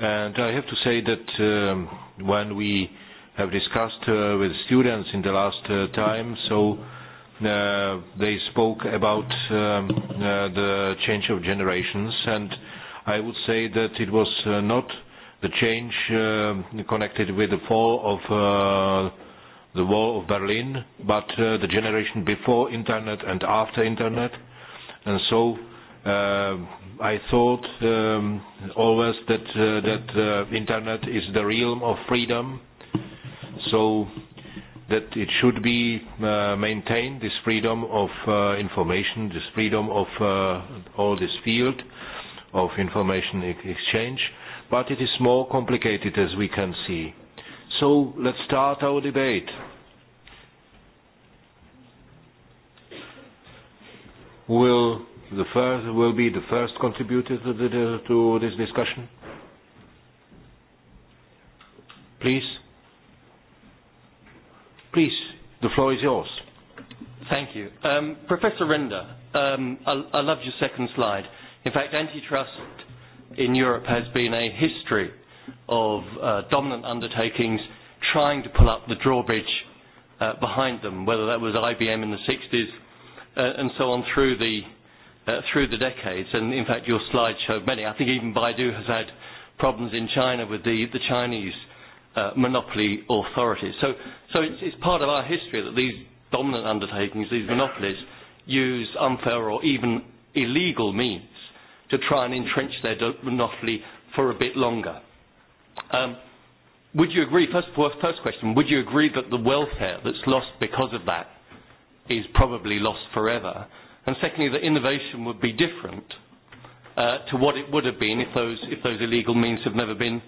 And I have to say that when we have discussed with students in the last time, so they spoke about the change of generations, and I would say that it was not the change connected with the fall of the wall of Berlin, but the generation before Internet and after Internet. And so I thought always that that Internet is the realm of freedom. So that it should be maintained, this freedom of information, this freedom of all this field of information exchange, but it is more complicated as we can see. So let's start our debate. Will the first will be the first contributor to, the, to this discussion? Please. Please, the floor is yours. Thank you. Um, Professor Rinder. um, I, I loved your second slide. In fact, antitrust in Europe has been a history of uh, dominant undertakings trying to pull up the drawbridge uh, behind them, whether that was IBM in the 60s uh, and so on through the, uh, through the decades. And in fact, your slide showed many. I think even Baidu has had problems in China with the, the Chinese monopoly authorities. So, so it's, it's part of our history that these dominant undertakings, these monopolies, use unfair or even illegal means to try and entrench their monopoly for a bit longer. would you agree, first, first question, would you agree that the welfare that's lost because of that is probably lost forever? And secondly, that innovation would be different to what it would have been if those, if those illegal means have never been,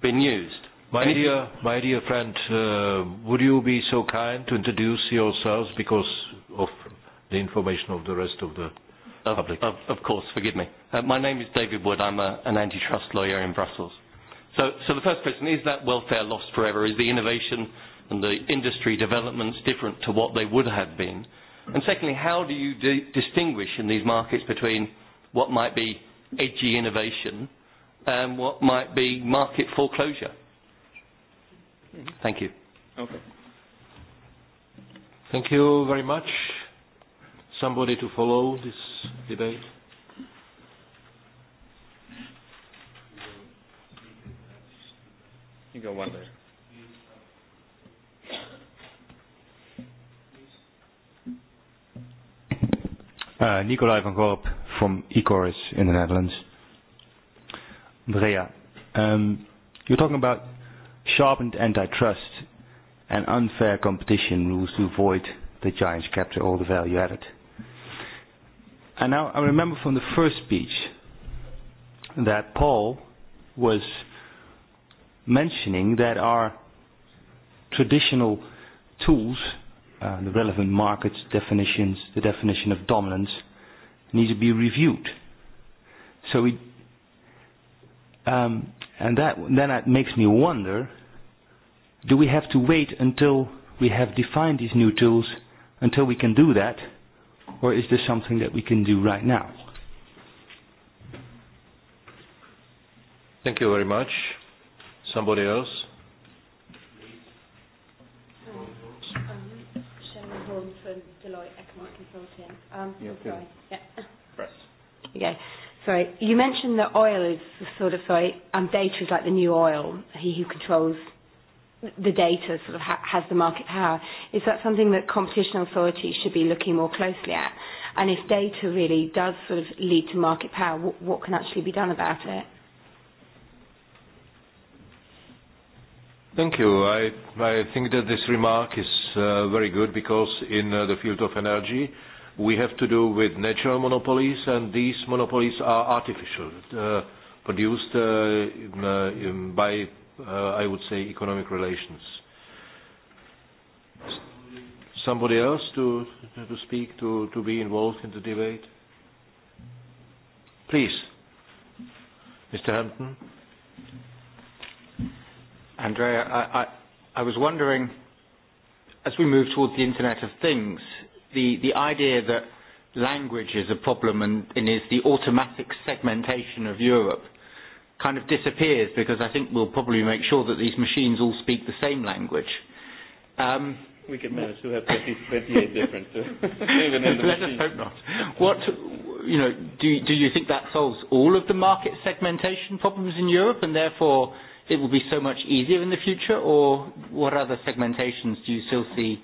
been used. My dear, my dear friend, would you be so kind to introduce yourselves because of the information of the rest of the public? Of course, forgive me. My name is David Wood. I'm an antitrust lawyer in Brussels. So, so the first question, is that welfare lost forever? Is the innovation and the industry developments different to what they would have been? And secondly, how do you distinguish in these markets between what might be edgy innovation and what might be market foreclosure? Thank you. Okay. Thank you very much. Somebody to follow this debate? You go one there. Uh, Nicolai van Gorp from Ecoris in the Netherlands. Andrea, um, you're talking about sharpened antitrust and unfair competition rules to avoid the giants capture all the value added. And now I remember from the first speech that Paul was mentioning that our traditional tools, uh, the relevant markets, definitions, the definition of dominance, need to be reviewed. So we, um, And that then that makes me wonder, do we have to wait until we have defined these new tools until we can do that, or is this something that we can do right now? Thank you very much. Somebody else? Deloitte Um, yeah. Okay. Sorry, you mentioned that oil is sort of, sorry. um, data is like the new oil. He who controls the data sort of ha has the market power. Is that something that competition authorities should be looking more closely at? And if data really does sort of lead to market power, what, what can actually be done about it? Thank you. I, I think that this remark is uh, very good because in uh, the field of energy, we have to do with natural monopolies, and these monopolies are artificial, produced by, I would say, economic relations. Somebody else to to speak, to to be involved in the debate? Please, Mr. Hampton. Andrea, I I was wondering, as we move towards the Internet of Things, the, the idea that language is a problem and, and is the automatic segmentation of Europe kind of disappears because I think we'll probably make sure that these machines all speak the same language. Um, we can manage to have 28 different, even in Let us hope not. What, you know, do, do you think that solves all of the market segmentation problems in Europe and therefore it will be so much easier in the future or what other segmentations do you still see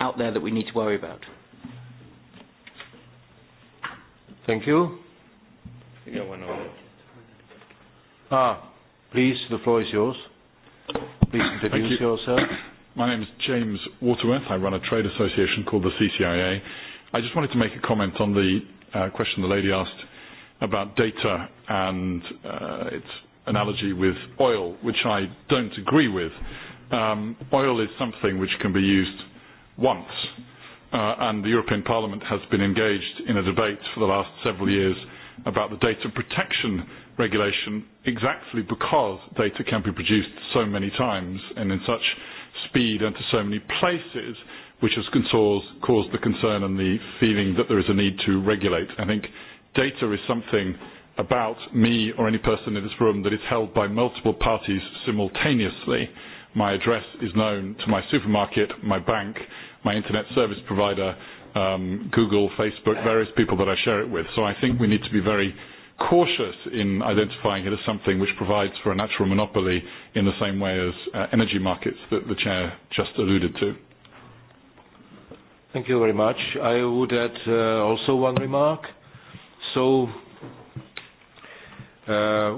out there that we need to worry about? Thank you. Ah, please, the floor is yours. Please introduce yourself. My name is James Waterworth. I run a trade association called the CCIA. I just wanted to make a comment on the question the lady asked about data and its analogy with oil, which I don't agree with. Um Oil is something which can be used once and the European Parliament has been engaged in a debate for the last several years about the data protection regulation exactly because data can be produced so many times and in such speed and to so many places which has caused the concern and the feeling that there is a need to regulate. I think data is something about me or any person in this room that is held by multiple parties simultaneously. My address is known to my supermarket, my bank, my internet service provider, um, Google, Facebook, various people that I share it with. So I think we need to be very cautious in identifying it as something which provides for a natural monopoly in the same way as energy markets that the chair just alluded to. Thank you very much. I would add also one remark. So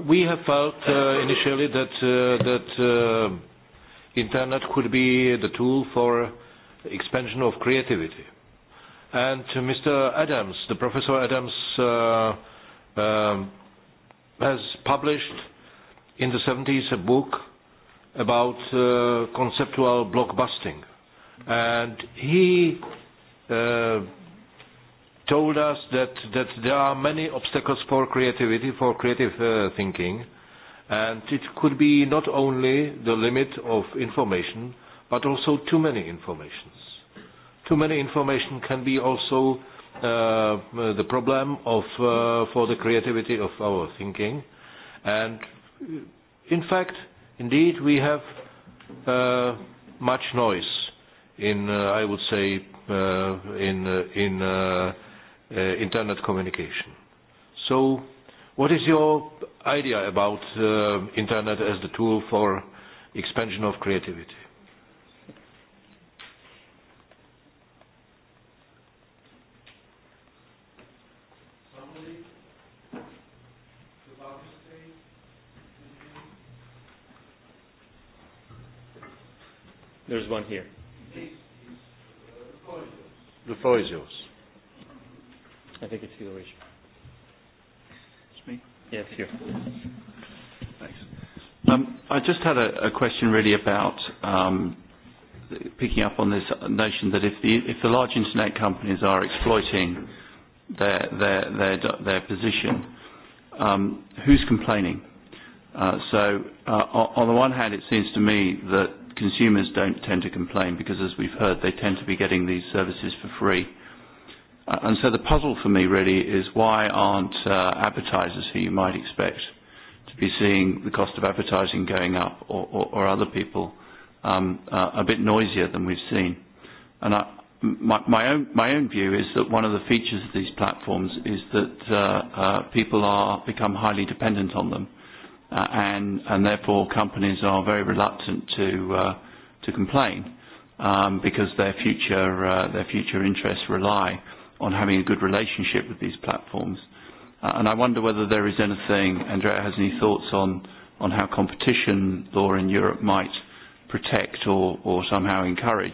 we have felt initially that that internet could be the tool for expansion of creativity. And Mr. Adams, the Professor Adams has published in the 70s a book about conceptual blockbusting. And he told us that, that there are many obstacles for creativity, for creative thinking, and it could be not only the limit of information, but also too many informations. Too many information can be also the problem of for the creativity of our thinking. And in fact, indeed, we have much noise in, I would say, in in internet communication. So, what is your idea about internet as the tool for expansion of creativity? one here. The floor is yours. I think it's yours. It's me? Yes, you. Thanks. Um, I just had a, a question really about um, picking up on this notion that if the, if the large internet companies are exploiting their, their, their, their position, um, who's complaining? Uh, so uh, on the one hand, it seems to me that consumers don't tend to complain because, as we've heard, they tend to be getting these services for free. And so the puzzle for me really is why aren't advertisers who you might expect to be seeing the cost of advertising going up or or other people um a bit noisier than we've seen. And I my my own my own view is that one of the features of these platforms is that people are become highly dependent on them and and therefore companies are very reluctant to to complain um because their future their future interests rely on having a good relationship with these platforms and i wonder whether there is anything andrea has any thoughts on on how competition law in europe might protect or or somehow encourage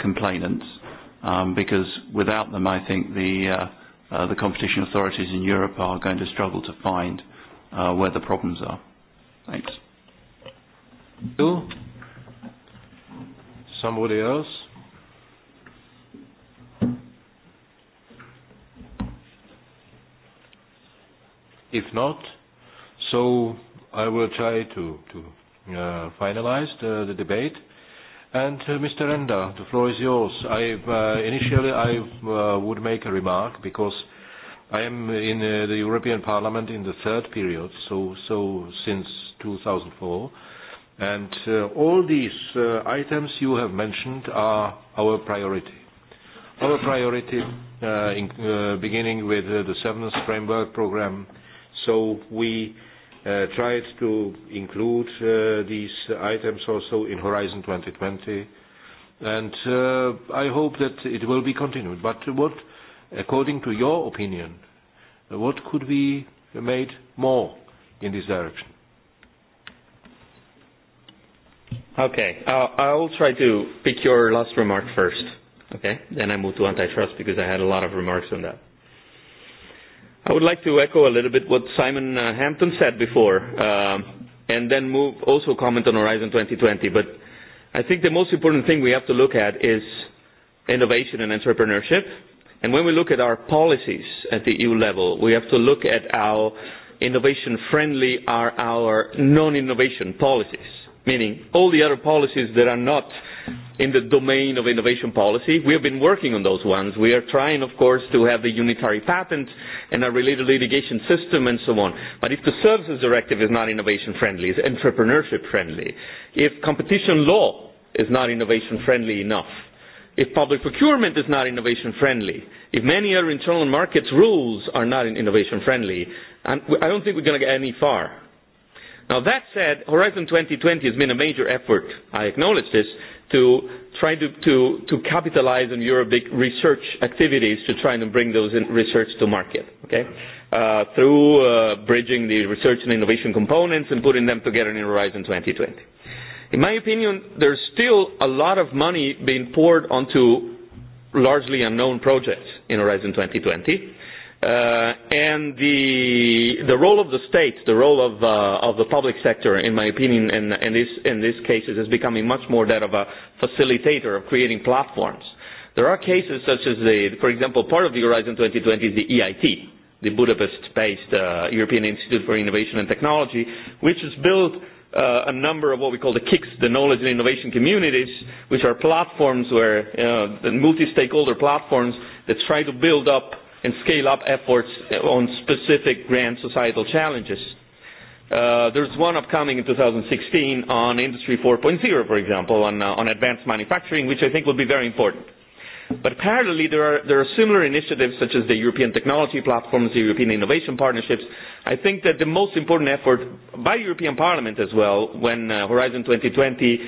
complainants um because without them i think the the competition authorities in europe are going to struggle to find uh, where the problems are. Thanks. You? Somebody else? If not, so I will try to, to uh, finalize the, the debate. And uh, Mr. Renda, the floor is yours. I uh, initially I uh, would make a remark because I am in the European Parliament in the third period, so so since 2004, and all these items you have mentioned are our priority. Our priority, beginning with the seventh framework program, so we tried to include these items also in Horizon 2020, and I hope that it will be continued. But what According to your opinion, what could be made more in this direction? Okay, I will try to pick your last remark first. Okay, then I move to antitrust because I had a lot of remarks on that. I would like to echo a little bit what Simon Hampton said before, um and then move also comment on Horizon 2020. But I think the most important thing we have to look at is innovation and entrepreneurship And when we look at our policies at the EU level, we have to look at how innovation friendly are our non-innovation policies, meaning all the other policies that are not in the domain of innovation policy. We have been working on those ones. We are trying, of course, to have the unitary patent and a related litigation system and so on. But if the services directive is not innovation friendly, it's entrepreneurship friendly. If competition law is not innovation friendly enough, if public procurement is not innovation friendly, if many other internal markets rules are not innovation friendly, I don't think we're going to get any far. Now that said, Horizon 2020 has been a major effort, I acknowledge this, to try to, to, to capitalize on your big research activities to try and bring those research to market, okay? through bridging the research and innovation components and putting them together in Horizon 2020. In my opinion, there's still a lot of money being poured onto largely unknown projects in Horizon 2020. And the the role of the state, the role of of the public sector, in my opinion, in in this in these cases, is becoming much more that of a facilitator of creating platforms. There are cases such as the, for example, part of the Horizon 2020 is the EIT, the Budapest-based European Institute for Innovation and Technology, which is built a number of what we call the KICs, the knowledge and innovation communities, which are platforms where the multi-stakeholder platforms that try to build up and scale up efforts on specific grand societal challenges. There's one upcoming in 2016 on Industry 4.0, for example, on advanced manufacturing, which I think will be very important. But parallelly, there are, there are similar initiatives such as the European technology platforms, the European innovation partnerships. I think that the most important effort by the European Parliament as well, when Horizon 2020,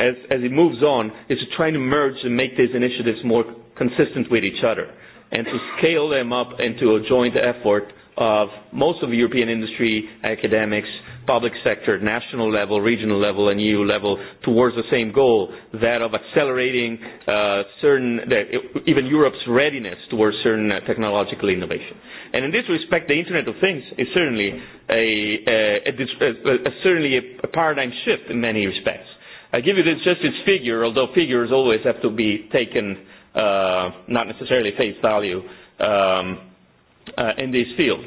as, as it moves on, is to try to merge and make these initiatives more consistent with each other and to scale them up into a joint effort of most of the European industry, academics, public sector national level, regional level, and EU level towards the same goal, that of accelerating certain, even Europe's readiness towards certain technological innovation. And in this respect, the Internet of Things is certainly a certainly a paradigm shift in many respects. I give you this just its figure, although figures always have to be taken not necessarily face value in this field.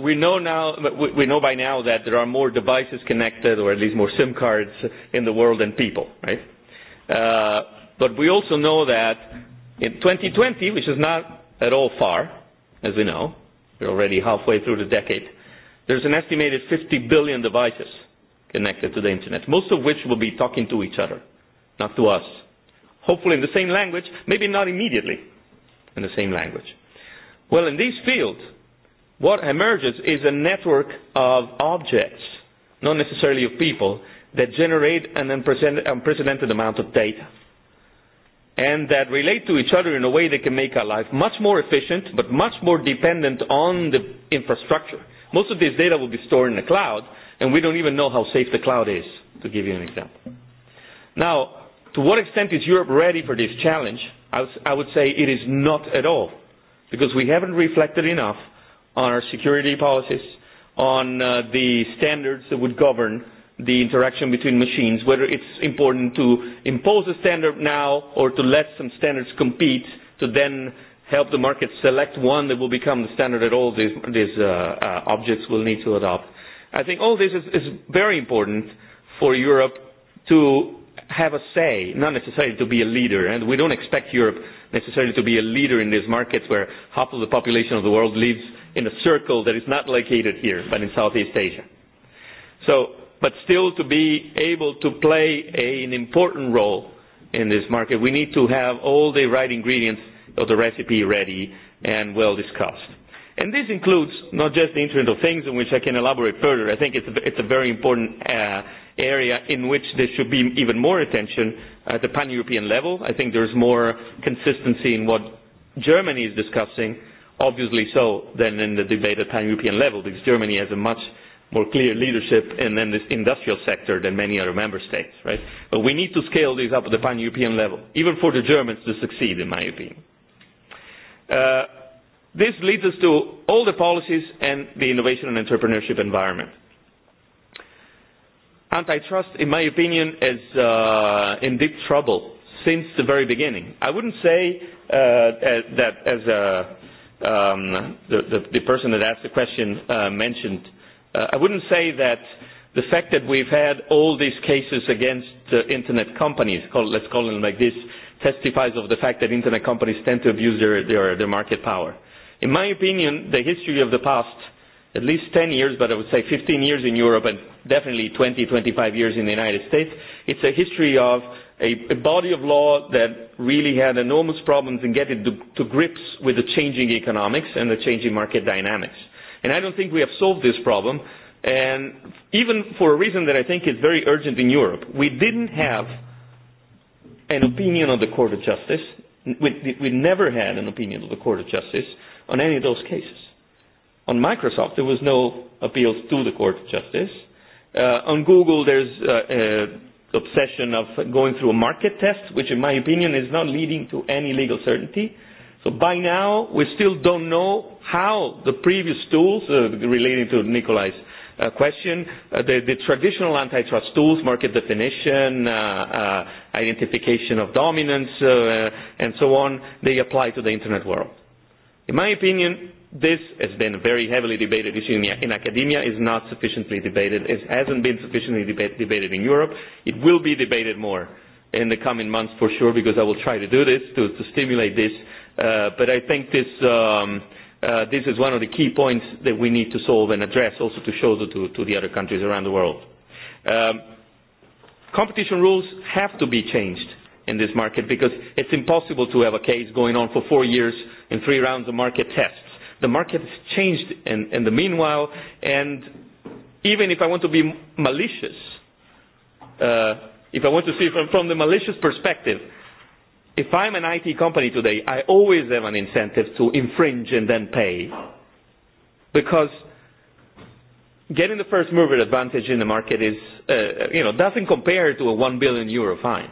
We know now, we know by now that there are more devices connected, or at least more SIM cards in the world than people, right? But we also know that in 2020, which is not at all far, as we know, we're already halfway through the decade, there's an estimated 50 billion devices connected to the internet, most of which will be talking to each other, not to us. Hopefully in the same language, maybe not immediately in the same language. Well, in these fields, What emerges is a network of objects, not necessarily of people, that generate an unprecedented amount of data and that relate to each other in a way that can make our life much more efficient but much more dependent on the infrastructure. Most of this data will be stored in the cloud and we don't even know how safe the cloud is, to give you an example. Now, to what extent is Europe ready for this challenge? I would say it is not at all because we haven't reflected enough on our security policies, on the standards that would govern the interaction between machines, whether it's important to impose a standard now or to let some standards compete to then help the market select one that will become the standard that all these, these objects will need to adopt. I think all this is, is very important for Europe to have a say, not necessarily to be a leader. And we don't expect Europe necessarily to be a leader in these markets where half of the population of the world lives in a circle that is not located here, but in Southeast Asia. So, but still to be able to play an important role in this market, we need to have all the right ingredients of the recipe ready and well discussed. And this includes not just the Internet of Things, in which I can elaborate further. I think it's a, it's a very important area in which there should be even more attention at the pan-European level. I think there's more consistency in what Germany is discussing obviously so than in the debate at pan-European level because Germany has a much more clear leadership in this industrial sector than many other member states. right? But we need to scale this up at the pan-European level, even for the Germans to succeed, in my opinion. This leads us to all the policies and the innovation and entrepreneurship environment. Antitrust, in my opinion, is in deep trouble since the very beginning. I wouldn't say that as a the person that asked the question mentioned. I wouldn't say that the fact that we've had all these cases against Internet companies, let's call them like this, testifies of the fact that Internet companies tend to abuse their market power. In my opinion, the history of the past, at least 10 years, but I would say 15 years in Europe and definitely 20, 25 years in the United States, it's a history of a body of law that really had enormous problems in getting to grips with the changing economics and the changing market dynamics. And I don't think we have solved this problem, and even for a reason that I think is very urgent in Europe. We didn't have an opinion of the Court of Justice. We never had an opinion of the Court of Justice on any of those cases. On Microsoft, there was no appeals to the Court of Justice. On Google, there's obsession of going through a market test, which in my opinion is not leading to any legal certainty. So by now, we still don't know how the previous tools, relating to Nikolai's question, the traditional antitrust tools, market definition, identification of dominance, and so on, they apply to the Internet world. In my opinion, This has been a very heavily debated issue in academia, is not sufficiently debated, it hasn't been sufficiently debated in Europe. It will be debated more in the coming months for sure, because I will try to do this, to stimulate this. But I think this this is one of the key points that we need to solve and address also to show to the other countries around the world. Competition rules have to be changed in this market because it's impossible to have a case going on for four years in three rounds of market tests The market has changed in, in the meanwhile, and even if I want to be malicious, uh, if I want to see from, from the malicious perspective, if I'm an IT company today, I always have an incentive to infringe and then pay. Because getting the first mover advantage in the market is, uh, you know, doesn't compare to a 1 billion euro fine.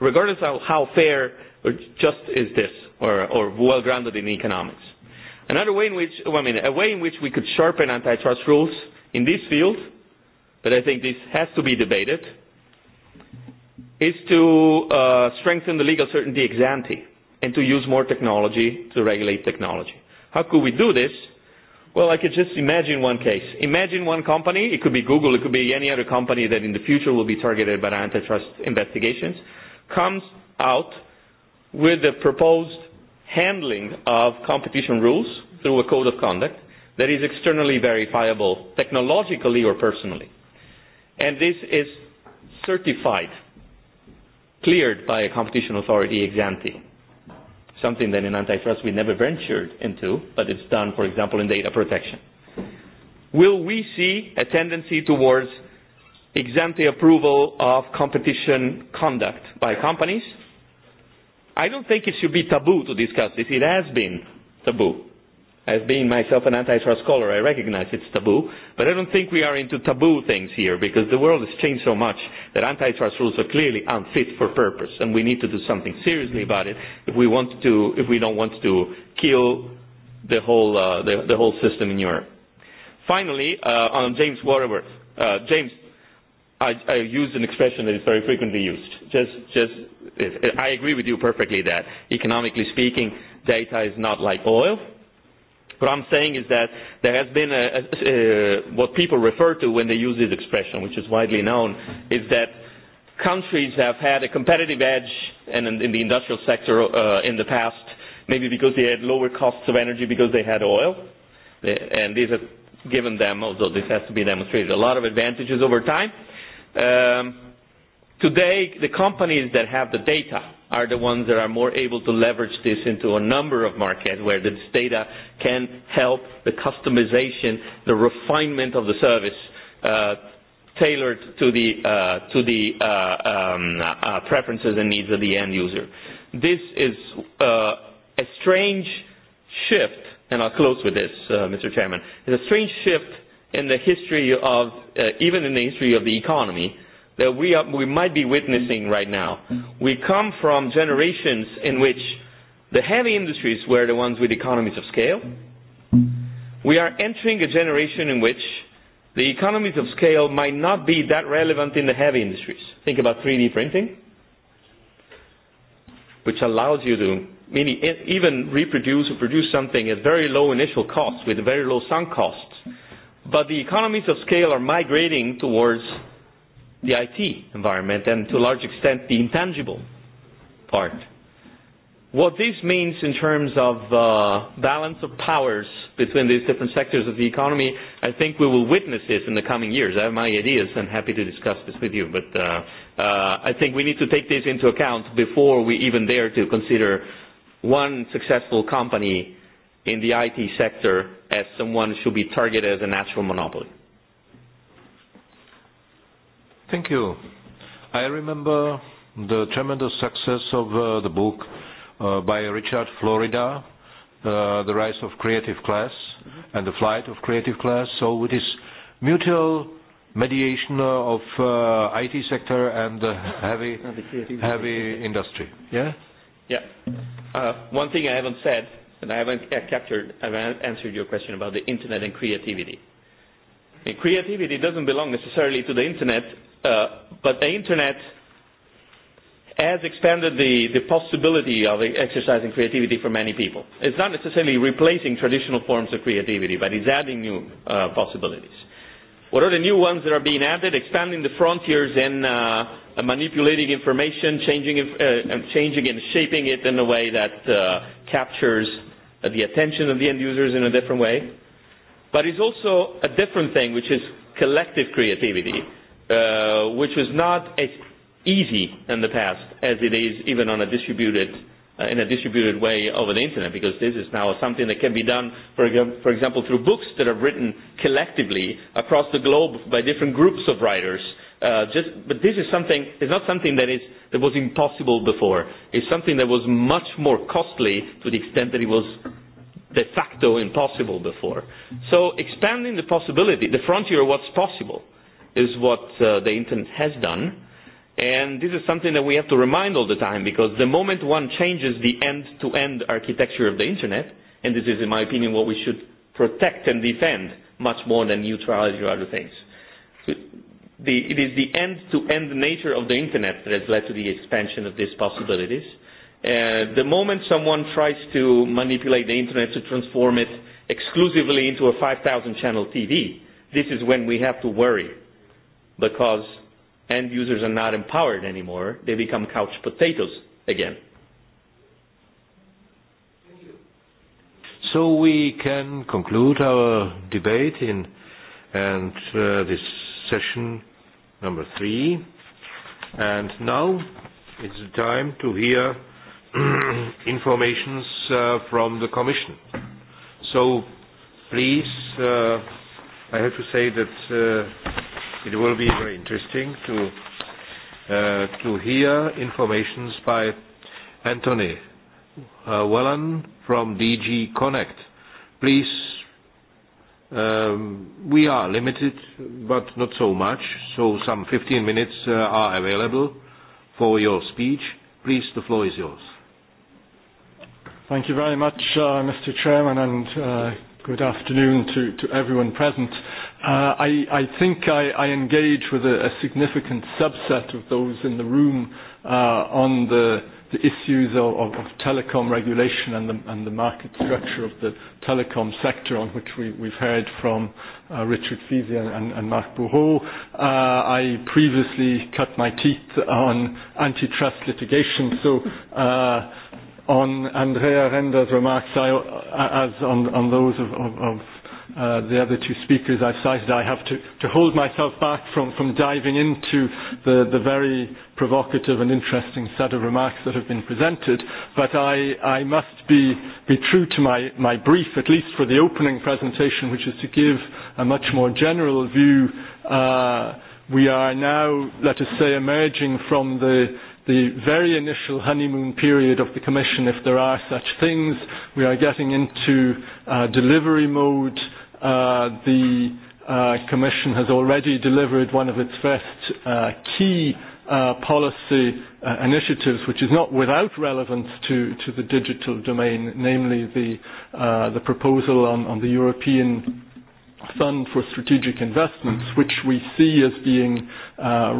Regardless of how fair or just is this, or, or well grounded in economics. Another way in which, I mean, a way in which we could sharpen antitrust rules in this field, but I think this has to be debated, is to strengthen the legal certainty ex ante and to use more technology to regulate technology. How could we do this? Well, I could just imagine one case. Imagine one company, it could be Google, it could be any other company that in the future will be targeted by antitrust investigations, comes out with a proposed handling of competition rules through a code of conduct that is externally verifiable technologically or personally. And this is certified, cleared by a competition authority ex ante, something that in antitrust we never ventured into, but it's done, for example, in data protection. Will we see a tendency towards ex ante approval of competition conduct by companies? I don't think it should be taboo to discuss this. It has been taboo. As being myself an antitrust scholar, I recognize it's taboo, but I don't think we are into taboo things here because the world has changed so much that antitrust rules are clearly unfit for purpose and we need to do something seriously about it if we want to, if we don't want to kill the whole, the, the whole system in Europe. Finally, uh, on James Waterworth, uh, James, I, I used an expression that is very frequently used. Just, just I agree with you perfectly that economically speaking, data is not like oil. What I'm saying is that there has been a, what people refer to when they use this expression, which is widely known, is that countries have had a competitive edge and in the industrial sector in the past, maybe because they had lower costs of energy because they had oil. And this have given them, although this has to be demonstrated, a lot of advantages over time. Um, Today, the companies that have the data are the ones that are more able to leverage this into a number of markets where this data can help the customization, the refinement of the service tailored to the, to the preferences and needs of the end user. This is a strange shift, and I'll close with this, Mr. Chairman. It's a strange shift in the history of, even in the history of the economy, that we, we might be witnessing right now. We come from generations in which the heavy industries were the ones with economies of scale. We are entering a generation in which the economies of scale might not be that relevant in the heavy industries. Think about 3D printing, which allows you to even reproduce or produce something at very low initial costs with very low sunk costs. But the economies of scale are migrating towards the IT environment and to a large extent the intangible part. What this means in terms of balance of powers between these different sectors of the economy, I think we will witness this in the coming years. I have my ideas and happy to discuss this with you, but I think we need to take this into account before we even dare to consider one successful company in the IT sector as someone who should be targeted as a natural monopoly. Thank you. I remember the tremendous success of the book by Richard Florida, The Rise of Creative Class and the Flight of Creative Class. So it is mutual mediation of IT sector and heavy heavy industry. Yeah? Yeah. One thing I haven't said, and I haven't captured, I haven't answered your question about the internet and creativity. Creativity doesn't belong necessarily to the Internet, but the Internet has expanded the, the possibility of exercising creativity for many people. It's not necessarily replacing traditional forms of creativity, but it's adding new possibilities. What are the new ones that are being added? Expanding the frontiers in uh, manipulating information, changing, uh, changing and shaping it in a way that uh, captures the attention of the end users in a different way But it's also a different thing, which is collective creativity, which was not as easy in the past as it is even on a distributed in a distributed way over the internet because this is now something that can be done for for example through books that are written collectively across the globe by different groups of writers just but this is something it's not something that is that was impossible before it's something that was much more costly to the extent that it was de facto impossible before. So expanding the possibility, the frontier of what's possible, is what the Internet has done. And this is something that we have to remind all the time because the moment one changes the end-to-end architecture of the Internet, and this is in my opinion what we should protect and defend much more than neutrality or other things. It is the end-to-end nature of the Internet that has led to the expansion of these possibilities The moment someone tries to manipulate the Internet to transform it exclusively into a 5,000-channel TV, this is when we have to worry because end users are not empowered anymore. They become couch potatoes again. So we can conclude our debate in and this session number three. And now it's time to hear informations from the Commission. So please, I have to say that it will be very interesting to to hear informations by Anthony Wellen from DG Connect. Please, we are limited, but not so much, so some 15 minutes are available for your speech. Please, the floor is yours. Thank you very much, uh, Mr. Chairman, and uh, good afternoon to, to everyone present. Uh, I, I think I, I engage with a, a significant subset of those in the room uh, on the, the issues of, of, of telecom regulation and the, and the market structure of the telecom sector on which we, we've heard from uh, Richard Feezy and, and Mark Uh, I previously cut my teeth on antitrust litigation, so uh, on Andrea Renda's remarks, as on, on those of, of, of the other two speakers I've cited, I have to, to hold myself back from, from diving into the, the very provocative and interesting set of remarks that have been presented, but I, I must be, be true to my, my brief, at least for the opening presentation, which is to give a much more general view. we are now, let us say, emerging from the the very initial honeymoon period of the Commission, if there are such things. We are getting into delivery mode. The Commission has already delivered one of its first key policy initiatives, which is not without relevance to the digital domain, namely the proposal on the European Fund for Strategic Investments, which we see as being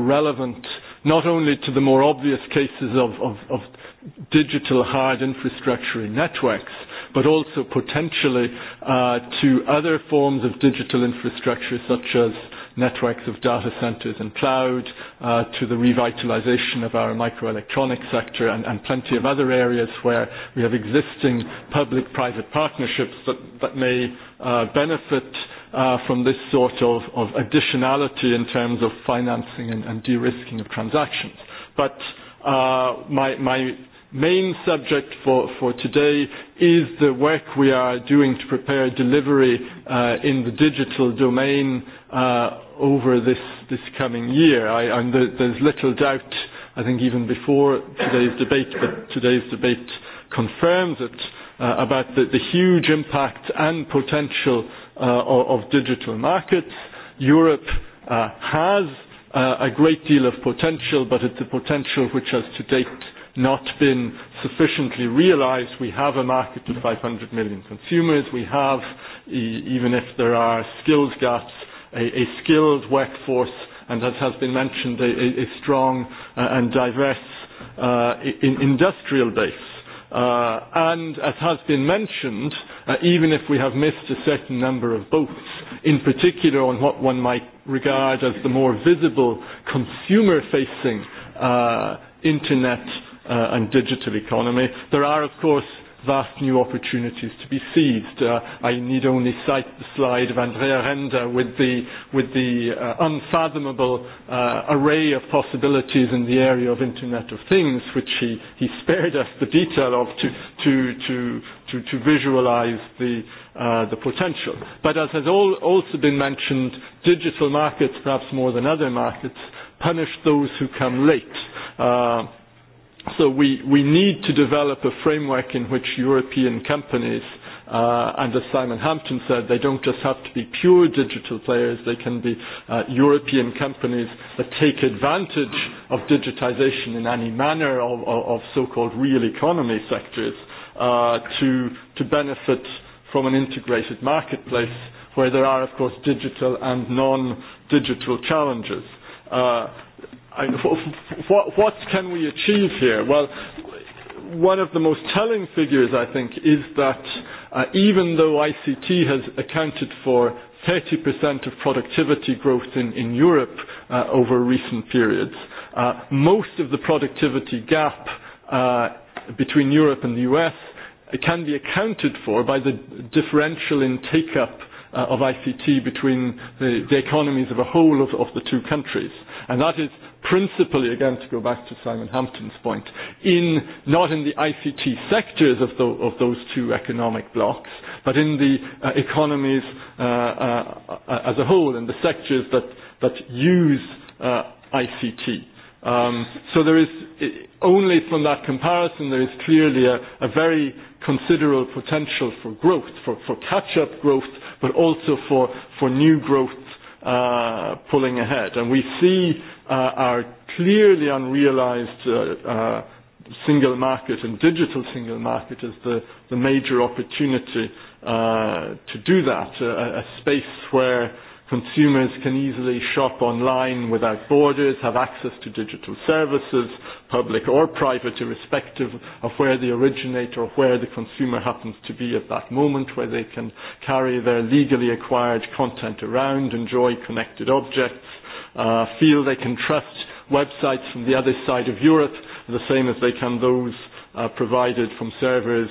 relevant not only to the more obvious cases of, of, of digital hard infrastructure networks, but also potentially to other forms of digital infrastructure such as networks of data centers and cloud, to the revitalization of our microelectronics sector and, and plenty of other areas where we have existing public-private partnerships that, that may uh, benefit from this sort of of additionality in terms of financing and and de-risking of transactions. But my main subject for for today is the work we are doing to prepare delivery in the digital domain over this this coming year. I and there's little doubt I think even before today's debate but today's debate confirms it about the the huge impact and potential of digital markets. Europe has a great deal of potential, but it's a potential which has to date not been sufficiently realized. We have a market of 500 million consumers. We have, even if there are skills gaps, a skilled workforce, and as has been mentioned, a strong and diverse industrial base. And as has been mentioned, even if we have missed a certain number of boats, in particular on what one might regard as the more visible consumer-facing internet and digital economy, there are, of course, vast new opportunities to be seized. I need only cite the slide of Andrea Renda with the, with the unfathomable array of possibilities in the area of Internet of Things, which he, he spared us the detail of to, to, to, to, to visualize the, the potential. But as has also been mentioned, digital markets, perhaps more than other markets, punish those who come late So we we need to develop a framework in which European companies and as Simon Hampton said, they don't just have to be pure digital players, they can be European companies that take advantage of digitization in any manner of, of, so-called real economy sectors to, to benefit from an integrated marketplace where there are, of course, digital and non-digital challenges. What can we achieve here? Well, one of the most telling figures, I think, is that even though ICT has accounted for 30% of productivity growth in Europe over recent periods, most of the productivity gap between Europe and the US can be accounted for by the differential in take-up of ICT between the economies of a whole of the two countries. And that is principally, again, to go back to Simon Hampton's point, in not in the ICT sectors of, of those two economic blocks, but in the economies as a whole, in the sectors that, that use ICT. Um, so there is, only from that comparison, there is clearly a, a very considerable potential for growth, for, for catch-up growth, but also for, for new growth pulling ahead. And we see our clearly unrealized single market and digital single market as the, the major opportunity to do that, a, space where Consumers can easily shop online without borders, have access to digital services, public or private, irrespective of where they originate or where the consumer happens to be at that moment, where they can carry their legally acquired content around, enjoy connected objects, feel they can trust websites from the other side of Europe the same as they can those provided from servers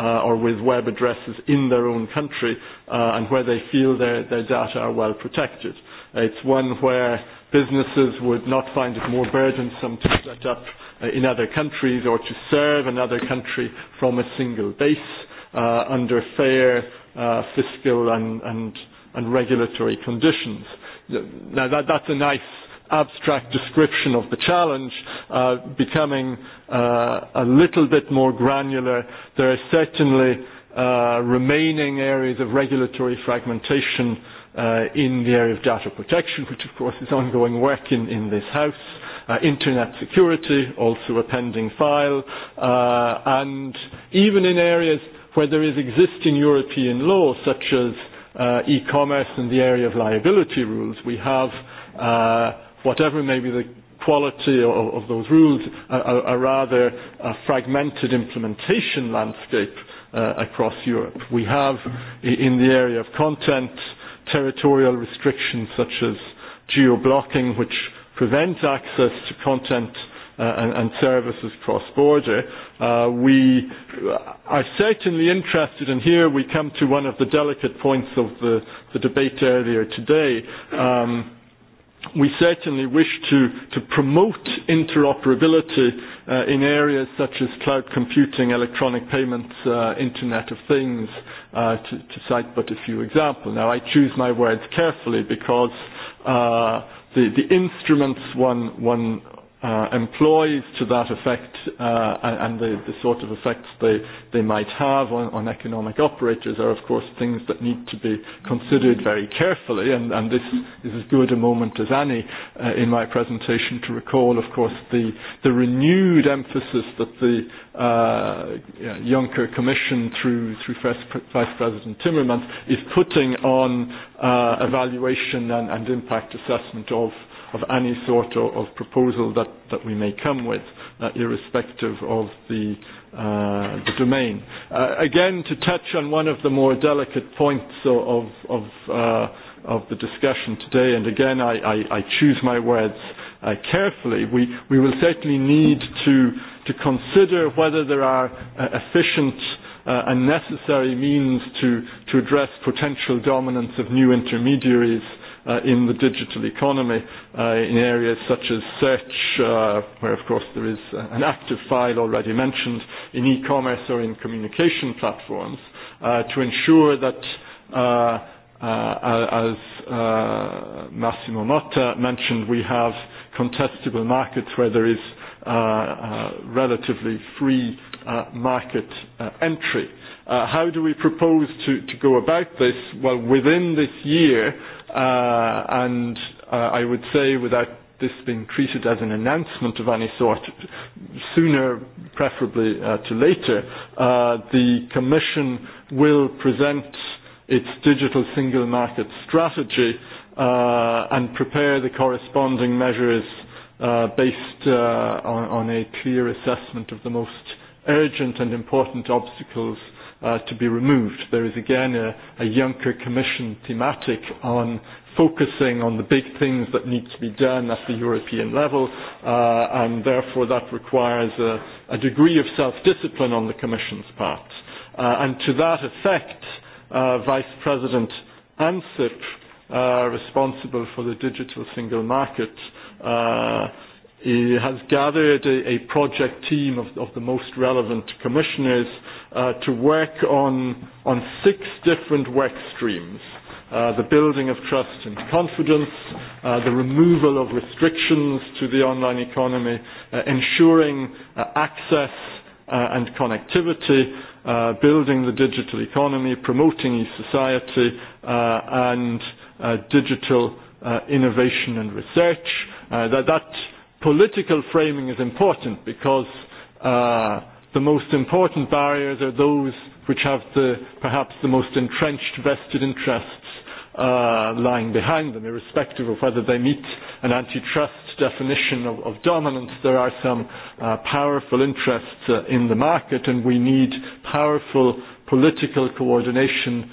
or with web addresses in their own country and where they feel their their data are well protected. It's one where businesses would not find it more burdensome to set up in other countries or to serve another country from a single base under fair fiscal and and regulatory conditions. Now that that's a nice abstract description of the challenge, becoming a little bit more granular. There are certainly remaining areas of regulatory fragmentation in the area of data protection, which of course is ongoing work in this House, internet security, also a pending file, and even in areas where there is existing European law, such as e-commerce and the area of liability rules, we have whatever may be the quality of those rules, a rather fragmented implementation landscape across Europe. We have, in the area of content, territorial restrictions such as geo-blocking, which prevents access to content and services cross-border. We are certainly interested, and here we come to one of the delicate points of the debate earlier today, we certainly wish to to promote interoperability in areas such as cloud computing electronic payments internet of things to to cite but a few examples now i choose my words carefully because the the instruments one one employees to that effect and the the sort of effects they they might have on on economic operators are of course things that need to be considered very carefully and and this is as good a moment as any in my presentation to recall of course the the renewed emphasis that the Juncker Commission through through Vice President Timmermans is putting on evaluation and and impact assessment of of any sort of proposal that that we may come with, irrespective of the domain. Again, to touch on one of the more delicate points of the discussion today, and again I I I choose my words carefully, we will certainly need to to consider whether there are efficient and necessary means to to address potential dominance of new intermediaries in the digital economy in areas such as search, where of course there is an active file already mentioned, in e-commerce or in communication platforms, to ensure that, as Massimo Motta mentioned, we have contestable markets where there is relatively free market entry. How do we propose to go about this? Well, within this year, and I would say without this being treated as an announcement of any sort, sooner preferably to later, the Commission will present its digital single market strategy and prepare the corresponding measures based on a clear assessment of the most urgent and important obstacles to be removed. There is again a Juncker Commission thematic on focusing on the big things that need to be done at the European level, and therefore that requires a degree of self-discipline on the Commission's part. And to that effect, Vice President Ansip, responsible for the digital single market, has gathered a project team of the most relevant commissioners to work on on six different work streams the building of trust and confidence, the removal of restrictions to the online economy, ensuring access and connectivity, building the digital economy, promoting e-society and digital innovation and research. That political framing is important because the most important barriers are those which have the perhaps the most entrenched vested interests lying behind them, irrespective of whether they meet an antitrust definition of, of dominance. There are some powerful interests in the market, and we need powerful political coordination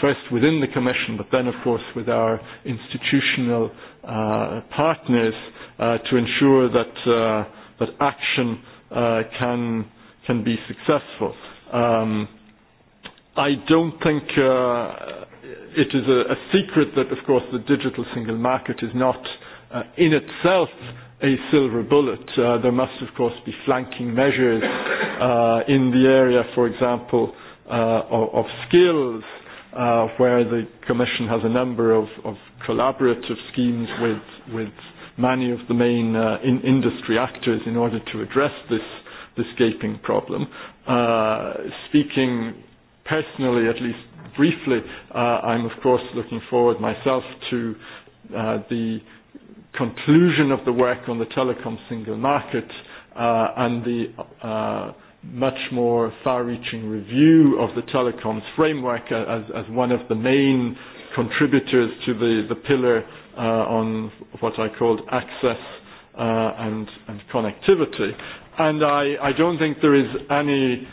first within the Commission, but then, of course, with our institutional partners to ensure that that action can can be successful. I don't think it is a secret that, of course, the digital single market is not in itself a silver bullet. There must, of course, be flanking measures in the area, for example, of skills, where the Commission has a number of collaborative schemes with many of the main industry actors in order to address this the scaping problem. Speaking personally, at least briefly, I'm of course looking forward myself to the conclusion of the work on the telecom single market and the much more far-reaching review of the telecoms framework as, as one of the main contributors to the, the pillar on what I called access and, and connectivity and I I don't think there is any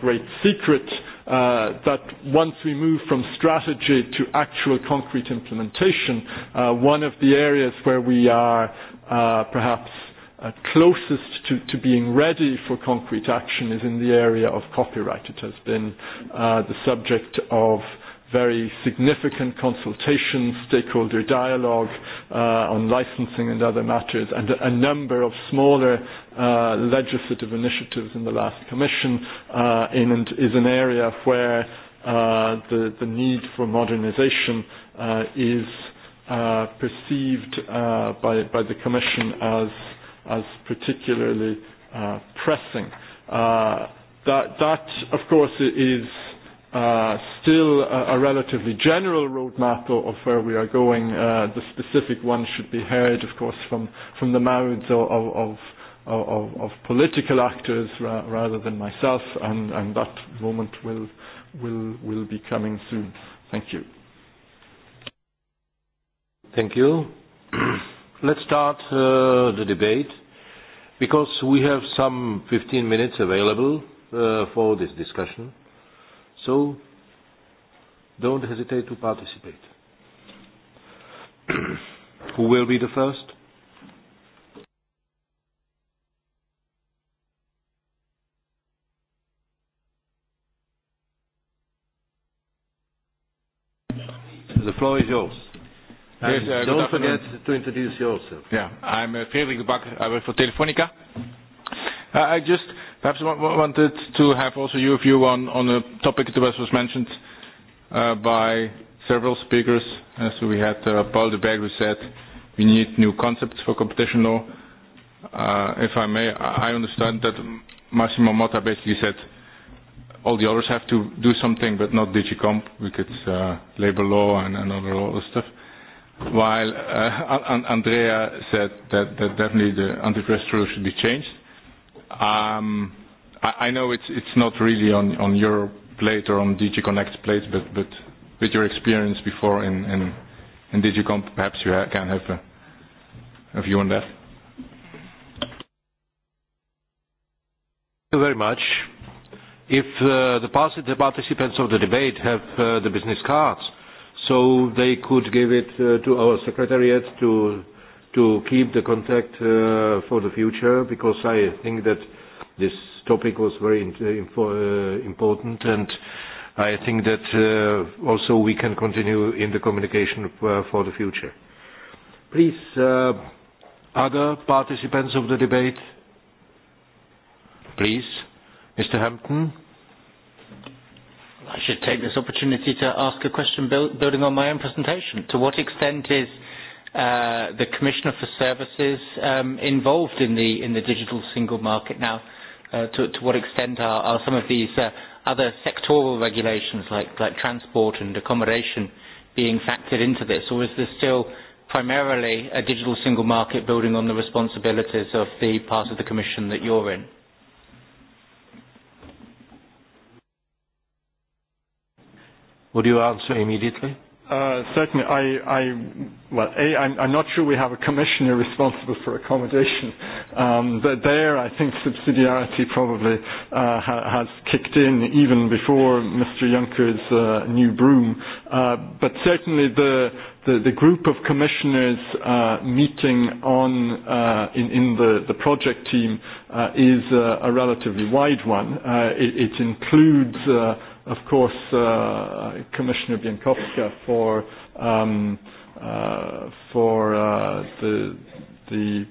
great secret that once we move from strategy to actual concrete implementation, one of the areas where we are perhaps closest to to being ready for concrete action is in the area of copyright. It has been the subject of very significant consultation, stakeholder dialogue on licensing and other matters, and a number of smaller legislative initiatives in the last Commission is an area where the the need for modernization is perceived by by the Commission as as particularly pressing. that of course is still a relatively general roadmap of where we are going. The specific one should be heard, of course, from from the mouths of of of political actors rather than myself, and and that moment will will will be coming soon. Thank you. Thank you. Let's start the debate because we have some 15 minutes available for this discussion. So don't hesitate to participate. Who will be the first? The floor is yours. Yes, don't forget to introduce yourself. Yeah, I'm Frederik de Bakker. I work for Telefonica. I just perhaps wanted to have also your view on on a topic that was mentioned by several speakers. So we had Paul de Berg who said we need new concepts for competition law. If I may, I understand that Massimo Motta basically said all the others have to do something, but not DigiComp, because it's labor law and other the stuff. While Andrea said that definitely the antitrust rule should be changed Um, I, I know it's it's not really on on your plate or on DG Connect's plate, but but with your experience before in in, in perhaps you can have a, a view on that. Thank you very much. If the participants of the debate have the business cards, so they could give it to our secretariat to to keep the contact for the future because I think that this topic was very important and I think that also we can continue in the communication for the future. Please, other participants of the debate? Please, Mr. Hampton. I should take this opportunity to ask a question building on my own presentation. To what extent is uh the Commissioner for Services um involved in the in the digital single market now. To to what extent are are some of these other sectoral regulations like like transport and accommodation being factored into this, or is this still primarily a digital single market building on the responsibilities of the part of the Commission that you're in? Would you answer immediately? Certainly, I, I well, A, I'm not sure we have a commissioner responsible for accommodation, but there I think subsidiarity probably has kicked in even before Mr. Juncker's new broom. But certainly the the group of commissioners meeting on in the project team is a relatively wide one. It includes of course, Commissioner Biankowska for um, uh, for uh, the the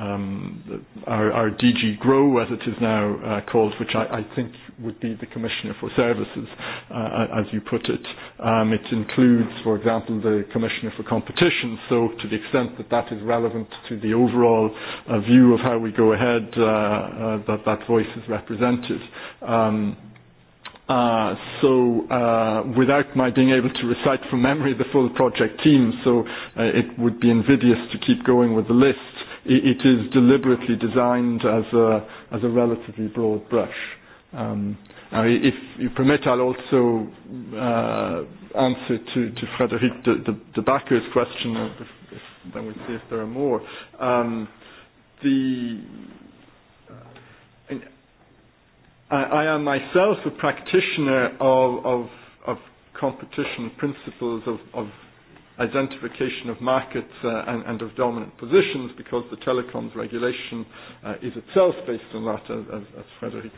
um, our, our DG Grow, as it is now uh, called, which I, I think would be the Commissioner for Services, uh, as you put it. Um, it includes, for example, the Commissioner for Competition, so to the extent that that is relevant to the overall uh, view of how we go ahead, uh, uh, that that voice is represented. Um, So uh without my being able to recite from memory the full project team, so it would be invidious to keep going with the list. It is deliberately designed as a as a relatively broad brush. If you permit, I'll also uh answer to to Frédéric de Backer's question, then we'll see if there are more. The I, I am myself a practitioner of, of, of competition principles of, of identification of markets and, and of dominant positions because the telecoms regulation is itself based on that, as, as Frederick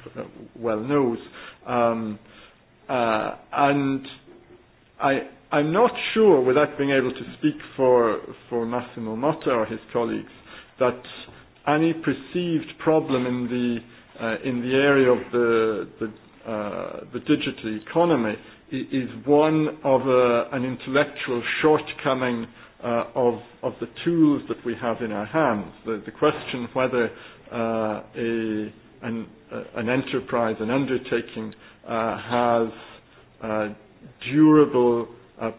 well knows. Um, uh, and I, I'm not sure, without being able to speak for, for Massimo Motta or his colleagues, that any perceived problem in the in the area of the, the, digital economy is one of an intellectual shortcoming of, of the tools that we have in our hands. The, question whether an enterprise, an undertaking has durable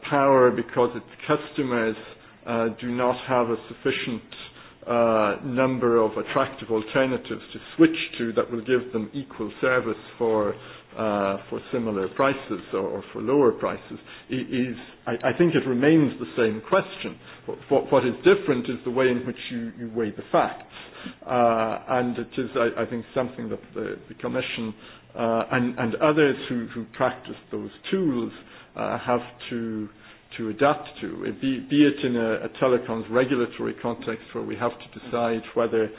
power because its customers do not have a sufficient number of attractive alternatives to switch to that will give them equal service for for similar prices or for lower prices is I think it remains the same question. What is different is the way in which you weigh the facts. And it is I think something that the Commission and others who practice those tools have to to adapt to, be, be it in a, telecoms regulatory context where we have to decide whether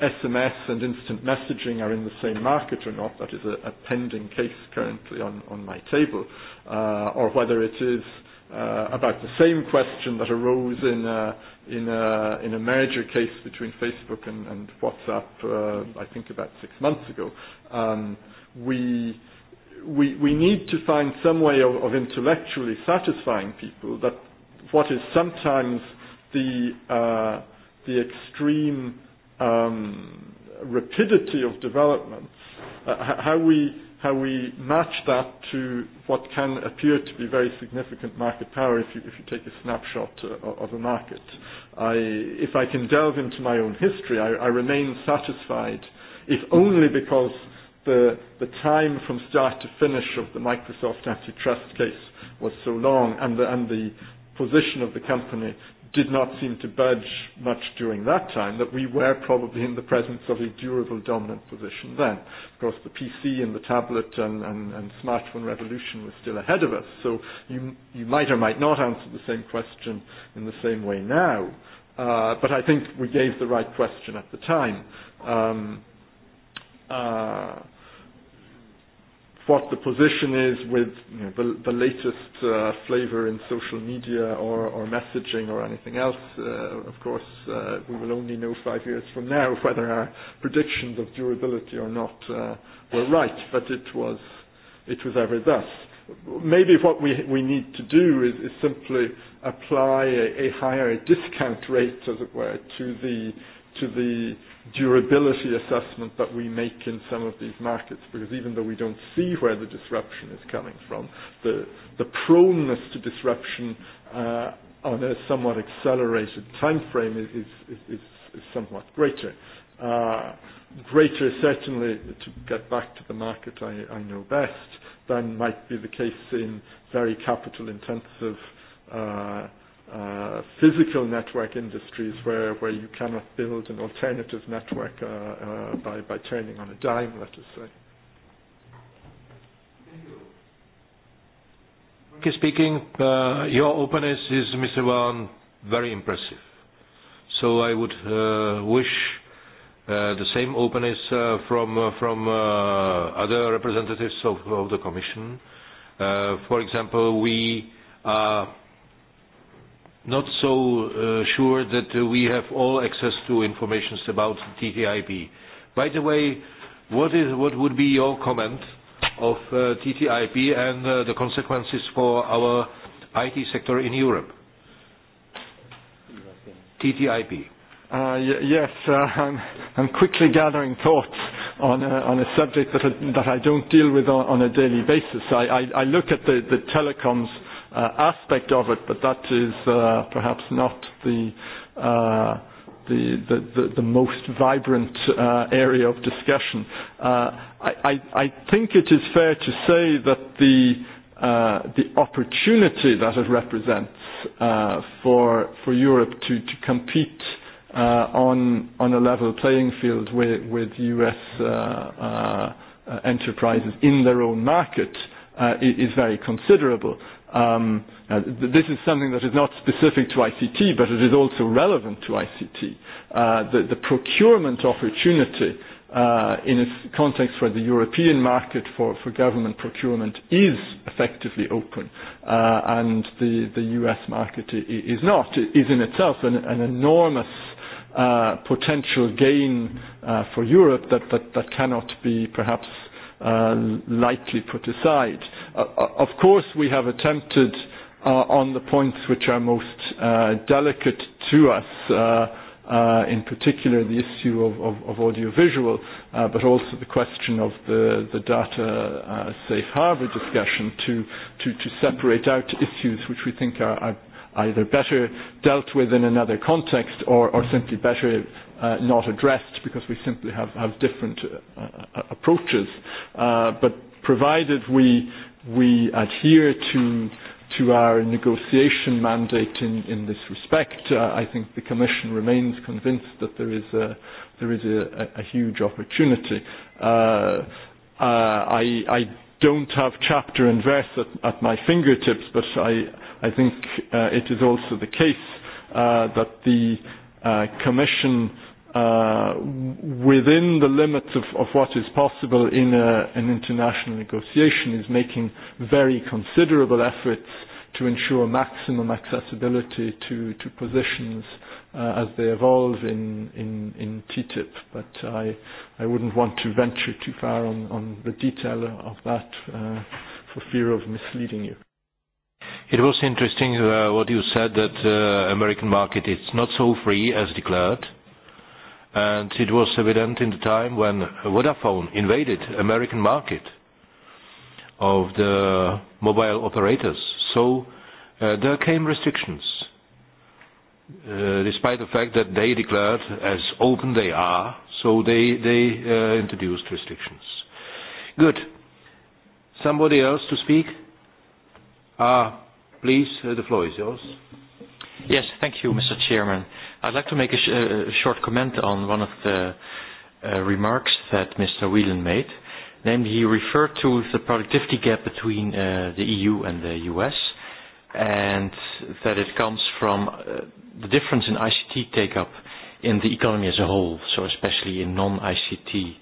SMS and instant messaging are in the same market or not, that is a, a pending case currently on, on my table, or whether it is about the same question that arose in a, in a, in a merger case between Facebook and, and WhatsApp, I think about six months ago. Um, we we we need to find some way of intellectually satisfying people that what is sometimes the the extreme um rapidity of developments how we how we match that to what can appear to be very significant market power if you if you take a snapshot of a market i if i can delve into my own history i i remain satisfied if only because the the time from start to finish of the Microsoft antitrust case was so long and the and the position of the company did not seem to budge much during that time, that we were probably in the presence of a durable dominant position then. Of course, the PC and the tablet and, and, and smartphone revolution was still ahead of us, so you, you might or might not answer the same question in the same way now. Uh, but I think we gave the right question at the time. Um, what the position is with you know, the, the latest uh, flavor in social media or, or messaging or anything else. Uh, of course, uh, we will only know five years from now whether our predictions of durability or not uh, were right, but it was, it was ever thus. Maybe what we, we need to do is, is simply apply a, a higher discount rate, as it were, to the to the durability assessment that we make in some of these markets, because even though we don't see where the disruption is coming from, the the proneness to disruption on a somewhat accelerated time frame is is is is somewhat greater. Greater certainly to get back to the market I I know best than might be the case in very capital intensive uh, physical network industries where, where you cannot build an alternative network uh, uh, by, by turning on a dime, let us say. Speaking, uh, your openness is, Mr. Wan, very impressive. So I would uh, wish uh, the same openness uh, from, uh, from uh, other representatives of, of the Commission. Uh, for example, we are not so sure that we have all access to information about TTIP. By the way, what is what would be your comment of TTIP and the consequences for our IT sector in Europe? TTIP. Yes, I'm quickly gathering thoughts on a subject that I don't deal with on a daily basis. I look at the telecoms aspect of it, but that is perhaps not the the the the most vibrant area of discussion. I I I think it is fair to say that the the opportunity that it represents for for Europe to to compete on on a level playing field with with US enterprises in their own market is very considerable. Um, this is something that is not specific to ICT, but it is also relevant to ICT. Uh, the, the procurement opportunity uh, in a context where the European market for, for government procurement is effectively open uh, and the, the US market is not, is in itself an, an enormous uh, potential gain uh, for Europe that, that, that cannot be perhaps lightly put aside. Of course, we have attempted on the points which are most delicate to us, in particular the issue of audiovisual, but also the question of the data safe harbor discussion to separate out issues which we think are either better dealt with in another context or simply better not addressed because we simply have have different approaches. But provided we we adhere to to our negotiation mandate in in this respect, I think the Commission remains convinced that there is a there is a huge opportunity. I I don't have chapter and verse at my fingertips, but I I think it is also the case that the Commission within the limits of what is possible in an international negotiation is making very considerable efforts to ensure maximum accessibility to to positions as they evolve in in in TTIP but I I wouldn't want to venture too far on on the detail of that for fear of misleading you It was interesting what you said that American market is not so free as declared and it was evident in the time when Vodafone invaded American market of the mobile operators. So there came restrictions, despite the fact that they declared as open they are, so they they introduced restrictions. Good. Somebody else to speak? Ah, please, the floor is yours. Yes, thank you, Mr. Chairman. I'd like to make a short comment on one of the remarks that Mr. Whelan made. Namely, he referred to the productivity gap between the EU and the US and that it comes from the difference in ICT take-up in the economy as a whole, so especially in non-ICT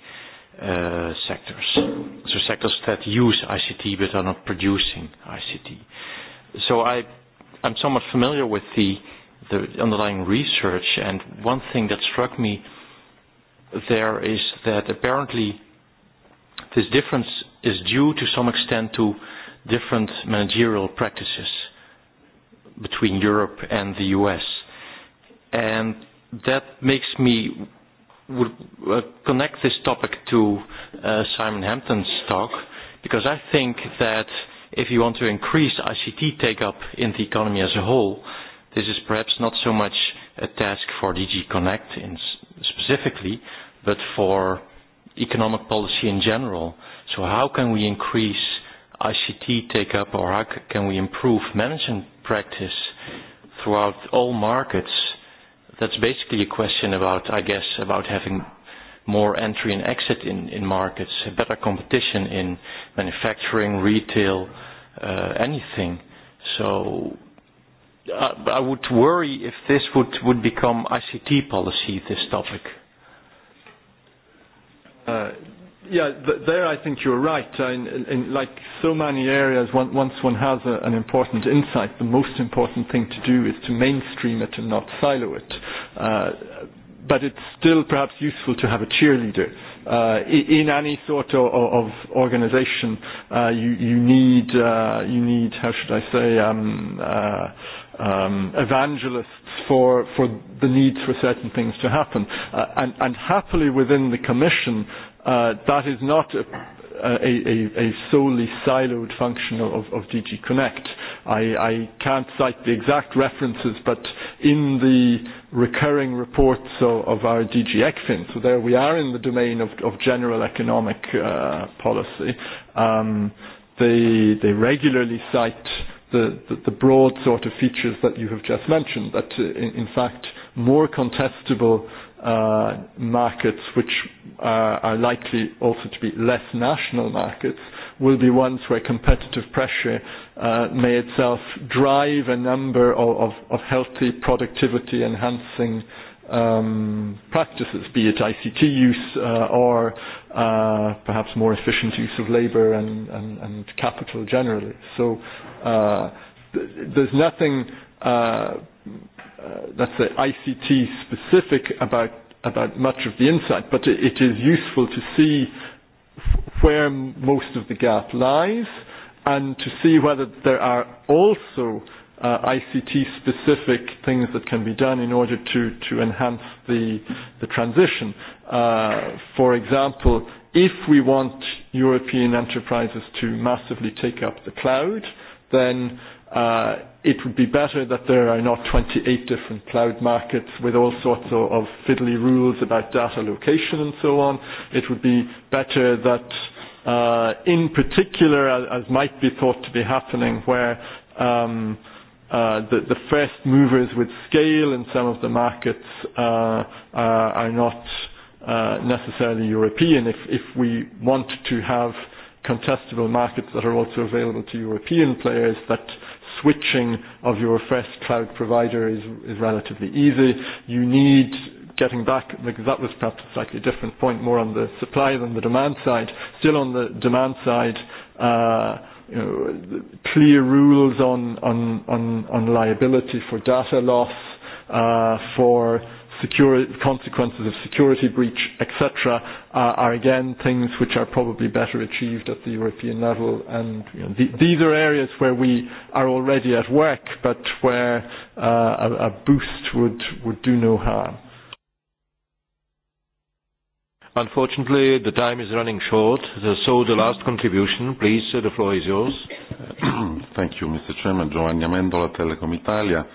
sectors, so sectors that use ICT but are not producing ICT. So I, I'm somewhat familiar with the the underlying research. And one thing that struck me there is that apparently this difference is due to some extent to different managerial practices between Europe and the US. And that makes me would connect this topic to Simon Hampton's talk because I think that if you want to increase ICT take up in the economy as a whole, This is perhaps not so much a task for DG Connect in specifically, but for economic policy in general. So how can we increase ICT take-up or how can we improve management practice throughout all markets? That's basically a question about, I guess, about having more entry and exit in, in markets, better competition in manufacturing, retail, anything. So I would worry if this would would become ICT policy, this topic. Yeah, there I think you're right. In Like so many areas, once one has an important insight, the most important thing to do is to mainstream it and not silo it. But it's still perhaps useful to have a cheerleader in any sort of organization. Uh You you need, you need, how should I say? um um, evangelists for, for the need for certain things to happen. and, and happily within the Commission, uh, that is not a, a, a solely siloed function of, of DG Connect. I, I can't cite the exact references, but in the recurring reports of, of our DG ECFIN, so there we are in the domain of, of general economic uh, policy, um, they, they regularly cite the the broad sort of features that you have just mentioned, that in fact more contestable markets which are likely also to be less national markets will be ones where competitive pressure may itself drive a number of healthy productivity enhancing practices, be it ICT use or perhaps more efficient use of labour and and capital generally. So there's nothing, let's say, ICT specific about about much of the insight, but it is useful to see where most of the gap lies and to see whether there are also ICT-specific things that can be done in order to to enhance the the transition. For example, if we want European enterprises to massively take up the cloud, then it would be better that there are not 28 different cloud markets with all sorts of fiddly rules about data location and so on. It would be better that, in particular, as might be thought to be happening, where the first movers with scale in some of the markets are not necessarily European. If if we want to have contestable markets that are also available to European players, that switching of your first cloud provider is relatively easy. You need getting back, because that was perhaps a slightly different point, more on the supply than the demand side. Still on the demand side, clear rules on on on on liability for data loss for consequences of security breach etc are again things which are probably better achieved at the european level and these are areas where we are already at work but where a boost would would do no harm Unfortunately, the time is running short, so the last contribution, please, the floor is yours. Thank you, Mr. Chairman. Giovanni Amendola, Telecom Italia.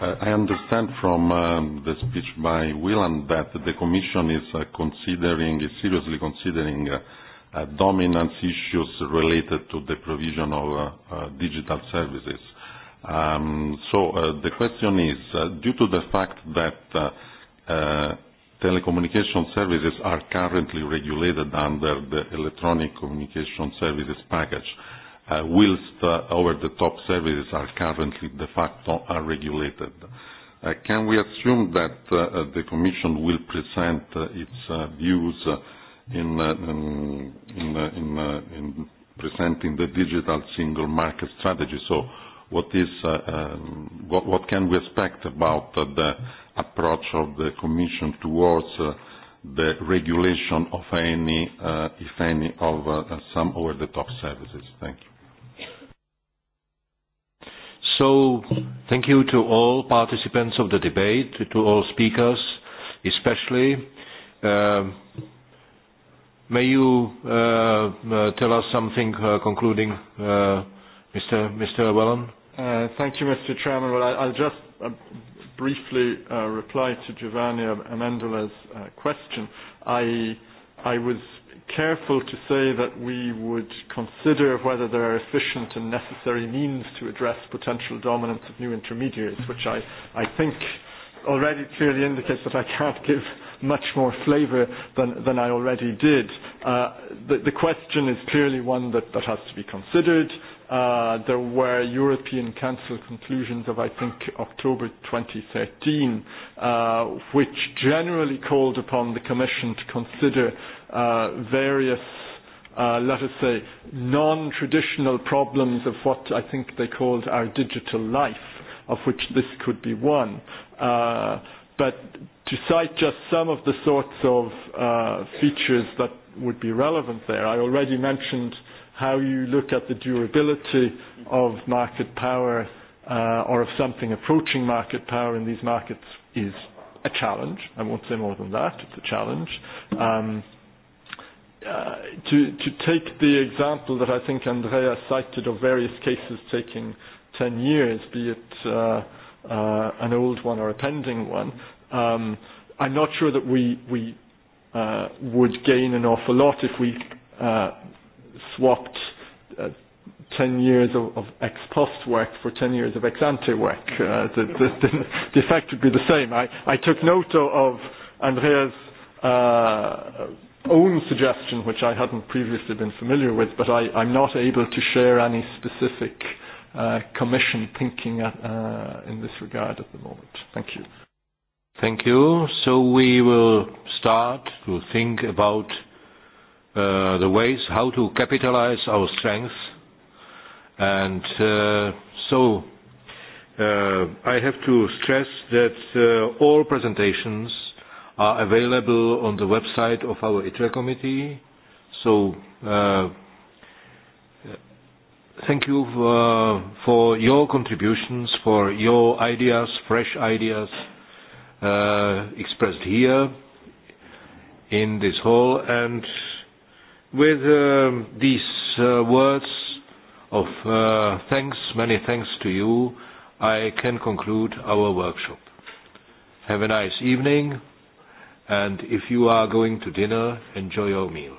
I understand from the speech by Willem that the Commission is considering, is seriously considering dominance issues related to the provision of digital services. So the question is, due to the fact that Telecommunication services are currently regulated under the Electronic Communication Services Package, whilst over-the-top services are currently de facto unregulated. Can we assume that the Commission will present its views in in presenting the digital single market strategy? So what is what can we expect about the approach of the Commission towards the regulation of any, if any, of some over-the-top services. Thank you. So thank you to all participants of the debate, to all speakers especially. May you tell us something concluding, Mr. Mr. Wellen? Thank you, Mr. Chairman. Well, I'll just briefly reply to Giovanni Amendola's question. I I was careful to say that we would consider whether there are efficient and necessary means to address potential dominance of new intermediaries, which I I think already clearly indicates that I can't give much more flavour than, than I already did. Uh, the, the question is clearly one that, that has to be considered there were European Council conclusions of, I think, October 2013, which generally called upon the Commission to consider various, let us say, non-traditional problems of what I think they called our digital life, of which this could be one. But to cite just some of the sorts of features that would be relevant there, I already mentioned how you look at the durability of market power or of something approaching market power in these markets is a challenge. I won't say more than that. It's a challenge. Um, to, to take the example that I think Andrea cited of various cases taking 10 years, be it uh, uh, an old one or a pending one, um, I'm not sure that we, we uh, would gain an awful lot if we uh, swapped 10 years of ex post work for 10 years of ex ante work. The effect would be the same. I took note of Andrea's own suggestion, which I hadn't previously been familiar with, but I I'm not able to share any specific commission thinking in this regard at the moment. Thank you. Thank you. So we will start to think about the ways how to capitalize our strengths. And so I have to stress that all presentations are available on the website of our ITRE committee. So thank you for your contributions, for your ideas, fresh ideas expressed here in this hall. And with these words of thanks, many thanks to you, I can conclude our workshop. Have a nice evening, and if you are going to dinner, enjoy your meal.